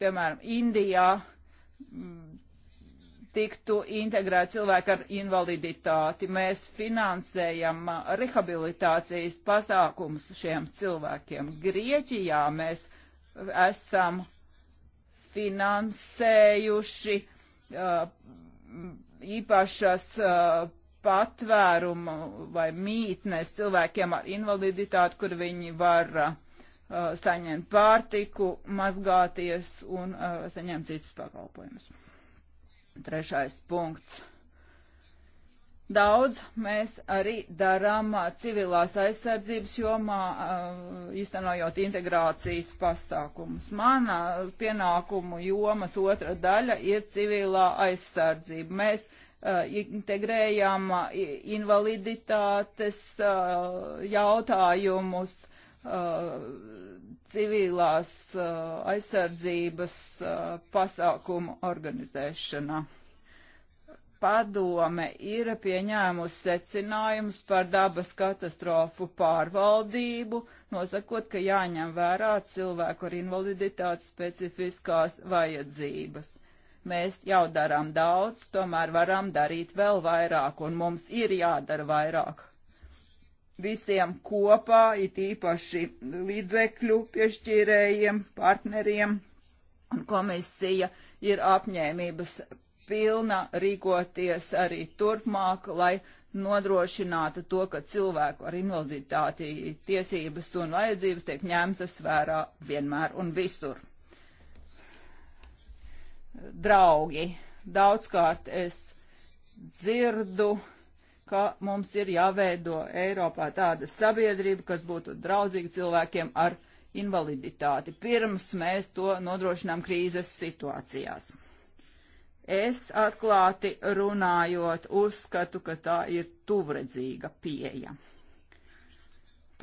piemēram, Indijā mm, tiktu integrēt cilvēki ar invaliditāti. Mēs finansējam rehabilitācijas pasākums šiem cilvēkiem. Grieķijā mēs esam finansējuši uh, īpašas uh, patvērumu vai mītnes cilvēkiem ar invaliditāti, kur viņi var uh, Uh, saņemt pārtiku, mazgāties un uh, saņemt citus pakalpojumus. Trešais punkts. Daudz mēs arī darām uh, civilās aizsardzības jomā, īstenojot integrācijas pasākumus. Mana pienākumu jomas otra daļa ir civilā aizsardzība. Mēs integrējām invaliditātes jautājumus Uh, civilās uh, aizsardzības uh, pasākumu organizēšanā padome ir pieņēmusi secinājumus par dabas katastrofu pārvaldību, nosakot, ka jāņem vērā cilvēku ar invaliditāti specifiskās vajadzības. Mēs jau darām daudz, tomēr varam darīt vēl vairāk, un mums ir jādara vairāk visiem kopā, it īpaši līdzekļu piešķīrējiem, partneriem, un komisija ir apņēmības pilna rīkoties arī turpmāk, lai nodrošinātu to, ka cilvēku ar invaliditāti tiesības un vajadzības tiek ņemtas vērā vienmēr un visur. Draugi, daudzkārt es dzirdu, uh, ka mums ir jāveido Eiropā tāda sabiedrība, kas būtu draudzīga cilvēkiem ar invaliditāti, pirms mēs to nodrošinām krīzes situācijās. Es atklāti runājot, uzskatu, ka tā ir tuvredzīga pieeja.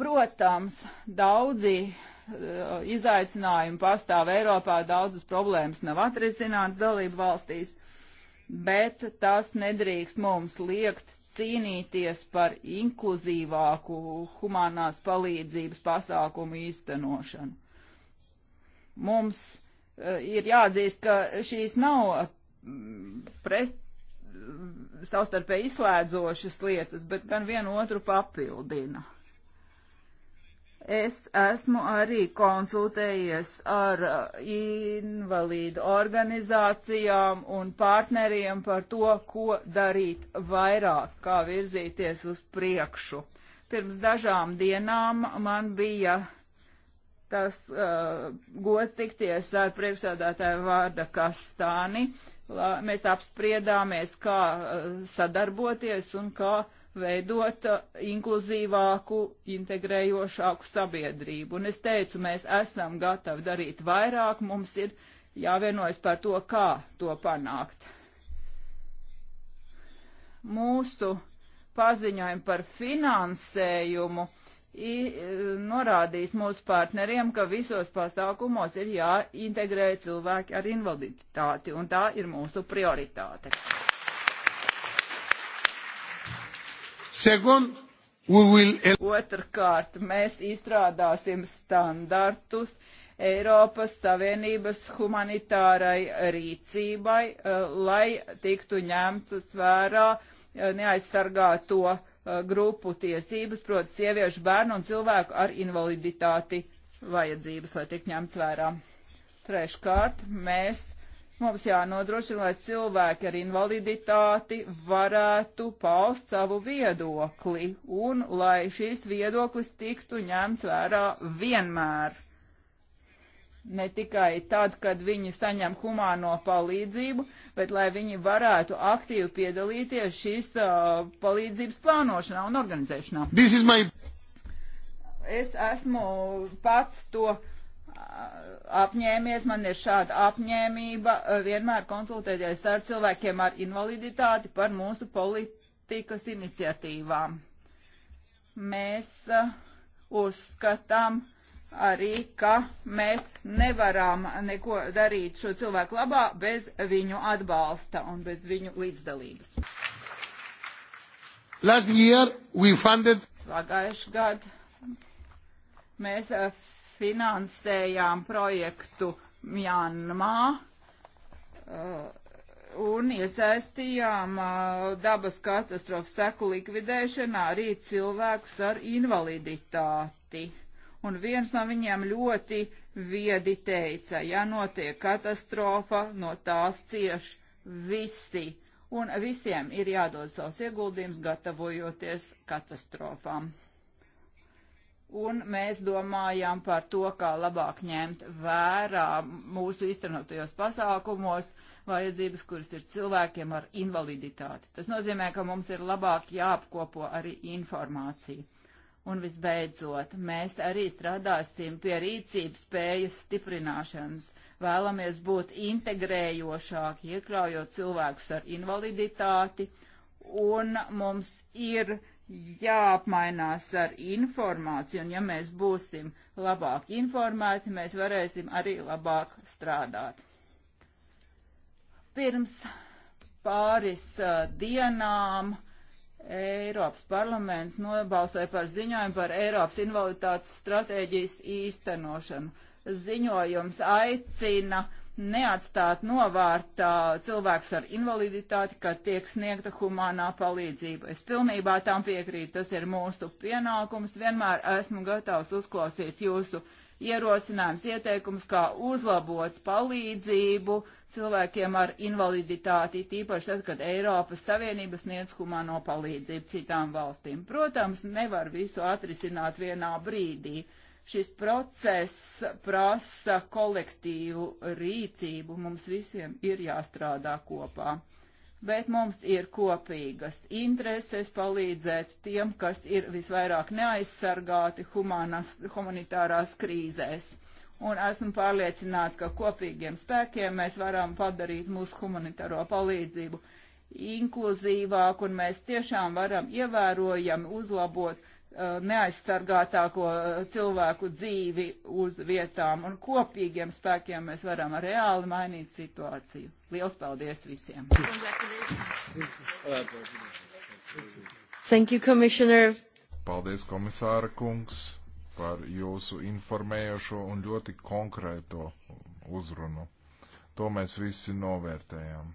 Protams, daudzi uh, izaicinājumi pastāv Eiropā, daudzas problēmas nav atrisināts dalību valstīs, bet tas nedrīkst mums liekt cīnīties par inkluzīvāku humanās palīdzības pasākumu īstenošanu. Mums uh, ir jāatzīst, ka šīs nav mm, pres, savstarpēji izslēdzošas lietas, bet gan vienu otru papildina. Es esmu arī konsultējies ar uh, invalīdu organizācijām un partneriem par to, ko darīt vairāk, kā virzīties uz priekšu. Pirms dažām dienām man bija tas uh, gods tikties ar priekšsādātāju vārda Kastāni. Lā, mēs apspriedāmies, kā uh, sadarboties un kā uh, veidot uh, inkluzīvāku, integrējošāku sabiedrību. Un es teicu, mēs esam gatavi darīt vairāk, mums ir jāvienojas par to, kā to panākt. Mūsu paziņojumi par finansējumu i, norādīs mūsu partneriem, ka visos pasākumos ir jāintegrē cilvēki ar invaliditāti, un tā ir mūsu prioritāte. Second, will... Otrkārt, mēs izstrādāsim standartus Eiropas Savienības humanitārai rīcībai, eh, lai tiktu ņemtas vērā eh, neaizsargāto eh, grupu tiesības, proti sieviešu, bērnu un cilvēku ar invaliditāti vajadzības, lai tik ņemts vērā. Treškārt, mēs Mums jānodrošina, lai cilvēki ar invaliditāti varētu paust savu viedokli un lai šīs viedoklis tiktu ņemts vērā vienmēr. Ne tikai tad, kad viņi saņem humāno palīdzību, bet lai viņi varētu aktīvi piedalīties šīs uh, palīdzības plānošanā un organizēšanā. My... Es esmu pats to apņēmies, man ir šāda apņēmība eh, vienmēr konsultēties ar cilvēkiem ar invaliditāti par mūsu politikas iniciatīvām. Mēs uh, uzskatām arī, ka mēs nevaram neko darīt šo cilvēku labā bez viņu atbalsta un bez viņu līdzdalības. Last year we funded. Pagājuši gadu mēs uh, finansējām projektu Mjanmā uh, un iesaistījām uh, dabas katastrofu seku likvidēšanā arī cilvēkus ar invaliditāti. Un viens no viņiem ļoti viedi teica, ja notiek katastrofa, no tās cieš visi. Un visiem ir jādod savs ieguldījums, gatavojoties katastrofām. Un mēs domājām par to, kā labāk ņemt vērā mūsu iztenotajos pasākumos vajadzības, kuras ir cilvēkiem ar invaliditāti. Tas nozīmē, ka mums ir labāk jāapkopo arī informācija. Un visbeidzot, mēs arī strādāsim pie rīcības spējas stiprināšanas. Vēlamies būt integrējošāki, iekļaujot cilvēkus ar invaliditāti, un mums ir jāapmainās ar informāciju, un ja mēs būsim labāk informēti, mēs varēsim arī labāk strādāt. Pirms pāris uh, dienām Eiropas parlaments nobalsoja par ziņojumu par Eiropas invaliditātes stratēģijas īstenošanu. Ziņojums aicina uh, neatstāt novārtā cilvēks ar invaliditāti, kad tiek sniegta humānā palīdzība. Es pilnībā tam piekrītu, tas ir mūsu pienākums. Vienmēr esmu gatavs uzklausīt jūsu ierosinājums, ieteikums, kā uzlabot palīdzību cilvēkiem ar invaliditāti, tīpaši tad, kad Eiropas Savienības sniedz humāno palīdzību citām valstīm. Protams, nevar visu atrisināt vienā brīdī Šis process prasa kolektīvu rīcību, mums visiem ir jāstrādā kopā. Bet mums ir kopīgas intereses palīdzēt tiem, kas ir visvairāk neaizsargāti humanas, humanitārās krīzēs un esmu pārliecināts, ka kopīgiem spēkiem mēs varam padarīt mūsu humanitāro palīdzību inkluzīvāku, un mēs tiešām varam ievērojami uzlabot Uh, neaizsargātāko uh, cilvēku dzīvi uz vietām, un kopīgiem spēkiem mēs varam reāli mainīt situāciju. Liels paldies visiem! Thank you, Commissioner. Paldies, komisāra kungs, par jūsu informējošo un ļoti konkrēto uzrunu. To mēs visi novērtējam.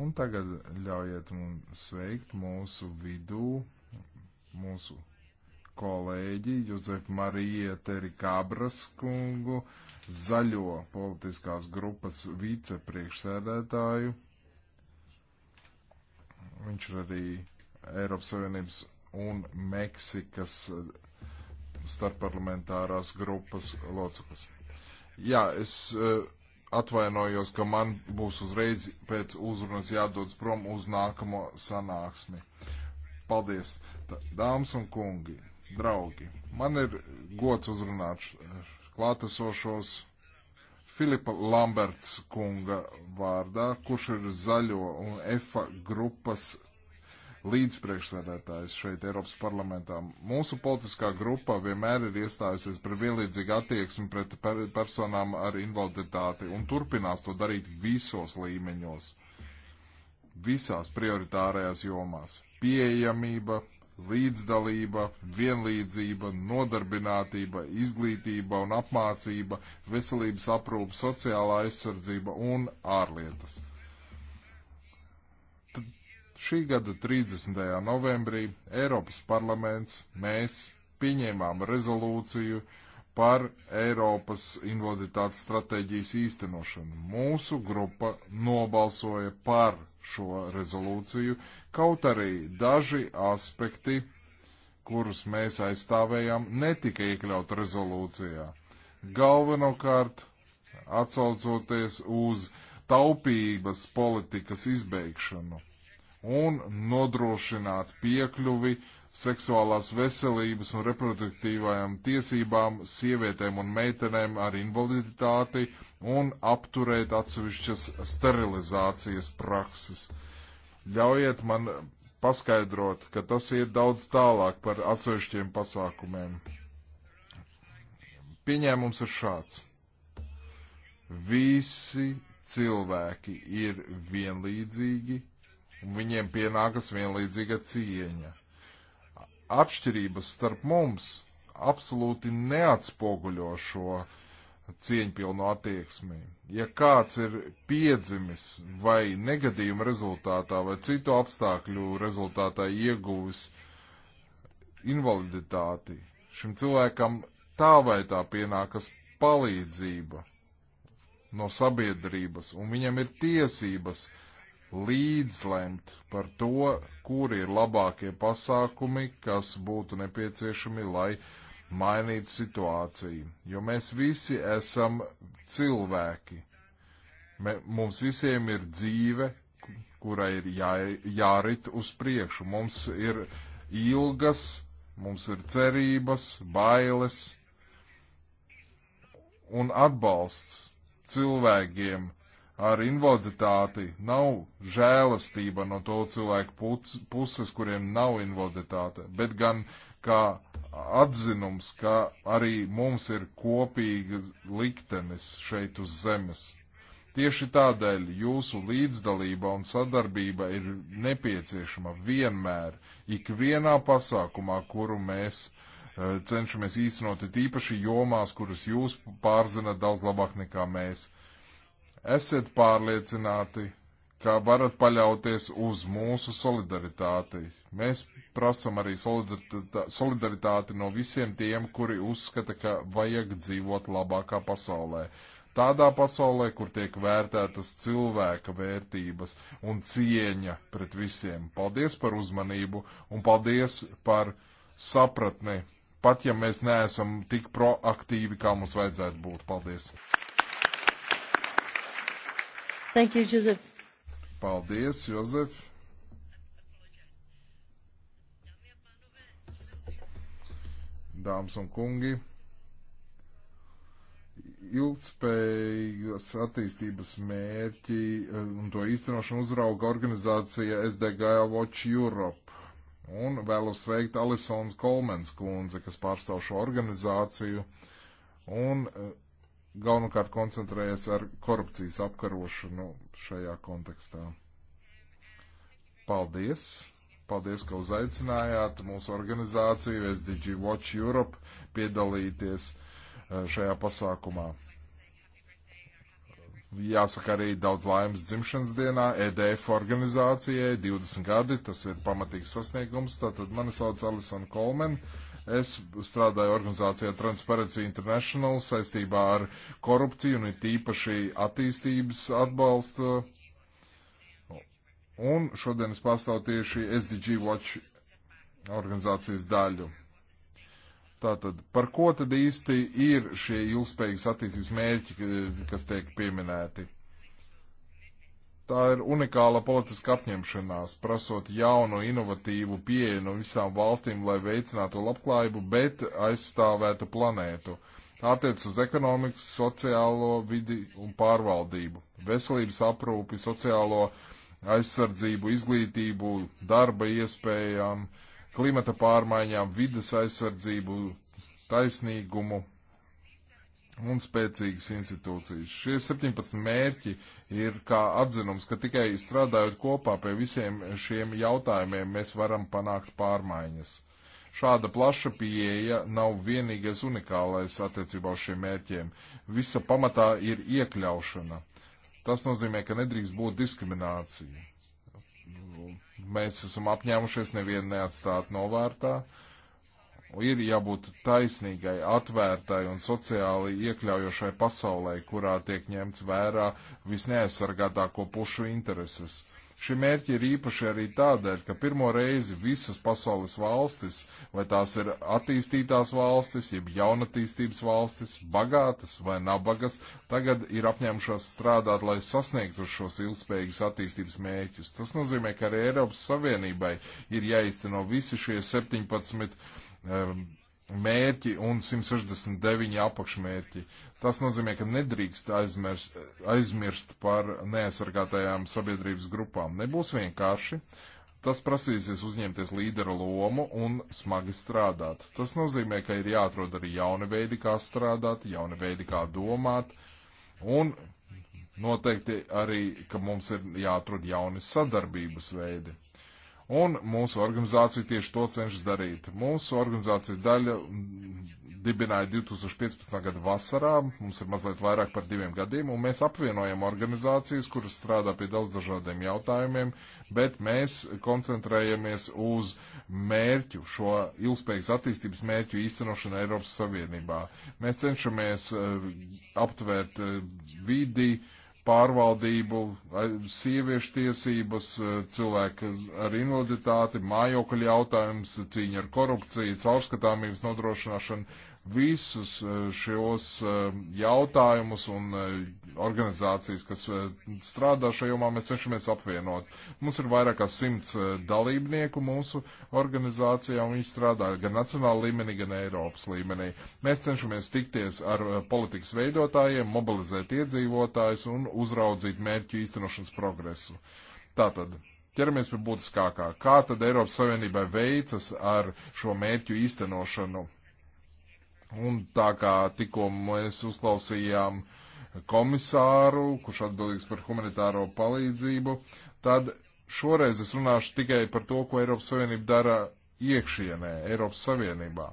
Un tagad ļaujiet mums sveikt mūsu vidū, mūsu kolēģi Jozefu Mariju Terikabras kungu, zaļo politiskās grupas vicepriekšsēdētāju. Viņš ir arī Eiropas Savienības un Meksikas starpparlamentārās grupas loceklis. Jā, es uh, atvainojos, ka man būs uzreiz pēc uzrunas jādodas prom uz nākamo sanāksmi. Paldies, dāmas un kungi, draugi. Man ir gods uzrunāt klātesošos Filipa Lamberts kunga vārdā, kurš ir zaļo un EFA grupas līdzpriekšsēdētājs šeit Eiropas parlamentā. Mūsu politiskā grupa vienmēr ir iestājusies par vienlīdzīgu attieksmi pret per personām ar invaliditāti un turpinās to darīt visos līmeņos, visās prioritārajās jomās. Pieejamība, līdzdalība, vienlīdzība, nodarbinātība, izglītība un apmācība, veselības aprūpa, sociālā aizsardzība un ārlietas. Šī gada 30. novembrī Eiropas parlaments mēs pieņēmām rezolūciju par Eiropas invaliditātes stratēģijas īstenošanu. Mūsu grupa nobalsoja par šo rezolūciju, kaut arī daži aspekti, kurus mēs aizstāvējām, netika iekļaut rezolūcijā. Galvenokārt atsaucoties uz taupības politikas izbeigšanu un nodrošināt piekļuvi seksuālās veselības un reproduktīvajām tiesībām sievietēm un meitenēm ar invaliditāti un apturēt atsevišķas sterilizācijas prakses. Ļaujiet man paskaidrot, ka tas iet daudz tālāk par atsevišķiem pasākumiem. Pieņēmums ir šāds. Visi cilvēki ir vienlīdzīgi un viņiem pienākas vienlīdzīga cieņa. Atšķirības starp mums absolūti neatspoguļo šo cieņpilnu attieksmi. Ja kāds ir piedzimis vai negadījuma rezultātā vai citu apstākļu rezultātā ieguvis invaliditāti, šim cilvēkam tā vai tā pienākas palīdzība no sabiedrības, un viņam ir tiesības uh, līdzlemt par to, kur ir labākie pasākumi, kas būtu nepieciešami, lai mainītu situāciju. Jo mēs visi esam cilvēki. Me, mums visiem ir dzīve, kurai ir jā, jārit uz priekšu. Mums ir ilgas, mums ir cerības, bailes un atbalsts cilvēkiem, ar invaliditāti nav žēlastība no to cilvēku puses, kuriem nav invaliditāte, bet gan kā atzinums, ka arī mums ir kopīga liktenis šeit uz zemes. Tieši tādēļ jūsu līdzdalība un sadarbība ir nepieciešama vienmēr, ikvienā pasākumā, kuru mēs uh, cenšamies īstenot, ir tīpaši jomās, kuras jūs pārzinat daudz labāk nekā mēs. Uh, Esiet pārliecināti, ka varat paļauties uz mūsu solidaritāti. Mēs prasam arī solidaritāti no visiem tiem, kuri uzskata, ka vajag dzīvot labākā pasaulē. Tādā pasaulē, kur tiek vērtētas cilvēka vērtības un cieņa pret visiem. Paldies par uzmanību un paldies par sapratni, pat ja mēs neesam tik proaktīvi, kā mums vajadzētu būt. Paldies! Thank you, Joseph. Paldies, Jozef. Dāmas un kungi, ilgspējīgas attīstības mērķi eh, un to īstenošanu uzrauga organizācija SDG Watch Europe. Un vēlos sveikt Alisons Kolmens kundze, kas pārstāv šo organizāciju, un eh, galvenokārt koncentrējies ar korupcijas apkarošanu šajā kontekstā. Paldies! Paldies, ka uzaicinājāt mūsu organizāciju SDG Watch Europe piedalīties e, šajā pasākumā. Jāsaka arī daudz laimes dzimšanas dienā EDF organizācijai 20 gadi, tas ir pamatīgs sasniegums. Tātad mani sauc Alison Kolmen. Uh, Es strādāju organizācijā Transparency International saistībā ar korupciju un it īpaši attīstības atbalstu. Un šodien es pārstāvu tieši SDG Watch organizācijas daļu. Tātad, par ko tad īsti ir šie ilgspējīgas attīstības mērķi, kas tiek pieminēti? Tā ir unikāla politiska apņemšanās, prasot jaunu, inovatīvu pieeju no visām valstīm, lai veicinātu labklājību, bet aizstāvētu planētu. Tā attiec uz ekonomikas, sociālo vidi un pārvaldību, veselības aprūpi, sociālo aizsardzību, izglītību, darba iespējām, klimata pārmaiņām, vidas aizsardzību, taisnīgumu un spēcīgas institūcijas. Šie 17 mērķi ir kā atzinums, ka tikai strādājot kopā pie visiem šiem jautājumiem mēs varam panākt pārmaiņas. Šāda plaša pieeja nav vienīgais unikālais attiecībā uz šiem mērķiem. Visa pamatā ir iekļaušana. Tas nozīmē, ka nedrīkst būt diskriminācija. Mēs esam apņēmušies nevienu neatstāt novārtā. Uh, ir jābūt taisnīgai, atvērtai un sociāli iekļaujošai pasaulē, kurā tiek ņemts vērā visneaizsargātāko pušu intereses. Šie mērķi ir īpaši arī tādēļ, ka pirmo reizi visas pasaules valstis, vai tās ir attīstītās valstis, jeb jaunatīstības valstis, bagātas vai nabagas, tagad ir apņēmušās strādāt, lai sasniegtu šos ilgspējīgas attīstības mērķus. Tas nozīmē, ka arī Eiropas Savienībai ir jāizteno visi šie 17 mērķi un 169 apakšmērķi. Tas nozīmē, ka nedrīkst aizmirst, aizmirst par neaizsargātajām sabiedrības grupām. Nebūs vienkārši. Tas prasīsies uzņemties līdera lomu un smagi strādāt. Tas nozīmē, ka ir jāatrod arī jauni veidi, kā strādāt, jauni veidi, kā domāt, un noteikti arī, ka mums ir jāatrod jauni sadarbības veidi. Un mūsu organizācija tieši to cenšas darīt. Mūsu organizācijas daļa mm, dibināja 2015. gada vasarā, mums ir mazliet vairāk par diviem gadiem, un mēs apvienojam organizācijas, kuras strādā pie daudz dažādiem jautājumiem, bet mēs koncentrējamies uz mērķu, šo ilgspējas attīstības mērķu īstenošanu Eiropas Savienībā. Mēs cenšamies eh, aptvērt eh, vidi, pārvaldību, sieviešu tiesības, cilvēki ar invaliditāti, mājokļu jautājums, cīņa ar korupciju, caurskatāmības nodrošināšana visus eh, šos eh, jautājumus un eh, organizācijas, kas strādā šajā jomā, mēs cenšamies apvienot. Mums ir vairāk kā simts dalībnieku mūsu organizācijā, un viņi strādā gan nacionāla līmenī, gan Eiropas līmenī. Mēs cenšamies tikties ar politikas veidotājiem, mobilizēt iedzīvotājus un uzraudzīt mērķu īstenošanas progresu. Tātad ķeramies pie būtiskākā. Kā tad Eiropas Savienībai veicas ar šo mērķu īstenošanu? Un tā kā tikko mēs uzklausījām komisāru, kurš atbildīgs par humanitāro palīdzību, tad šoreiz es runāšu tikai par to, ko Eiropas Savienība dara iekšienē, Eiropas Savienībā.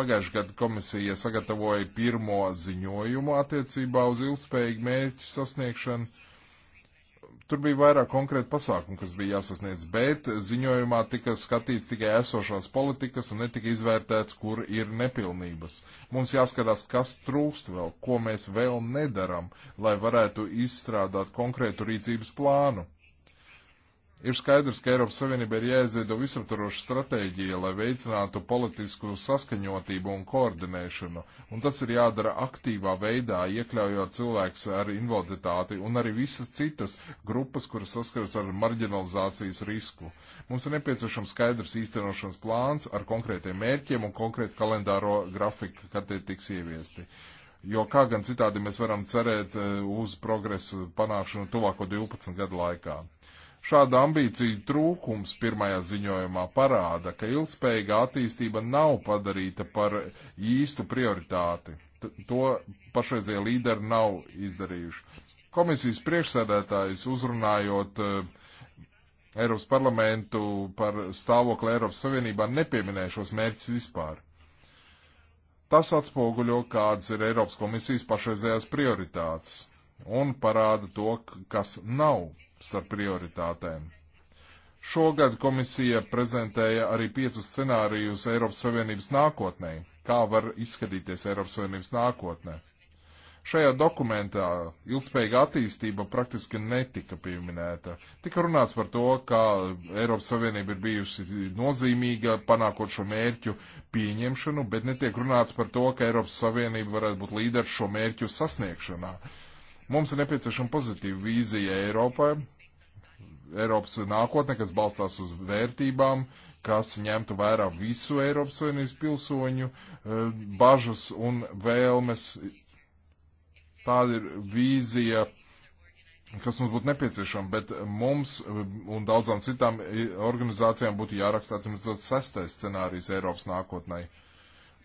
Pagājušajā gadā komisija sagatavoja pirmo ziņojumu attiecībā uz ilgspējīgu mērķu sasniegšanu Tur bija vairāk konkrēti pasākumi, kas bija jāsasniedz, bet ziņojumā tika skatīts tikai esošās politikas un netika izvērtēts, kur ir nepilnības. Mums jāskatās, kas trūkst vēl, ko mēs vēl nedaram, lai varētu izstrādāt konkrētu rīcības plānu. Ir skaidrs, ka Eiropas Savienība ir jāizveido visaptvaroša stratēģija, lai veicinātu politisku saskaņotību un koordinēšanu, un tas ir jādara aktīvā veidā, iekļaujot cilvēkus ar invaliditāti un arī visas citas grupas, kuras saskaras ar marginalizācijas risku. Mums ir nepieciešams skaidrs īstenošanas plāns ar konkrētiem mērķiem un konkrētu kalendāro grafiku, kad tie tiks ieviesti. Jo kā gan citādi mēs varam cerēt eh, uz progresu panākšanu tuvāko 12 gadu laikā. Šāda ambīcija trūkums pirmajā ziņojumā parāda, ka ilgspējīga attīstība nav padarīta par īstu prioritāti. T to pašreizie līderi nav izdarījuši. Komisijas priekšsēdētājs uzrunājot uh, Eiropas parlamentu par stāvokli Eiropas Savienībā nepieminē šos mērķus vispār. Tas atspoguļo, kādas ir Eiropas komisijas pašreizējās prioritātes un parāda to, kas nav starp prioritātēm. Šogad komisija prezentēja arī piecus scenārijus Eiropas Savienības nākotnē, kā var izskatīties Eiropas Savienības nākotnē. Šajā dokumentā ilgspējīga attīstība praktiski netika pieminēta. Tika runāts par to, kā Eiropas Savienība ir bijusi nozīmīga panākot šo mērķu pieņemšanu, bet netiek runāts par to, ka Eiropas Savienība varētu būt līders šo mērķu sasniegšanā. Uh, Mums ir nepieciešama pozitīva vīzija Eiropai, Eiropas nākotne, kas balstās uz vērtībām, kas ņemtu vērā visu Eiropas Savienības pilsoņu eh, bažas un vēlmes. Tāda ir vīzija kas mums būtu nepieciešama, bet mums eh, un daudzām citām eh, organizācijām būtu jāraksta, atcīmredzot, sestais scenārijs Eiropas nākotnē.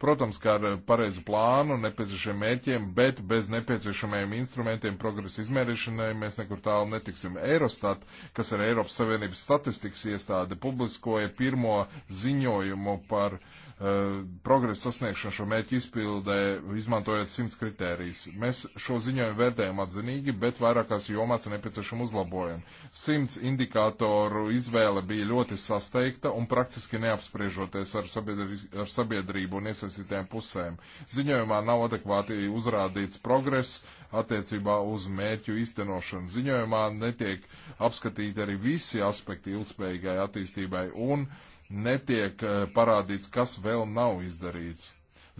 Protams, kā ar eh, pareizu plānu un nepieciešamiem mērķiem, bet bez nepieciešamajiem instrumentiem progresa izmērīšanai mēs nekur tālu netiksim. Eurostat, kas ir Eiropas Savienības statistikas iestāde, publiskoja pirmo ziņojumu par uh, Eh, progresa sasniegšanu šo mērķu izpildē, izmantojot simts kritērijas. Mēs šo ziņojumu vērtējam atzinīgi, bet vairākās jomās ir nepieciešama uzlabojuma. Simts indikātoru izvēle bija ļoti sasteigta un praktiski neapspriežoties ar, sabiedri, ar sabiedrību un iesaistītajām pusēm. Ziņojumā nav adekvāti uzrādīts progress attiecībā uz mērķu īstenošanu. Ziņojumā netiek apskatīti arī visi aspekti ilgspējīgai attīstībai un uh, netiek eh, parādīts, kas vēl nav izdarīts.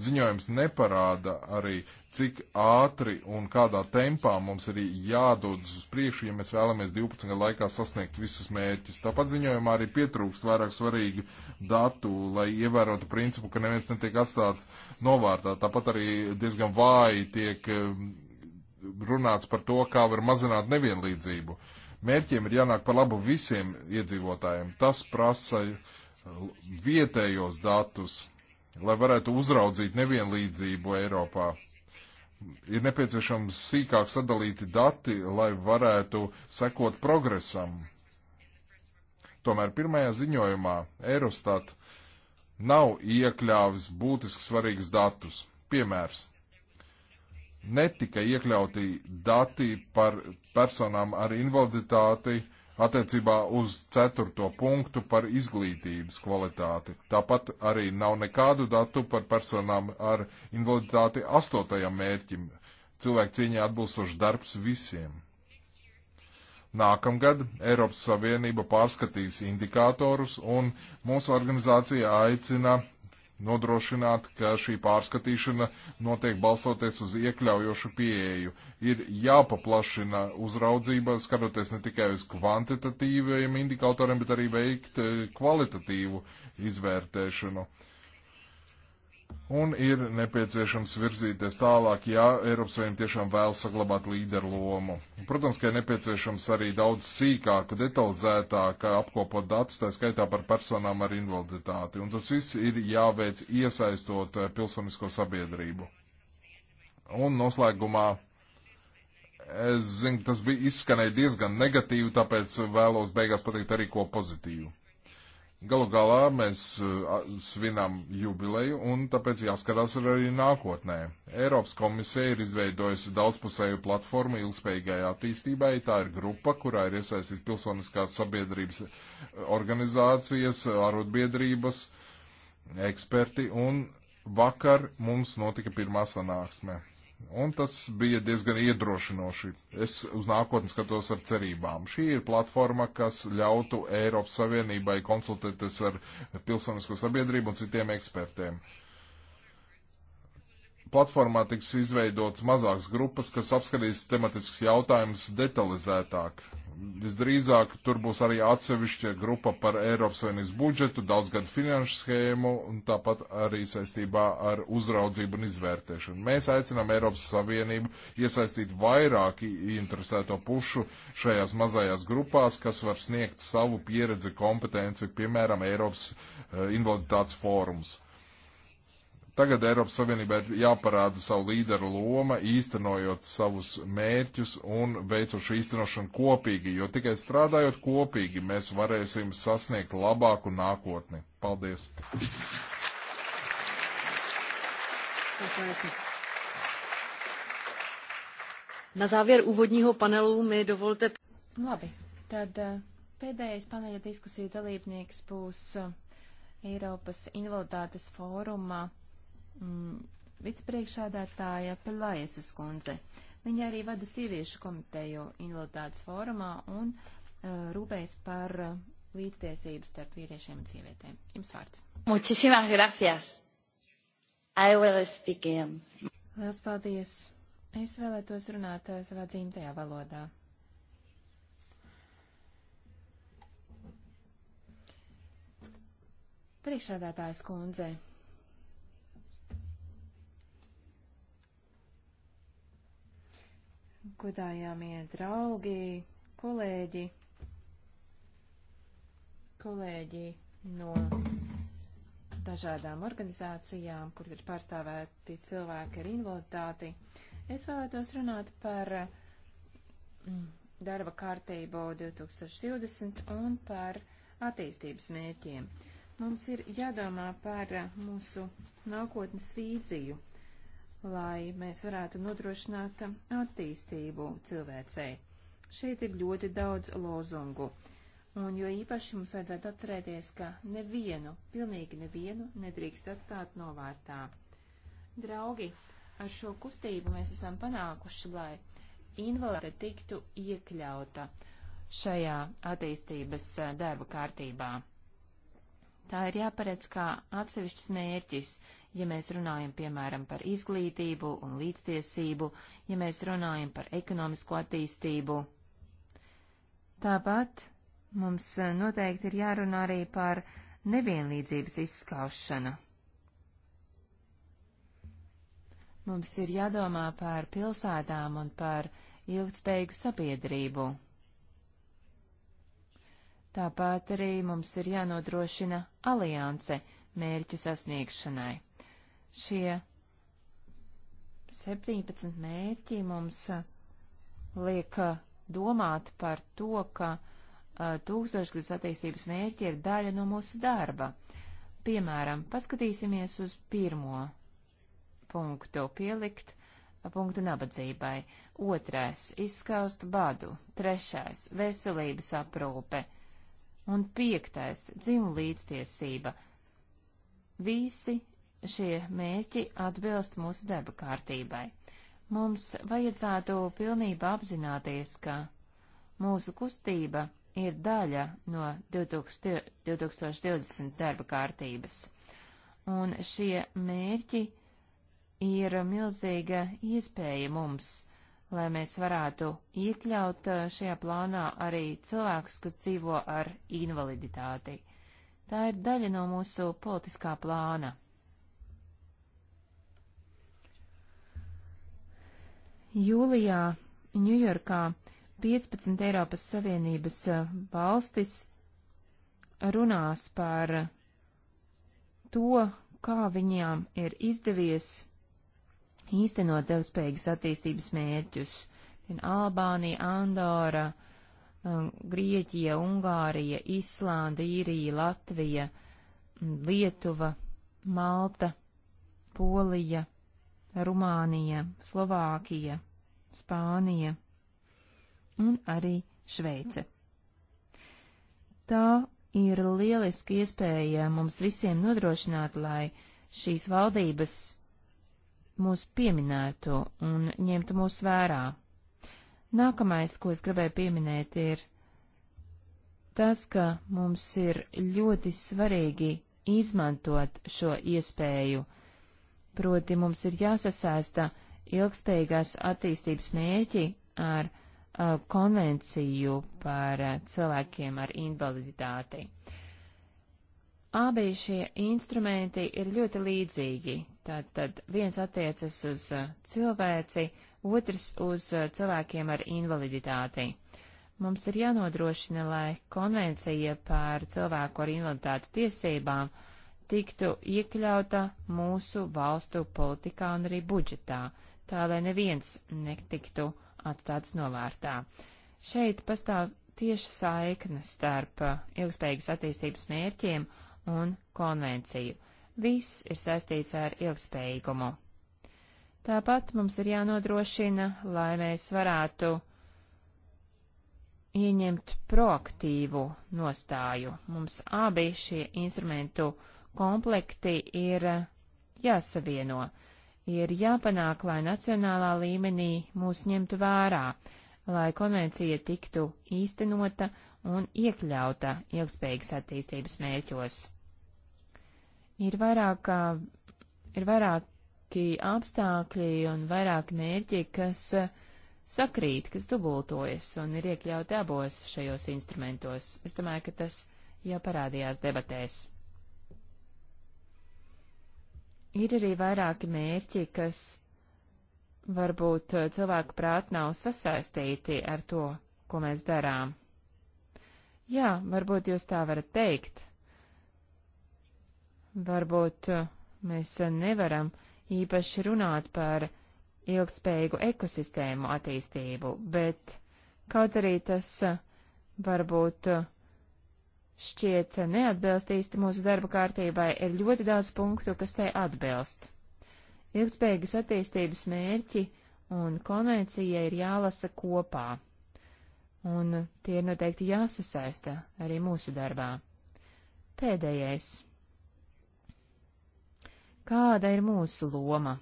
Ziņojums neparāda arī, cik ātri un kādā tempā mums ir jādodas uz priekšu, ja mēs vēlamies 12 gadu laikā sasniegt visus mērķus. Tāpat ziņojumā arī pietrūkst vairāk svarīgu datu, lai ievērotu principu, ka neviens netiek atstāts novārtā. Tāpat arī diezgan vāji tiek eh, runāts par to, kā var mazināt nevienlīdzību. Mērķiem ir jānāk par labu visiem iedzīvotājiem. Tas prasa uh, vietējos datus, lai varētu uzraudzīt nevienlīdzību Eiropā. Ir nepieciešams sīkāk sadalīti dati, lai varētu sekot progresam. Tomēr pirmajā ziņojumā Eurostat nav iekļāvis būtiski svarīgus datus. Piemērs. Netika iekļauti dati par personām ar invaliditāti attiecībā uz ceturto punktu par izglītības kvalitāti. Tāpat arī nav nekādu datu par personām ar invaliditāti astotajam mērķim - cilvēku cieņā atbilstošs darbs visiem. Nākamgad Eiropas Savienība pārskatīs indikātorus un mūsu organizācija aicina nodrošināt, ka šī pārskatīšana notiek balstoties uz iekļaujošu pieeju. Ir jāpaplašina uzraudzība, skatoties ne tikai uz kvantitatīviem indikatoriem, bet arī veikt eh, kvalitatīvu izvērtēšanu. Uh, un ir nepieciešams virzīties tālāk, ja Eiropas Savienība tiešām vēl saglabāt līderu lomu. Protams, ka ir nepieciešams arī daudz sīkāk, detalizētāk apkopot datus, tā skaitā par personām ar invaliditāti, un tas viss ir jāveic iesaistot eh, pilsonisko sabiedrību. Un noslēgumā, es zinu, tas bija izskanēja diezgan negatīvi, tāpēc vēlos beigās pateikt arī ko pozitīvu Galu galā mēs uh, svinam jubileju un tāpēc jāskarās arī nākotnē. Eiropas komisija ir izveidojusi daudzpusēju platformu ilgspējīgai attīstībai. Tā ir grupa, kurā ir iesaistīts pilsoniskās sabiedrības uh, organizācijas, arotbiedrības, eksperti un vakar mums notika pirmā sanāksme. Un tas bija diezgan iedrošinoši. Es uz nākotni skatos ar cerībām. Šī ir platforma, kas ļautu Eiropas Savienībai konsultēties ar pilsonisko sabiedrību un citiem ekspertiem. Platformā tiks izveidots mazāks grupas, kas apskatīs tematisks jautājums detalizētāk, visdrīzāk tur būs arī atsevišķa grupa par Eiropas Savienības budžetu, daudzgadu finanšu schēmu un tāpat arī saistībā ar uzraudzību un izvērtēšanu. Mēs aicinām Eiropas Savienību iesaistīt vairāk interesēto pušu šajās mazajās grupās, kas var sniegt savu pieredzi, kompetenci, piemēram, Eiropas eh, invaliditātes fórums. Tagad Eiropas Savienībai ir jāparāda savu līderu loma, īstenojot savus mērķus un veicot šo īstenošanu kopīgi, jo tikai strādājot kopīgi mēs varēsim sasniegt labāku nākotni. Paldies! Na závěr úvodního panelu mi dovolte. Labi, tad eh, pēdējais paneļa diskusiju dalībnieks būs eh, Eiropas invaliditātes fóruma mm, vicepriekšādātāja Pelājas kundze. Viņa arī vada sieviešu komiteju invaliditātes fórumā un uh, rūpējas par uh, līdztiesību starp vīriešiem un sievietēm. Jums vārds. Muchísimas gracias. I will speak in. Lielas paldies. Es vēlētos runāt uh, savā dzimtajā valodā. Priekšādātājs kundze, godājāmie draugi, kolēģi, kolēģi no dažādām organizācijām, kur ir pārstāvēti cilvēki ar invaliditāti. Es vēlētos runāt par mm, darba kārtību 2020 un par attīstības mērķiem. Mums ir jādomā par mūsu nākotnes vīziju lai mēs varētu nodrošināt attīstību cilvēcei. Šeit ir ļoti daudz lozungu, un jo īpaši mums vajadzētu atcerēties, ka nevienu, pilnīgi nevienu nedrīkst atstāt novārtā. Draugi, ar šo kustību mēs esam panākuši, lai invalīda tiktu iekļauta šajā attīstības eh, darba kārtībā. Tā ir jāparedz kā atsevišķs mērķis, ja mēs runājam, piemēram, par izglītību un līdztiesību, ja mēs runājam par ekonomisko attīstību. Tāpat mums e, noteikti ir jārunā arī par nevienlīdzības izskaušanu. Mums ir jādomā par pilsētām un par ilgtspējīgu sabiedrību. Tāpat arī mums ir jānodrošina alianse mērķu sasniegšanai. Šie 17 mērķi mums liek domāt par to, ka tūkstošgadus attīstības mērķi ir daļa no mūsu darba. Piemēram, paskatīsimies uz pirmo punktu pielikt punktu nabadzībai, otrais - izskaust badu, trešais - veselības aprūpe un piektais - dzimu līdztiesība. Visi šie mērķi atbilst mūsu darba kārtībai. Mums vajadzētu pilnībā apzināties, ka mūsu kustība ir daļa no 2000, 2020 darba kārtības, un šie mērķi ir milzīga iespēja mums, lai mēs varētu iekļaut šajā plānā arī cilvēkus, kas dzīvo ar invaliditāti. Tā ir daļa no mūsu politiskā plāna. Jūlijā Ņujorkā 15 Eiropas Savienības eh, valstis runās par to, kā viņām ir izdevies īstenot ilgspējīgas attīstības mērķus. Tien Albānija, Andora, eh, Grieķija, Ungārija, Islanda, Īrija, Latvija, Lietuva, Malta, Polija, Rumānija, Slovākija, Spānija un arī Šveice. Tā ir lieliski iespēja mums visiem nodrošināt, lai šīs valdības mūs pieminētu un ņemtu mūs vērā. Nākamais, ko es gribēju pieminēt, ir tas, ka mums ir ļoti svarīgi izmantot šo iespēju, uh, Proti mums ir jāsasaista ilgspējīgās attīstības mēķi ar uh, konvenciju par uh, cilvēkiem ar invaliditāti. Abi šie instrumenti ir ļoti līdzīgi. Tātad viens attiecas uz uh, cilvēci, otrs uz cilvēkiem ar invaliditāti. Mums ir jānodrošina, lai konvencija par cilvēku ar invaliditāti tiesībām uh, tiktu iekļauta mūsu valstu politikā un arī budžetā, tā lai neviens netiktu atstāts novārtā. Šeit pastāv tieša saikne starp uh, ilgspējīgas attīstības mērķiem un konvenciju. Viss ir saistīts ar ilgspējīgumu. Tāpat mums ir jānodrošina, lai mēs varētu ieņemt proaktīvu nostāju. Mums abi šie instrumentu komplekti ir jāsavieno. Ir jāpanāk, lai nacionālā līmenī mūs ņemtu vērā, lai konvencija tiktu īstenota un iekļauta ilgspējīgas attīstības mērķos. Ir vairāk, ir vairāki apstākļi un vairāki mērķi, kas sakrīt, kas dubultojas un ir iekļauti abos šajos instrumentos. Es domāju, ka tas jau parādījās debatēs. Ir arī vairāki mērķi, kas varbūt eh, cilvēku prāt nav sasaistīti ar to, ko mēs darām. Jā, varbūt jūs tā varat teikt. Varbūt eh, mēs nevaram īpaši runāt par ilgspējīgu ekosistēmu attīstību, bet kaut arī tas eh, varbūt šķiet neatbilst īsti mūsu darba kārtībai, ir ļoti daudz punktu, kas tai atbilst. Ilgspējīgas attīstības mērķi un konvencija ir jālasa kopā, un tie ir noteikti jāsasaista arī mūsu darbā. Pēdējais. Kāda ir mūsu loma?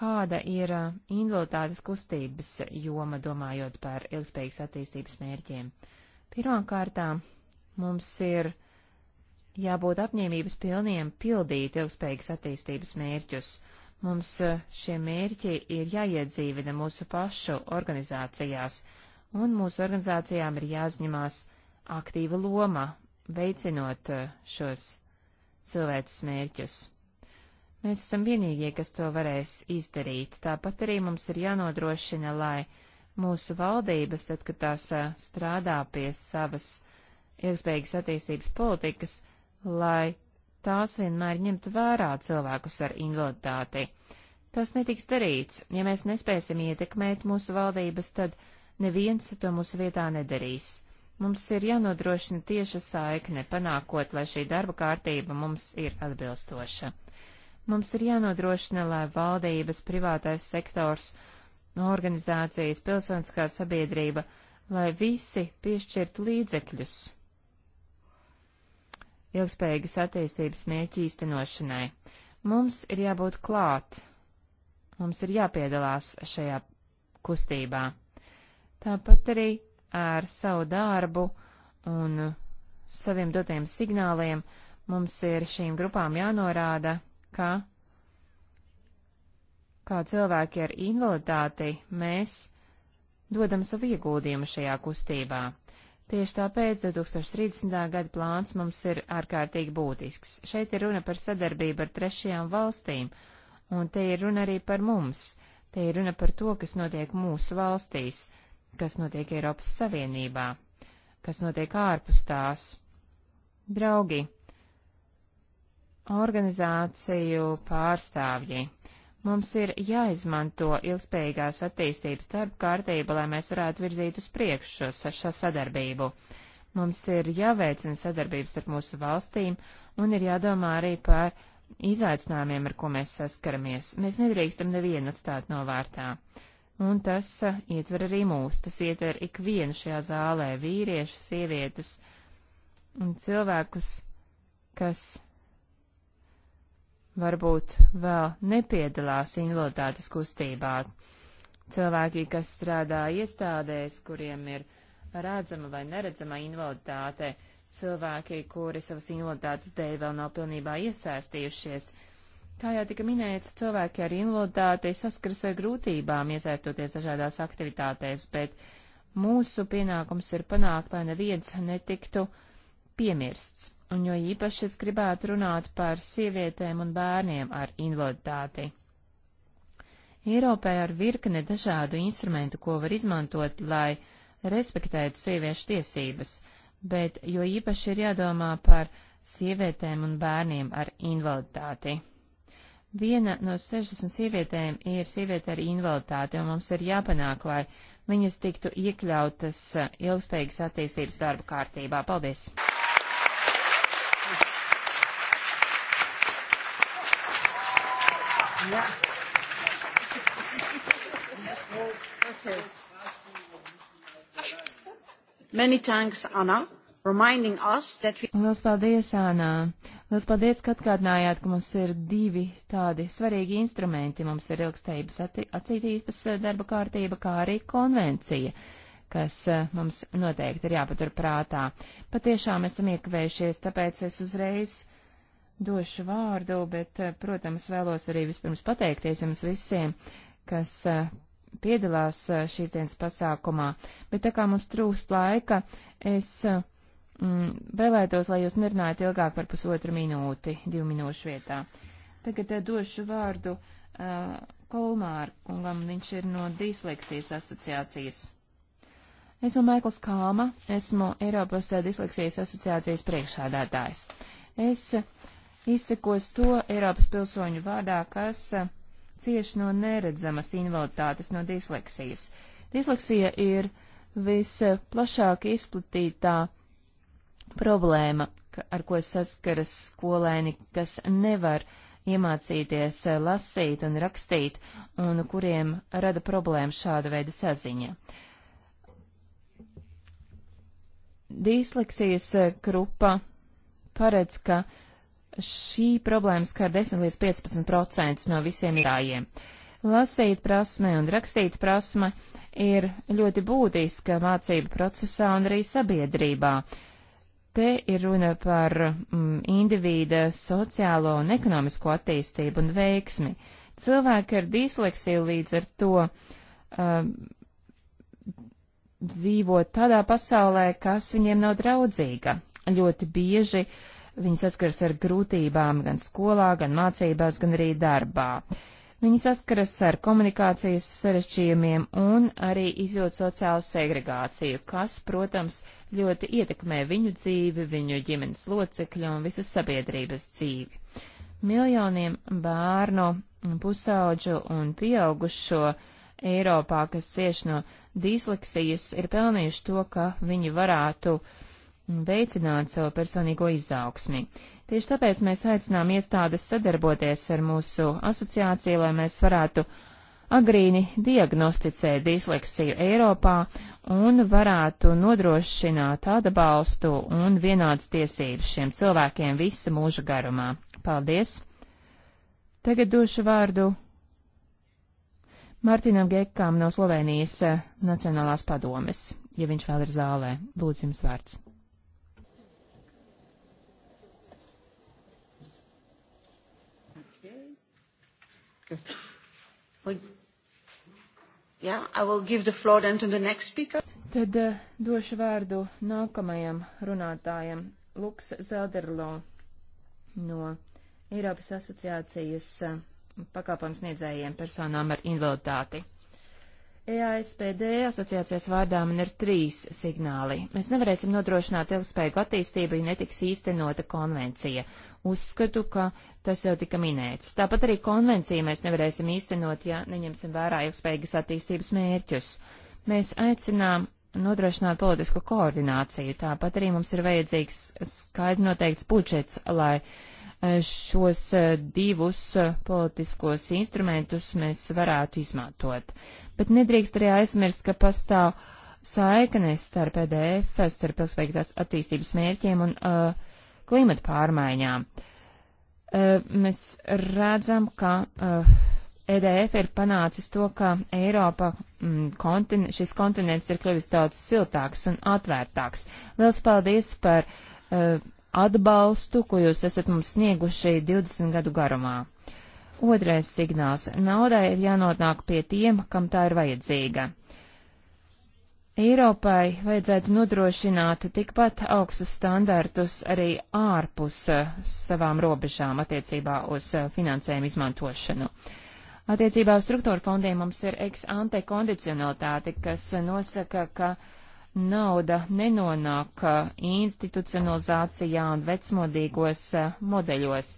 Kāda ir uh, invaliditātes kustības joma, domājot par ilgspējīgas attīstības mērķiem? Uh, Pirmkārtām mums ir jābūt apņēmības pilniem pildīt ilgspējīgas attīstības mērķus. Mums eh, šie mērķi ir jāiedzīvina mūsu pašu organizācijās, un mūsu organizācijām ir jāuzņemās aktīva loma, veicinot eh, šos cilvēces mērķus. Mēs esam vienīgie, kas to varēs izdarīt, tāpat arī mums ir jānodrošina, lai mūsu valdības, tad, kad tās strādā pie savas ilgspējīgas attīstības politikas, lai tās vienmēr ņemtu vērā cilvēkus ar invaliditāti. Tas netiks darīts. Ja mēs nespēsim ietekmēt mūsu valdības, tad neviens to mūsu vietā nedarīs. Mums ir jānodrošina tieša saikne, panākot, lai šī darba kārtība mums ir atbilstoša. Mums ir jānodrošina, lai valdības, privātais sektors organizācijas, pilsoniskā sabiedrība, lai visi piešķirtu līdzekļus ilgspējīgas attīstības mērķu īstenošanai. Mums ir jābūt klāt, mums ir jāpiedalās šajā kustībā. Tāpat arī ar savu darbu un saviem dotajiem signāliem mums ir šīm grupām jānorāda, ka kā cilvēki ar invaliditāti, mēs dodam savu ieguldījumu šajā kustībā. Tieši tāpēc 2030. gada plāns mums ir ārkārtīgi būtisks. Šeit ir runa par sadarbību ar trešajām valstīm, un te ir runa arī par mums. Te ir runa par to, kas notiek mūsu valstīs, kas notiek Eiropas Savienībā, kas notiek ārpus tās. Draugi, organizāciju pārstāvji, Mums ir jāizmanto ilgspējīgās attīstības darba kārtība, lai mēs varētu virzīt uz priekšu šo, šo sadarbību. Mums ir jāveicina sadarbības ar mūsu valstīm un ir jādomā arī par izaicinājumiem, ar ko mēs saskaramies. Mēs nedrīkstam nevienu atstāt novārtā. Un tas a, eh, ietver arī mūs, tas ietver ikvienu šajā zālē - vīriešus, sievietes un cilvēkus, kas varbūt vēl nepiedalās invaliditātes kustībā. Cilvēki, kas strādā iestādēs, kuriem ir redzama vai neredzama invaliditāte, cilvēki, kuri savas invaliditātes dēļ vēl nav pilnībā iesaistījušies. Kā jau tika minēts, cilvēki ar invaliditāti saskaras ar grūtībām iesaistoties dažādās aktivitātēs, bet mūsu pienākums ir panākt, lai neviens netiktu piemirsts un jo īpaši es gribētu runāt par sievietēm un bērniem ar invaliditāti. Eiropai ar virkne dažādu instrumentu, ko var izmantot, lai respektētu sieviešu tiesības, bet jo īpaši ir jādomā par sievietēm un bērniem ar invaliditāti. Viena no 60 sievietēm ir sieviete ar invaliditāti, un mums ir jāpanāk, lai viņas tiktu iekļautas ilgspējīgas attīstības darba kārtībā. Paldies! Yeah. Okay. Many thanks, Anna. Lielas paldies, Ānā! Lielas paldies, ka atkārtinājāt, ka mums ir divi tādi svarīgi instrumenti. Mums ir ilgstības attīstības eh, darba kārtība, kā arī konvencija, kas eh, mums noteikti ir jāpatur prātā. Patiešām esam iekavējušies, tāpēc es uzreiz došu vārdu, bet, eh, protams, vēlos arī vispirms pateikties jums visiem, kas eh, piedalās eh, šīs dienas pasākumā. Bet tā kā mums trūkst laika, es mm, vēlētos, lai jūs nerunājat ilgāk par pusotru minūti, divu minūšu vietā. Tagad došu vārdu uh, Kolmāra kungam, viņš ir no Disleksijas asociācijas. Esmu Maikls Kalma, esmu Eiropas Disleksijas asociācijas priekšādātājs. Es uh, izsekos to Eiropas pilsoņu vārdā, kas eh, cieši no neredzamas invaliditātes, no disleksijas. Disleksija ir visplašāk izplatītā problēma, ar ko saskaras skolēni, kas nevar iemācīties eh, lasīt un rakstīt, un kuriem rada problēma šāda veida saziņa. Dīsleksijas eh, grupa paredz, ka uh, šī problēma skar 10 līdz 15% no visiem iestājiem. Lasīt prasme un rakstīt prasme ir ļoti būtiska mācību procesā un arī sabiedrībā. Te ir runa par mm, indivīda sociālo un ekonomisko attīstību un veiksmi. Cilvēki ar disleksiju līdz ar to um, dzīvo tādā pasaulē, kas viņiem nav draudzīga. Ļoti bieži uh, Viņi saskaras ar grūtībām gan skolā, gan mācībās, gan arī darbā. Viņi saskaras ar komunikācijas sarešķījumiem un arī izjūt sociālu segregāciju, kas, protams, ļoti ietekmē viņu dzīvi, viņu ģimenes locekļu un visas sabiedrības dzīvi. Miljoniem bērnu, pusauģu un pieaugušo Eiropā, kas cieši no disleksijas, ir pelnījuši to, ka viņi varētu uh, veicināt savu personīgo izaugsmi. Tieši tāpēc mēs aicinām iestādes sadarboties ar mūsu asociāciju, lai mēs varētu agrīni diagnosticēt disleksiju Eiropā un varētu nodrošināt atbalstu un vienādas tiesības šiem cilvēkiem visa mūža garumā. Paldies! Tagad došu vārdu Martinam Gekām no Slovenijas eh, Nacionālās padomes, ja viņš vēl ir zālē. Lūdzu jums vārds. Yeah, I will give the floor then to the next speaker. Tad uh, došu vārdu nākamajam runātājam, Luks Zelderlo no Eiropas asociācijas uh, eh, pakāpams niedzējiem personām ar invaliditāti. EASPD asociācijas vārdā man ir trīs signāli. Mēs nevarēsim nodrošināt ilgspējīgu attīstību, ja netiks īstenota konvencija. Uzskatu, ka tas jau tika minēts. Tāpat arī konvenciju mēs nevarēsim īstenot, ja neņemsim vērā ilgspējīgas attīstības mērķus. Mēs aicinām nodrošināt politisku koordināciju. Tāpat arī mums ir vajadzīgs skaidri noteikts budžets, lai uh, Eh, šos eh, divus eh, politiskos instrumentus mēs varētu izmantot. Bet nedrīkst arī aizmirst, ka pastāv saiknes starp PDF, e starp ilgspējīgas attīstības mērķiem un uh, klimata pārmaiņām. Uh, mēs redzam, ka uh, EDF ir panācis to, ka Eiropa, mm, kontin šis kontinents ir kļuvis daudz siltāks un atvērtāks. Liels paldies par uh, atbalstu, ko jūs esat mums snieguši 20 gadu garumā. Otrais signāls - naudai ir jānonāk pie tiem, kam tā ir vajadzīga. Eiropai vajadzētu nodrošināt tikpat augstus standartus arī ārpus eh, savām robežām attiecībā uz eh, finansējumu izmantošanu. Attiecībā uz struktūra fondiem mums ir ex ante kondicionalitāte, kas nosaka, ka uh, nauda nenonāk institucionalizācijā un vecmodīgos eh, modeļos.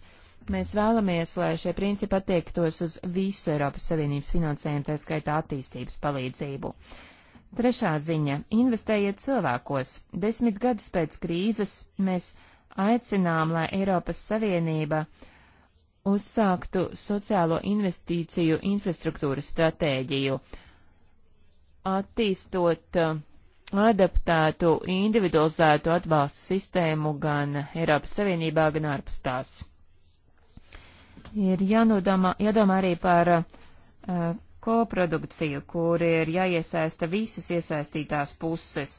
Mēs vēlamies, lai šie principi attiektos uz visu Eiropas Savienības finansējumu, tā skaitā attīstības palīdzību. Trešā ziņa - investējiet cilvēkos. Desmit gadus pēc krīzes mēs aicinām, lai Eiropas Savienība uzsāktu sociālo investīciju infrastruktūras stratēģiju, attīstot uh, adaptētu, individualizētu atbalstu sistēmu gan Eiropas Savienībā, gan ārpus tās. Ir jānodomā, jādomā arī par uh, koprodukciju, kur ir jāiesaista visas iesaistītās puses.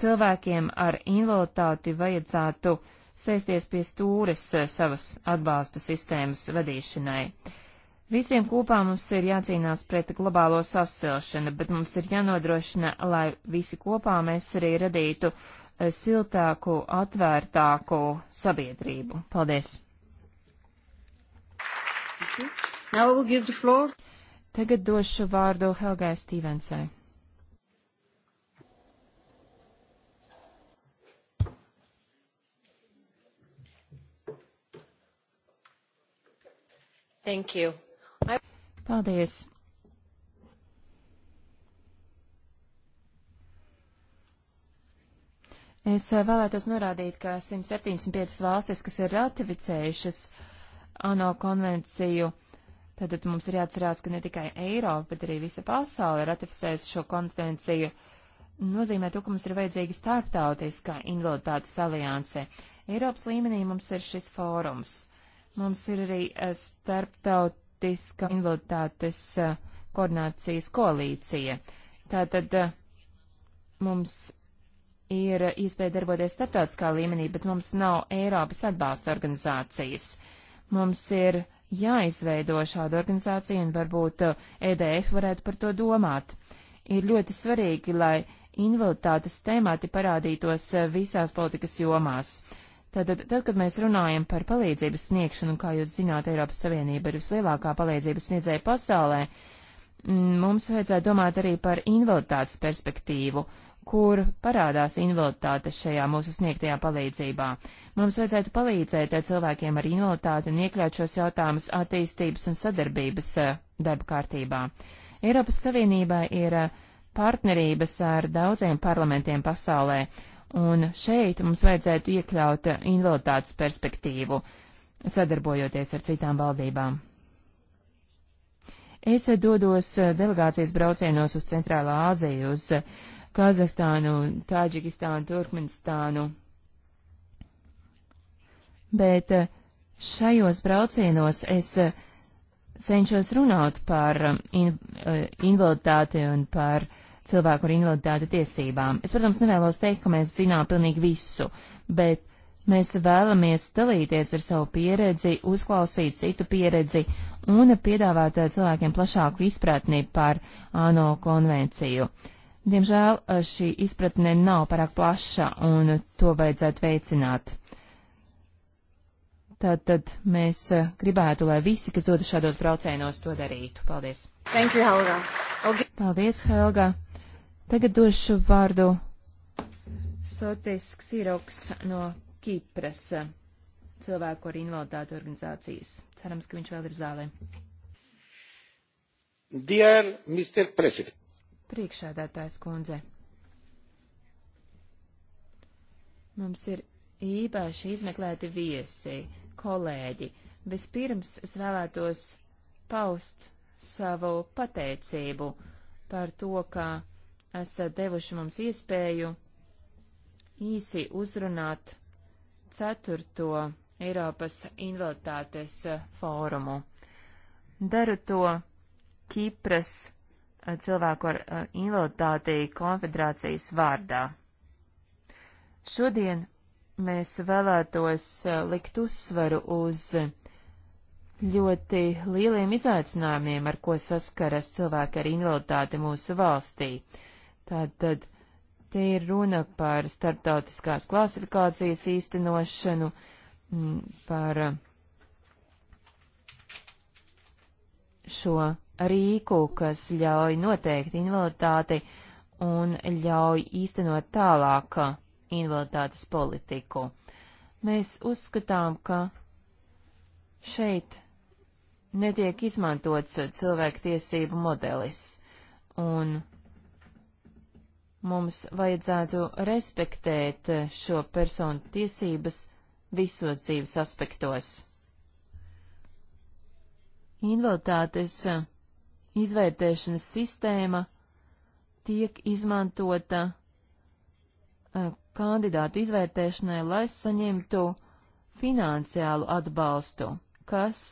Cilvēkiem ar invaliditāti vajadzētu sēsties pie stūres uh, savas atbalsta sistēmas vadīšanai. Uh, Visiem kopā mums ir jācīnās pret globālo sasilšanu, bet mums ir jānodrošina, lai visi kopā mēs arī radītu eh, siltāku, atvērtāku sabiedrību. Paldies! Tagad došu vārdu Helgai Stevensai. Thank you. Paldies! Es eh, vēlētos norādīt, ka 175 valstis, kas ir ratificējušas ANO konvenciju, tātad mums ir jāatcerās, ka ne tikai Eiropa, bet arī visa pasaule ir ratificējusi šo konvenciju, nozīmē to, ka mums ir vajadzīga starptautiskā invaliditātes alianse. Eiropas līmenī mums ir šis fórums. Mums ir arī eh, starptaut starptautiska invaliditātes eh, koordinācijas koalīcija. Tātad eh, mums ir iespēja darboties starptautiskā līmenī, bet mums nav Eiropas atbalsta organizācijas. Mums ir jāizveido šāda organizācija, un varbūt EDF eh, e varētu par to domāt. Ir ļoti svarīgi, lai invaliditātes temati parādītos visās politikas jomās. Tātad, tad, kad mēs runājam par palīdzības sniegšanu, kā jūs zināt, Eiropas Savienība ir vislielākā palīdzības sniedzēja pasaulē, mums vajadzētu domāt arī par invaliditātes perspektīvu, kur parādās invaliditāte šajā mūsu sniegtajā palīdzībā. Mums vajadzētu palīdzēt eh, cilvēkiem ar invaliditāti un iekļaut šos jautājumus attīstības un sadarbības eh, darba kārtībā. Eiropas Savienībai ir eh, partnerības ar daudziem parlamentiem pasaulē, un šeit mums vajadzētu iekļaut invaliditātes perspektīvu, sadarbojoties ar citām valdībām. Es dodos delegācijas braucienos uz Centrālā Āziju, uz Kazahstānu, Tāģikistānu, Turkmenistānu. Bet šajos braucienos es cenšos runāt par in invaliditāti un par uh, cilvēku ar invaliditāti tiesībām. Es, protams, nevēlos teikt, ka mēs zinām pilnīgi visu, bet mēs vēlamies dalīties ar savu pieredzi, uzklausīt citu pieredzi un piedāvāt eh, cilvēkiem plašāku izpratni par ANO konvenciju. Diemžēl eh, šī izpratne nav pārāk plaša un to vajadzētu veicināt. Tātad mēs eh, gribētu, lai visi, kas dodas šādos braucienos, to darītu. Paldies! Thank you, Helga. Okay. Paldies, Helga! Tagad došu vārdu Sotis Ksiroks no Kipras cilvēku ar invaliditāti organizācijas. Cerams, ka viņš vēl ir zālē. Dear Mr. President. Priekšādātājs kundze. Mums ir īpaši izmeklēti viesi, kolēģi. Vispirms es vēlētos paust savu pateicību par to, ka esat eh, devuši mums iespēju īsi uzrunāt ceturto Eiropas invaliditātes eh, fórumu. Daru to Kipras eh, cilvēku ar invaliditāti konfederācijas vārdā. Šodien mēs vēlētos likt uzsvaru uz ļoti lieliem izaicinājumiem, ar ko saskaras cilvēki ar invaliditāti mūsu valstī. Tātad te ir runa par starptautiskās klasifikācijas īstenošanu, mm, par šo rīku, kas ļauj noteikt invaliditāti un ļauj īstenot tālāk invaliditātes politiku. Mēs uzskatām, ka šeit netiek izmantots cilvēktiesību modelis, un Mums vajadzētu respektēt eh, šo personu tiesības visos dzīves aspektos. Invaliditātes eh, izvērtēšanas sistēma tiek izmantota eh, kandidātu izvērtēšanai, lai saņemtu finansiālu atbalstu, kas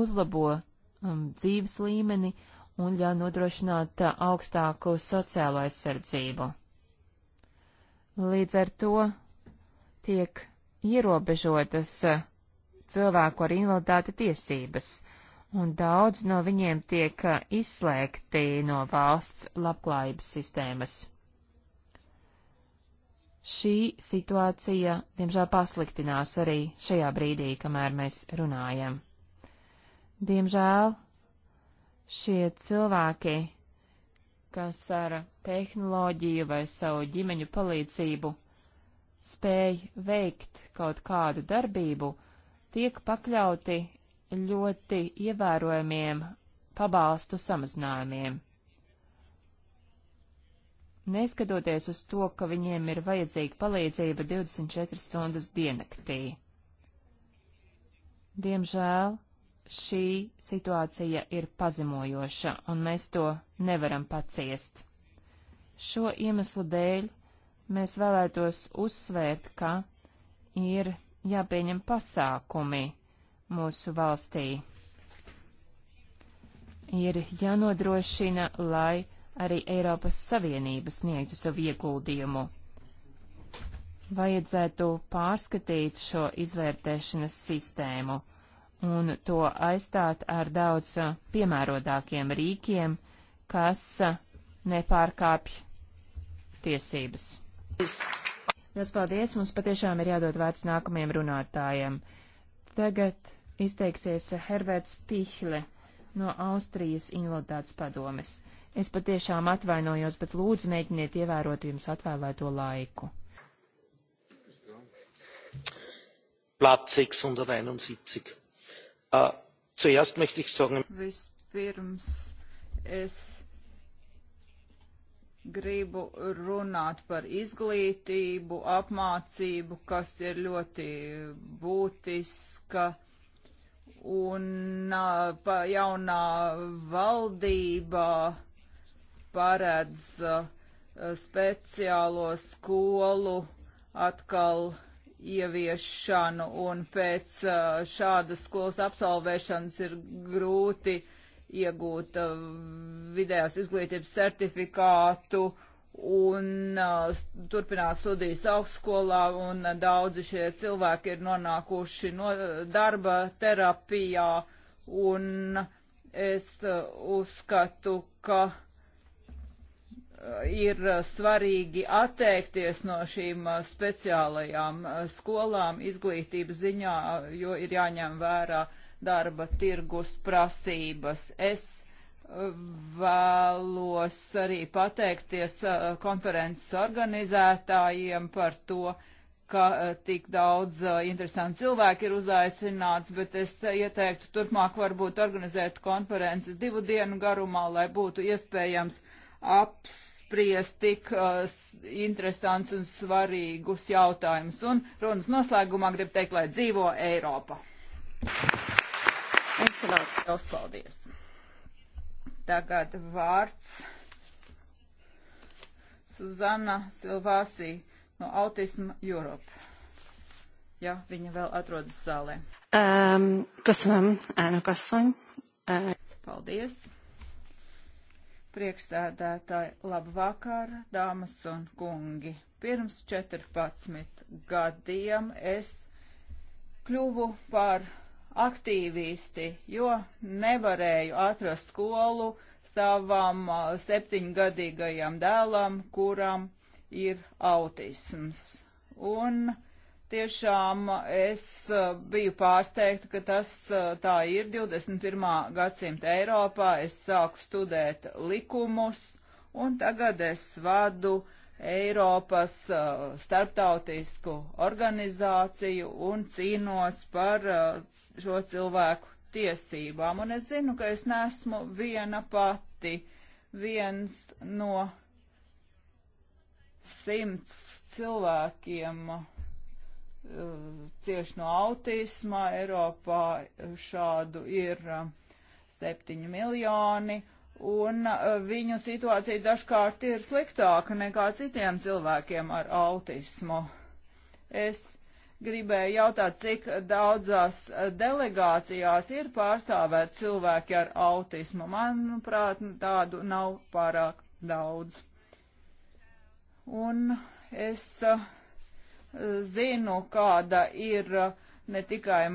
uzlabo um, dzīves līmeni un ļauj nodrošināt uh, augstāku sociālo aizsardzību. Līdz ar to tiek ierobežotas uh, cilvēku ar invaliditāti tiesības, un daudz no viņiem tiek uh, izslēgti no valsts labklājības sistēmas. Šī situācija, diemžēl, pasliktinās arī šajā brīdī, kamēr mēs runājam. Diemžēl šie cilvēki, kas ar tehnoloģiju vai savu ģimeņu palīdzību spēj veikt kaut kādu darbību, tiek pakļauti ļoti ievērojamiem pabalstu samazinājumiem. Neskatoties uz to, ka viņiem ir vajadzīga palīdzība 24 stundas diennaktī. Diemžēl šī situācija ir pazemojoša, un mēs to nevaram paciest. Šo iemeslu dēļ mēs vēlētos uzsvērt, ka ir jāpieņem pasākumi mūsu valstī. Ir jānodrošina, lai arī Eiropas Savienība sniegtu savu ieguldījumu. Vajadzētu pārskatīt šo izvērtēšanas sistēmu un to aizstāt ar daudz uh, piemērotākiem rīkiem, kas uh, nepārkāpj tiesības. Lielas paldies! Mums patiešām ir jādod vārds nākamajiem runātājiem. Tagad izteiksies Herberts Pihle no Austrijas invaliditātes padomes. Es patiešām atvainojos, bet lūdzu mēģiniet ievērot jums atvēlēto laiku. Platz 671. Uh, zuerst möchte ich sagen. Vispirms es gribu runāt par izglītību, apmācību, kas ir ļoti būtiska. Un pa, jaunā valdībā paredz speciālo skolu atkal uh, ieviešanu, un pēc šādas skolas absolvēšanas ir grūti iegūt vidējās izglītības certifikātu un turpināt studijas augstskolā, un daudzi šie cilvēki ir nonākuši no darba terapijā, un es uzskatu, ka ir eh, svarīgi atteikties no šīm eh, speciālajām eh, skolām izglītības ziņā, jo ir jāņem vērā darba tirgus prasības. Es vēlos arī pateikties konferences organizētājiem par to, ka tik daudz interesanti cilvēki ir uzaicināts, bet es ieteiktu turpmāk varbūt organizēt konferences divu dienu garumā, lai būtu iespējams uh, apspriest tik uh, interesants un svarīgus jautājumus. Un runas noslēgumā gribu teikt, lai dzīvo Eiropa. Liels paldies! Tagad vārds Suzana Silvāsī no Autism Europe. Ja, viņa vēl atrodas zālē. Um, köszönöm, elnök asszony. Uh. Paldies. Priekšstādētāji, labvakar, dāmas un kungi. Pirms 14 gadiem es kļuvu par aktīvisti, jo nevarēju atrast skolu savam septiņgadīgajam dēlam, kuram ir autisms. Un uh, Tiešām es eh, biju pārsteigta, ka tas eh, tā ir 21. gadsimta Eiropā. Es sāku studēt likumus, un tagad es vadu Eiropas eh, starptautisku organizāciju un cīnos par šo cilvēku tiesībām. Un es zinu, ka es nesmu viena pati, viens no simts cilvēkiem cieši eh, no autisma. Eiropā šādu ir 7 eh, miljoni. Un eh, viņu situācija dažkārt ir sliktāka nekā citiem cilvēkiem ar autismu. Es gribēju jautāt, cik daudzās delegācijās ir pārstāvēt cilvēki ar autismu. Manuprāt, tādu nav pārāk daudz. Un es uh, zinu, kāda ir uh, ne tikai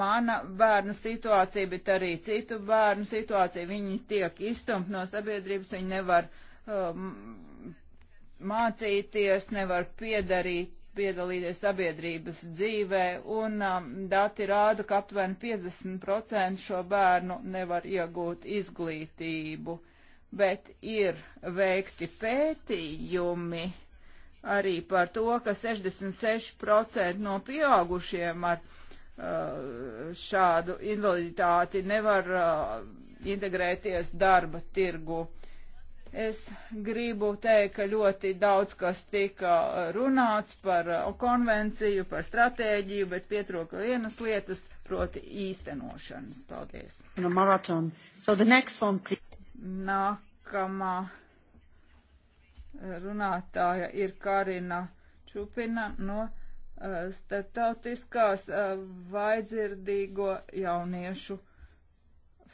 mana bērna situācija, bet arī citu bērnu situācija. Viņi tiek izstumt no sabiedrības, viņi nevar um, mācīties, nevar piedarīt piedalīties sabiedrības dzīvē, un um, dati rāda, ka aptuveni 50% šo bērnu nevar iegūt izglītību, bet ir veikti pētījumi arī par to, ka 66% no pieaugušiem ar uh, šādu invaliditāti nevar uh, integrēties darba tirgu. Es gribu teikt, ka ļoti daudz kas tika uh, runāts par konvenciju, par stratēģiju, bet pietrūka vienas lietas, proti īstenošanas. Paldies. No maraton. So the next one, please. Nākamā runātāja ir Karina Čupina no eh, Startautiskās eh, vaidzirdīgo jauniešu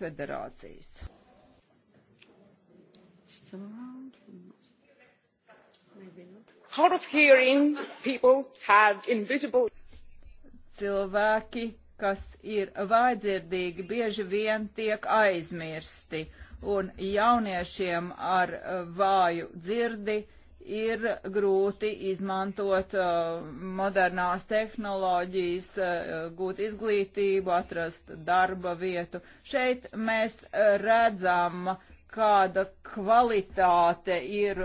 federācijas. Hard of hearing people have invisible. Cilvēki, kas ir vaidzirdīgi, bieži vien tiek aizmirsti. Uh, un jauniešiem ar uh, vāju dzirdi ir grūti izmantot uh, modernās tehnoloģijas, uh, gūt izglītību, atrast darba vietu. Šeit mēs redzam, kāda kvalitāte ir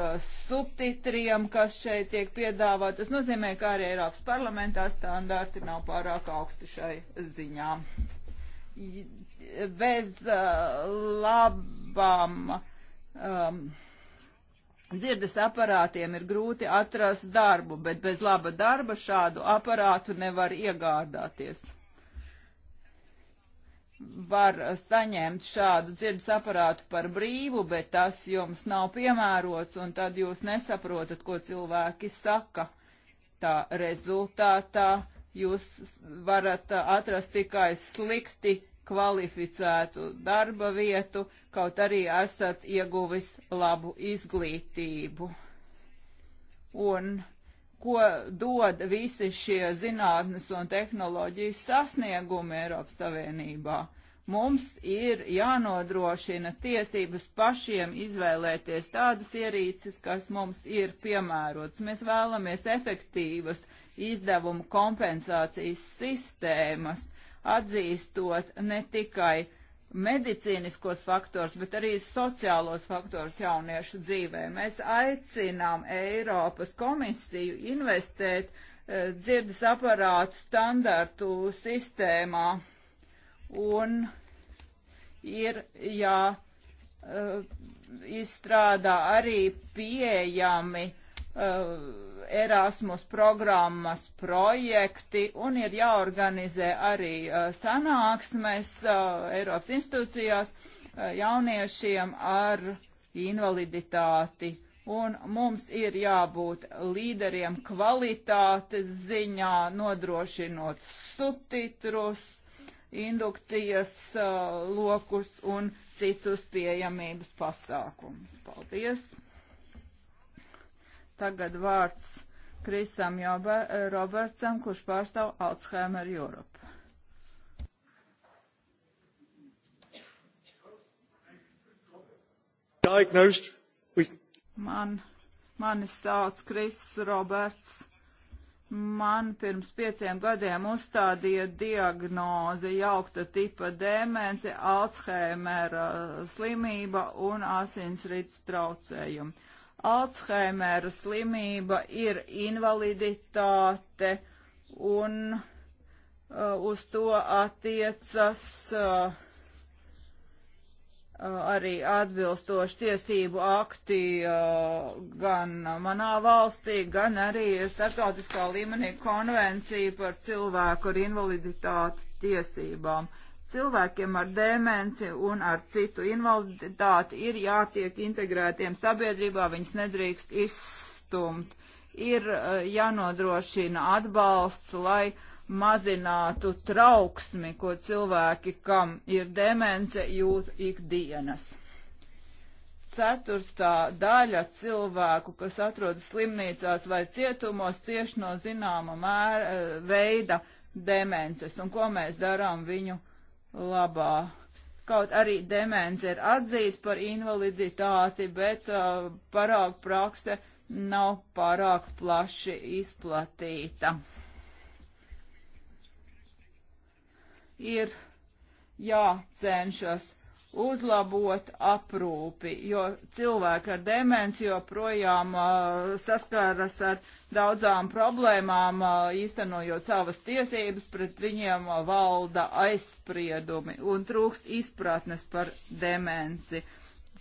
subtitriem, kas šeit tiek piedāvāt. Tas nozīmē, ka arī Eiropas parlamentā standarti nav pārāk augsti šai ziņā. Bez uh, laba abām um, dzirdes aparātiem ir grūti atrast darbu, bet bez laba darba šādu aparātu nevar iegādāties. Var saņemt šādu dzirdes aparātu par brīvu, bet tas jums nav piemērots, un tad jūs nesaprotat, ko cilvēki saka. Tā rezultātā jūs varat atrast tikai slikti kvalificētu darba vietu, kaut arī esat ieguvis labu izglītību. Un ko dod visi šie zinātnes un tehnoloģijas sasniegumi Eiropas Savienībā? Mums ir jānodrošina tiesības pašiem izvēlēties tādas ierīces, kas mums ir piemērotas. Mēs vēlamies efektīvas izdevumu kompensācijas sistēmas, atzīstot ne tikai medicīniskos faktors, bet arī sociālos faktors jauniešu dzīvē. Mēs aicinām Eiropas komisiju investēt e, dzirdes aparātu standartu sistēmā un ir jā. E, izstrādā arī pieejami uh, Uh, Erasmus programmas projekti un ir jāorganizē arī uh, sanāksmes uh, Eiropas institūcijās jauniešiem ar invaliditāti. Un mums ir jābūt līderiem kvalitātes ziņā, nodrošinot subtitrus, indukcijas lokus un citus pieejamības pasākumus. Paldies! Tagad vārds Krisam eh, Robertsam, kurš pārstāv Alzheimer Europe. Diagnosed with... Man, mani sauc Kris Roberts. Man pirms pieciem gadiem uzstādīja diagnozi jaukta tipa dēmence, Alzheimera eh, slimība un asinsrits traucējumi. Alzheimera slimība ir invaliditāte un uh, uz to attiecas uh, uh, arī atbilstoši tiesību akti uh, gan manā valstī, gan arī starptautiskā līmenī konvencija par cilvēku ar invaliditāti tiesībām. Uh, cilvēkiem ar demenci un ar citu invaliditāti ir jātiek integrētiem sabiedrībā, viņus nedrīkst izstumt. Ir eh, jānodrošina atbalsts, lai mazinātu trauksmi, ko cilvēki, kam ir demence, jūt ikdienas. Ceturtā daļa cilvēku, kas atrodas slimnīcās vai cietumos, cieši no zināma mēra, eh, veida demences un ko mēs darām viņu uh, labā. Kaut arī demence ir atzīta par invaliditāti, bet uh, parāk prakse nav pārāk plaši izplatīta. Ir jācenšas uzlabot aprūpi, jo cilvēki ar demenci joprojām uh, saskaras ar daudzām problēmām, uh, īstenojot savas tiesības, pret viņiem uh, valda aizspriedumi un trūkst izpratnes par demenci.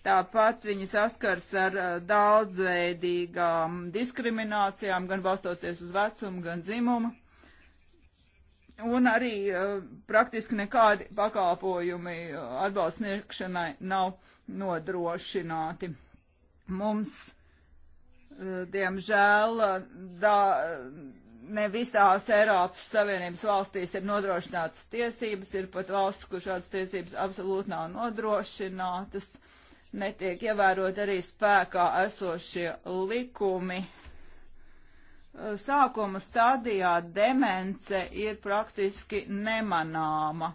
Tāpat viņi saskars ar uh, daudzveidīgām diskriminācijām, gan balstoties uz vecumu, gan dzimumu Un arī uh, praktiski nekādi pakalpojumi uh, e, atbalstniekšanai nav nodrošināti. Mums, uh, diemžēl, da, ne visās Eiropas Savienības valstīs ir nodrošinātas tiesības, ir pat valsts, kur šādas tiesības absolūti nav nodrošinātas, netiek ievērot arī spēkā esošie likumi. Uh, sākuma stadijā demence ir praktiski nemanāma.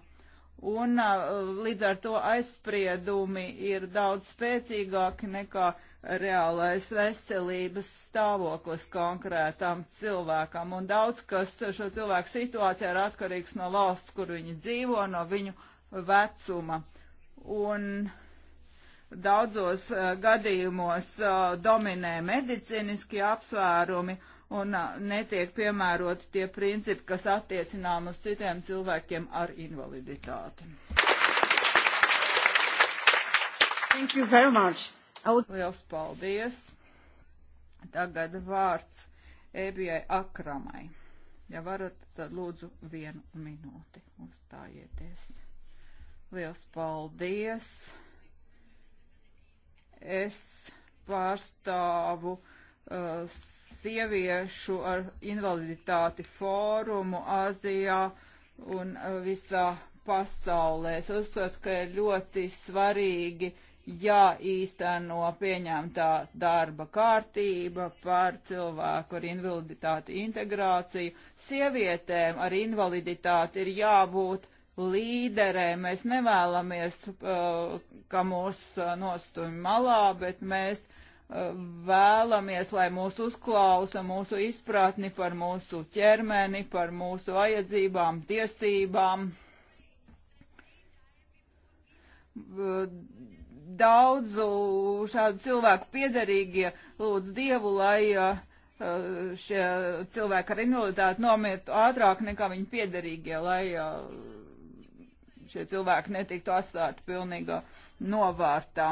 Un uh, līdz ar to aizspriedumi ir daudz spēcīgāki nekā reālais veselības stāvoklis konkrētam cilvēkam. Un daudz kas šo cilvēku situācijā ir atkarīgs no valsts, kur viņi dzīvo, no viņu vecuma. Un daudzos uh, gadījumos uh, dominē medicīniski apsvērumi un netiek piemēroti tie principi, kas attiecinām uz citiem cilvēkiem ar invaliditāti. Thank you very much. Would... Liels paldies. Tagad vārds Ebijai Akramai. Ja varat, tad lūdzu vienu minūti uzstājieties. Liels paldies. Es pārstāvu uh, sieviešu ar invaliditāti fórumu Āzijā un uh, visā pasaulē. Es uzskatu, ka ir ļoti svarīgi jāīsteno pieņemtā darba kārtība par cilvēku ar invaliditāti integrāciju. Sievietēm ar invaliditāti ir jābūt līderēm. Mēs nevēlamies, uh, ka mūs uh, nostumi malā, bet mēs vēlamies, lai mūsu uzklausa, mūsu izpratni par mūsu ķermeni, par mūsu vajadzībām, tiesībām. Daudzu šādu cilvēku piederīgie lūdz Dievu, lai uh, šie cilvēki ar invaliditāti nomirtu ātrāk nekā viņi piederīgie, lai uh, šie cilvēki netiktu atstāti pilnīga novārtā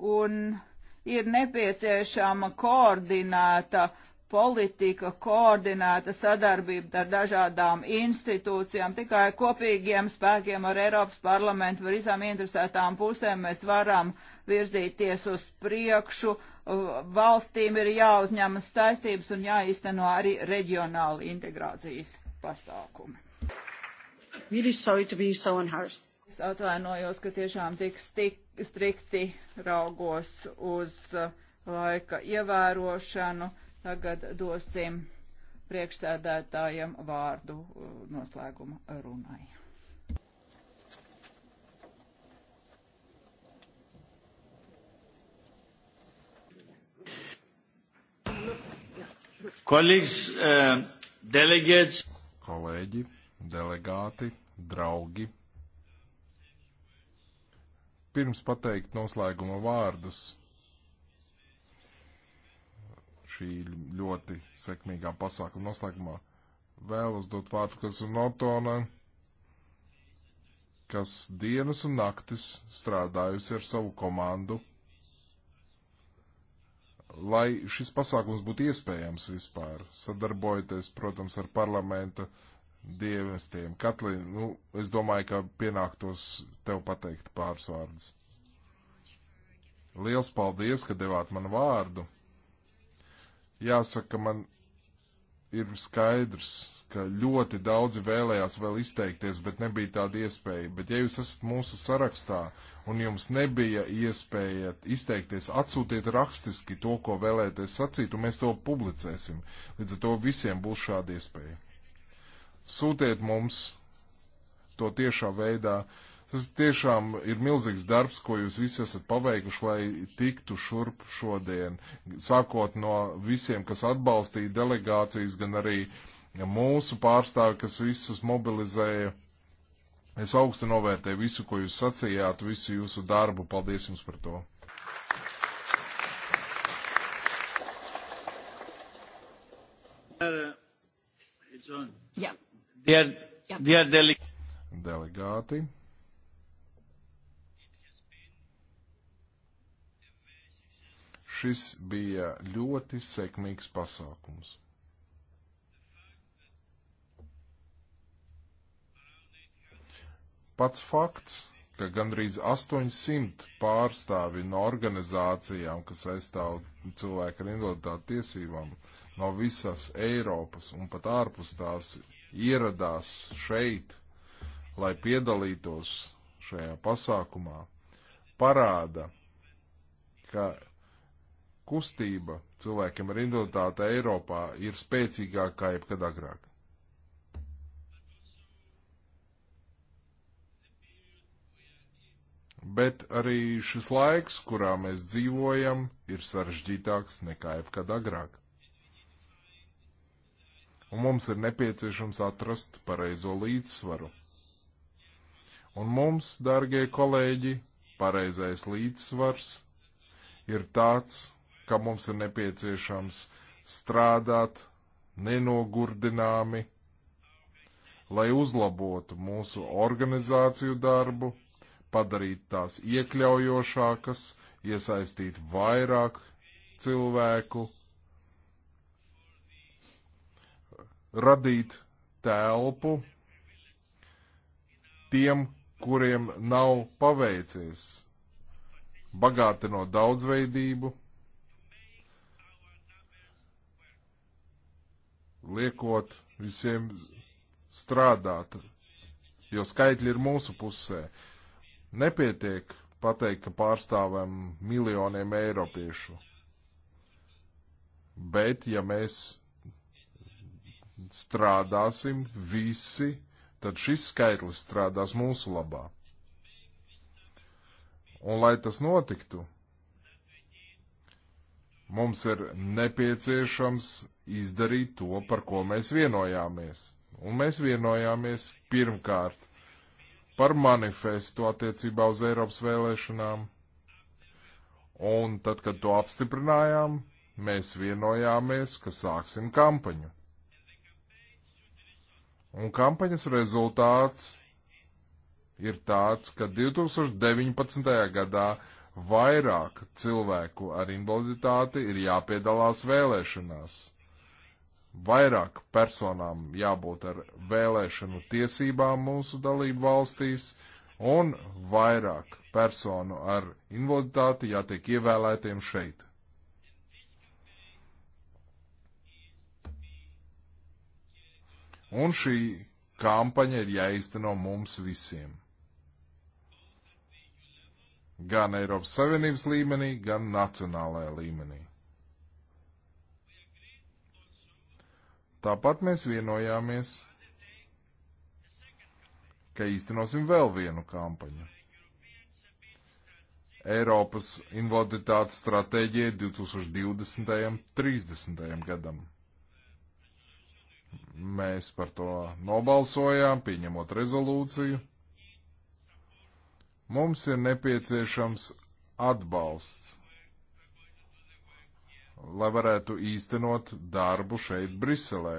un ir nepieciešama koordinēta politika, koordinēta sadarbība ar dažādām institūcijām. Tikai kopīgiem spēkiem ar Eiropas parlamentu, ar visām interesētām pusēm mēs varam virzīties uz priekšu. Valstīm ir jāuzņemas saistības un jāizteno arī reģionāli integrācijas pasākumi. Really sorry to be so unhurst es atvainojos, ka tiešām tik stik, strikti raugos uz uh, laika ievērošanu. Tagad dosim priekšsēdētājiem vārdu uh, noslēguma runai. Kolēģis, uh, delegēts. Kolēģi, delegāti, draugi pirms pateikt noslēguma vārdus šī ļoti sekmīgā pasākuma noslēgumā, vēlos dot vārdu Kasam Notona, kas dienas un naktis strādājusi ar savu komandu, lai šis pasākums būtu iespējams vispār, sadarbojoties, protams, ar parlamenta uh, dienestiem. Katlīna, nu, es domāju, ka pienāktos tev pateikt pāris vārdus. Liels paldies, ka devāt man vārdu. Jāsaka, man ir skaidrs, ka ļoti daudzi vēlējās vēl izteikties, bet nebija tāda iespēja. Bet ja jūs esat mūsu sarakstā un jums nebija iespēja izteikties, atsūtiet rakstiski to, ko vēlēties sacīt, un mēs to publicēsim. Līdz ar to visiem būs šāda iespēja. Sūtiet mums to tiešā veidā. Tas tiešām ir milzīgs darbs, ko jūs visi esat paveikuši, lai tiktu šurp šodien. Sākot no visiem, kas atbalstīja delegācijas, gan arī mūsu pārstāvi, kas visus mobilizēja. Es augstu novērtēju visu, ko jūs sacījāt, visu jūsu darbu. Paldies jums par to! Uh, yeah. Dear, dear dele delegāti. Šis bija ļoti sekmīgs pasākums. Pats fakts, ka gandrīz 800 pārstāvi no organizācijām, kas aizstāv cilvēku ar invaliditāti tiesībām, no visas Eiropas un pat ārpus tās ieradās šeit, lai piedalītos šajā pasākumā, parāda, ka kustība cilvēkiem ar invaliditāti Eiropā ir spēcīgākā kā jebkad agrāk. Bet arī šis laiks, kurā mēs dzīvojam, ir sarežģītāks nekā jebkad agrāk un mums ir nepieciešams atrast pareizo līdzsvaru. Un mums, dārgie kolēģi, pareizais līdzsvars ir tāds, ka mums ir nepieciešams strādāt nenogurdināmi, lai uzlabotu mūsu organizāciju darbu, padarīt tās iekļaujošākas, iesaistīt vairāk cilvēku radīt telpu tiem, kuriem nav paveicies, bagātinot daudzveidību, liekot visiem strādāt, jo skaitļi ir mūsu pusē. Nepietiek pateikt, ka pārstāvam miljoniem eiropiešu. Bet, ja mēs strādāsim visi, tad šis skaitlis strādās mūsu labā. Un lai tas notiktu, mums ir nepieciešams izdarīt to, par ko mēs vienojāmies. Un mēs vienojāmies pirmkārt par manifestu attiecībā uz Eiropas vēlēšanām. Un tad, kad to apstiprinājām, mēs vienojāmies, ka sāksim kampaņu. Un kampaņas rezultāts ir tāds, ka 2019. gadā vairāk cilvēku ar invaliditāti ir jāpiedalās vēlēšanās. Vairāk personām jābūt ar vēlēšanu tiesībām mūsu dalību valstīs, un vairāk personu ar invaliditāti jātiek ievēlētiem šeit, Un šī kampaņa ir jāizteno mums visiem. Gan Eiropas Savienības līmenī, gan nacionālajā līmenī. Tāpat mēs vienojāmies, ka īstenosim vēl vienu kampaņu. Eiropas invaliditātes stratēģija 2020. un 30. gadam. Mēs par to nobalsojām, pieņemot rezolūciju. Mums ir nepieciešams atbalsts, lai varētu īstenot darbu šeit, Briselē,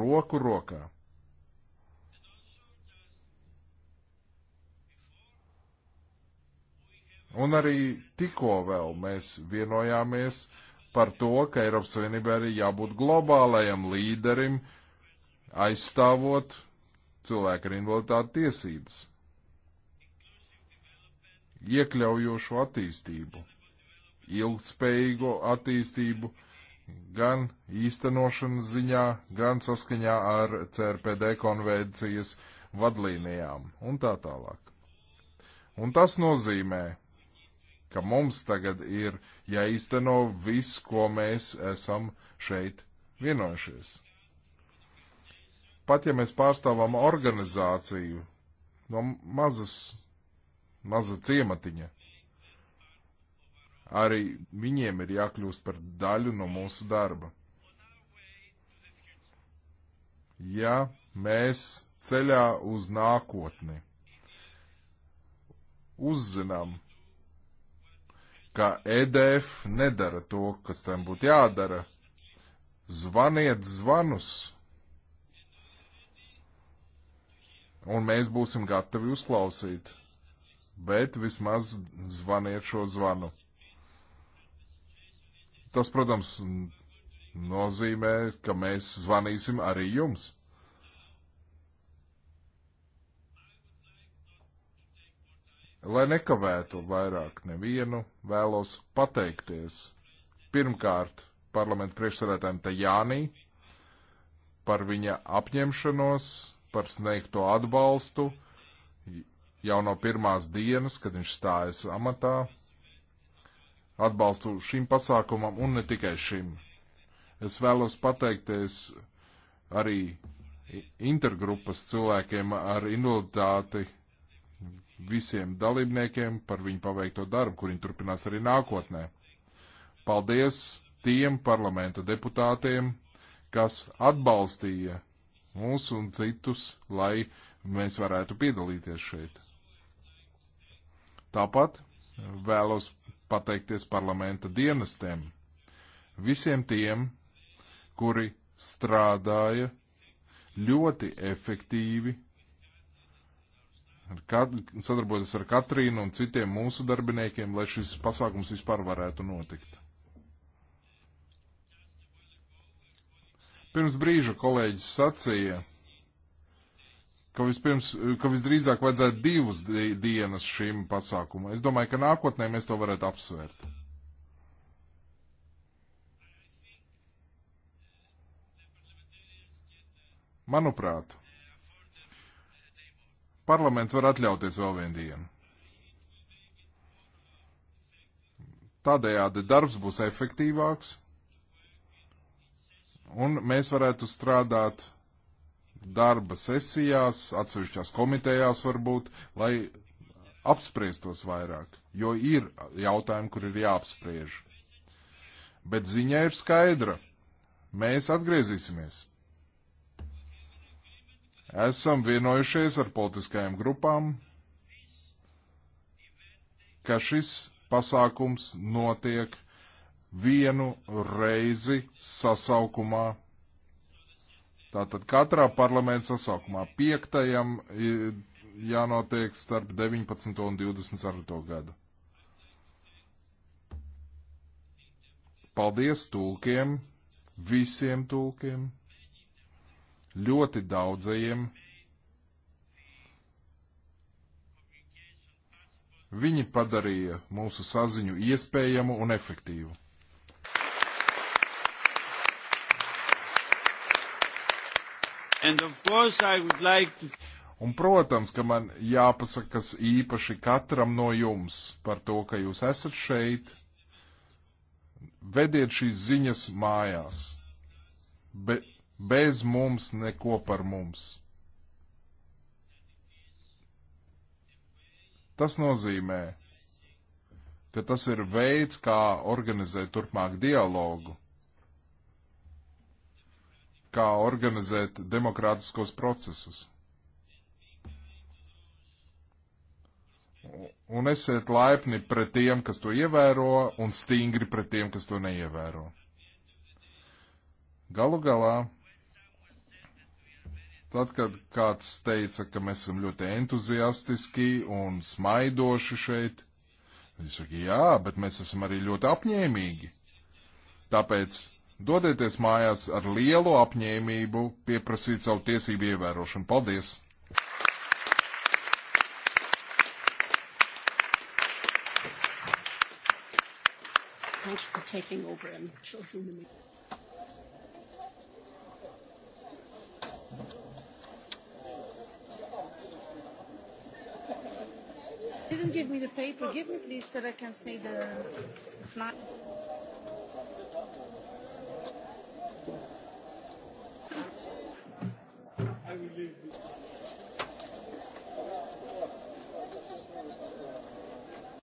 roku rokā. Un arī tikko vēl mēs vienojāmies par to, ka Eiropas Savienībā ir jābūt globālajam līderim, uh, aizstāvot cilvēku ar invaliditāti tiesības, iekļaujošu attīstību, ilgspējīgu attīstību gan īstenošanas ziņā, gan saskaņā ar CRPD konvencijas vadlīnijām un tā tālāk. Un tas nozīmē, ka mums tagad ir jāīsteno viss, ko mēs esam šeit vienojušies pat ja mēs pārstāvam organizāciju no mazas, maza ciematiņa, arī viņiem ir jākļūst par daļu no mūsu darba. Ja mēs ceļā uz nākotni uzzinām, ka EDF nedara to, kas tam būtu jādara, zvaniet zvanus un mēs būsim gatavi uzklausīt. Bet vismaz zvaniet šo zvanu. Tas, protams, nozīmē, ka mēs zvanīsim arī jums. Lai nekavētu vairāk nevienu, vēlos pateikties pirmkārt parlamentu priekšsēdētājiem Tajānī par viņa apņemšanos par sniegto atbalstu jau no pirmās dienas, kad viņš stājas amatā. Atbalstu šim pasākumam un ne tikai šim. Es vēlos pateikties arī intergrupas cilvēkiem ar invaliditāti, visiem dalībniekiem par viņu paveikto darbu, kur viņi turpinās arī nākotnē. Paldies tiem parlamenta deputātiem, kas atbalstīja mūs un citus, lai mēs varētu piedalīties šeit. Tāpat vēlos pateikties parlamenta dienestiem, visiem tiem, kuri strādāja ļoti efektīvi, kad, sadarbojoties ar Katrīnu un citiem mūsu darbiniekiem, lai šis pasākums vispār varētu notikt. Pirms brīža kolēģis sacīja, ka, vispirms, ka visdrīzāk vajadzētu divas di dienas šim pasākumam. Es domāju, ka nākotnē mēs to varētu apsvērt. Manuprāt, parlaments var atļauties vēl vienu dienu. Tādējādi darbs būs efektīvāks, Un mēs varētu strādāt darba sesijās, atsevišķās komitejās varbūt, lai apspriestos vairāk, jo ir jautājumi, kur ir jāapspriež. Bet ziņa ir skaidra. Mēs atgriezīsimies. Esam vienojušies ar politiskajām grupām, ka šis pasākums notiek vienu reizi sasaukumā. Tātad katrā parlamenta sasaukumā piektajam jānotiek starp 19. un 24. gadu. Paldies tulkiem, visiem tulkiem, ļoti daudzajiem. Viņi padarīja mūsu saziņu iespējamu un efektīvu. Like to... Un, protams, ka man jāpasakas īpaši katram no jums par to, ka jūs esat šeit. Vediet šīs ziņas mājās. Be, bez mums neko par mums. Tas nozīmē, ka tas ir veids, kā organizēt turpmāk dialogu kā organizēt demokrātiskos procesus. Un esiet laipni pret tiem, kas to ievēro, un stingri pret tiem, kas to neievēro. Galu galā, tad, kad kāds teica, ka mēs esam ļoti entuziastiski un smaidoši šeit, viņš saka, jā, bet mēs esam arī ļoti apņēmīgi. Tāpēc Dodieties mājās ar lielu apņēmību pieprasīt savu tiesību ievērošanu. Paldies! Thank you for taking over and closing the meeting. didn't give me the paper. Give me, please, that I can see the flight. Thank you.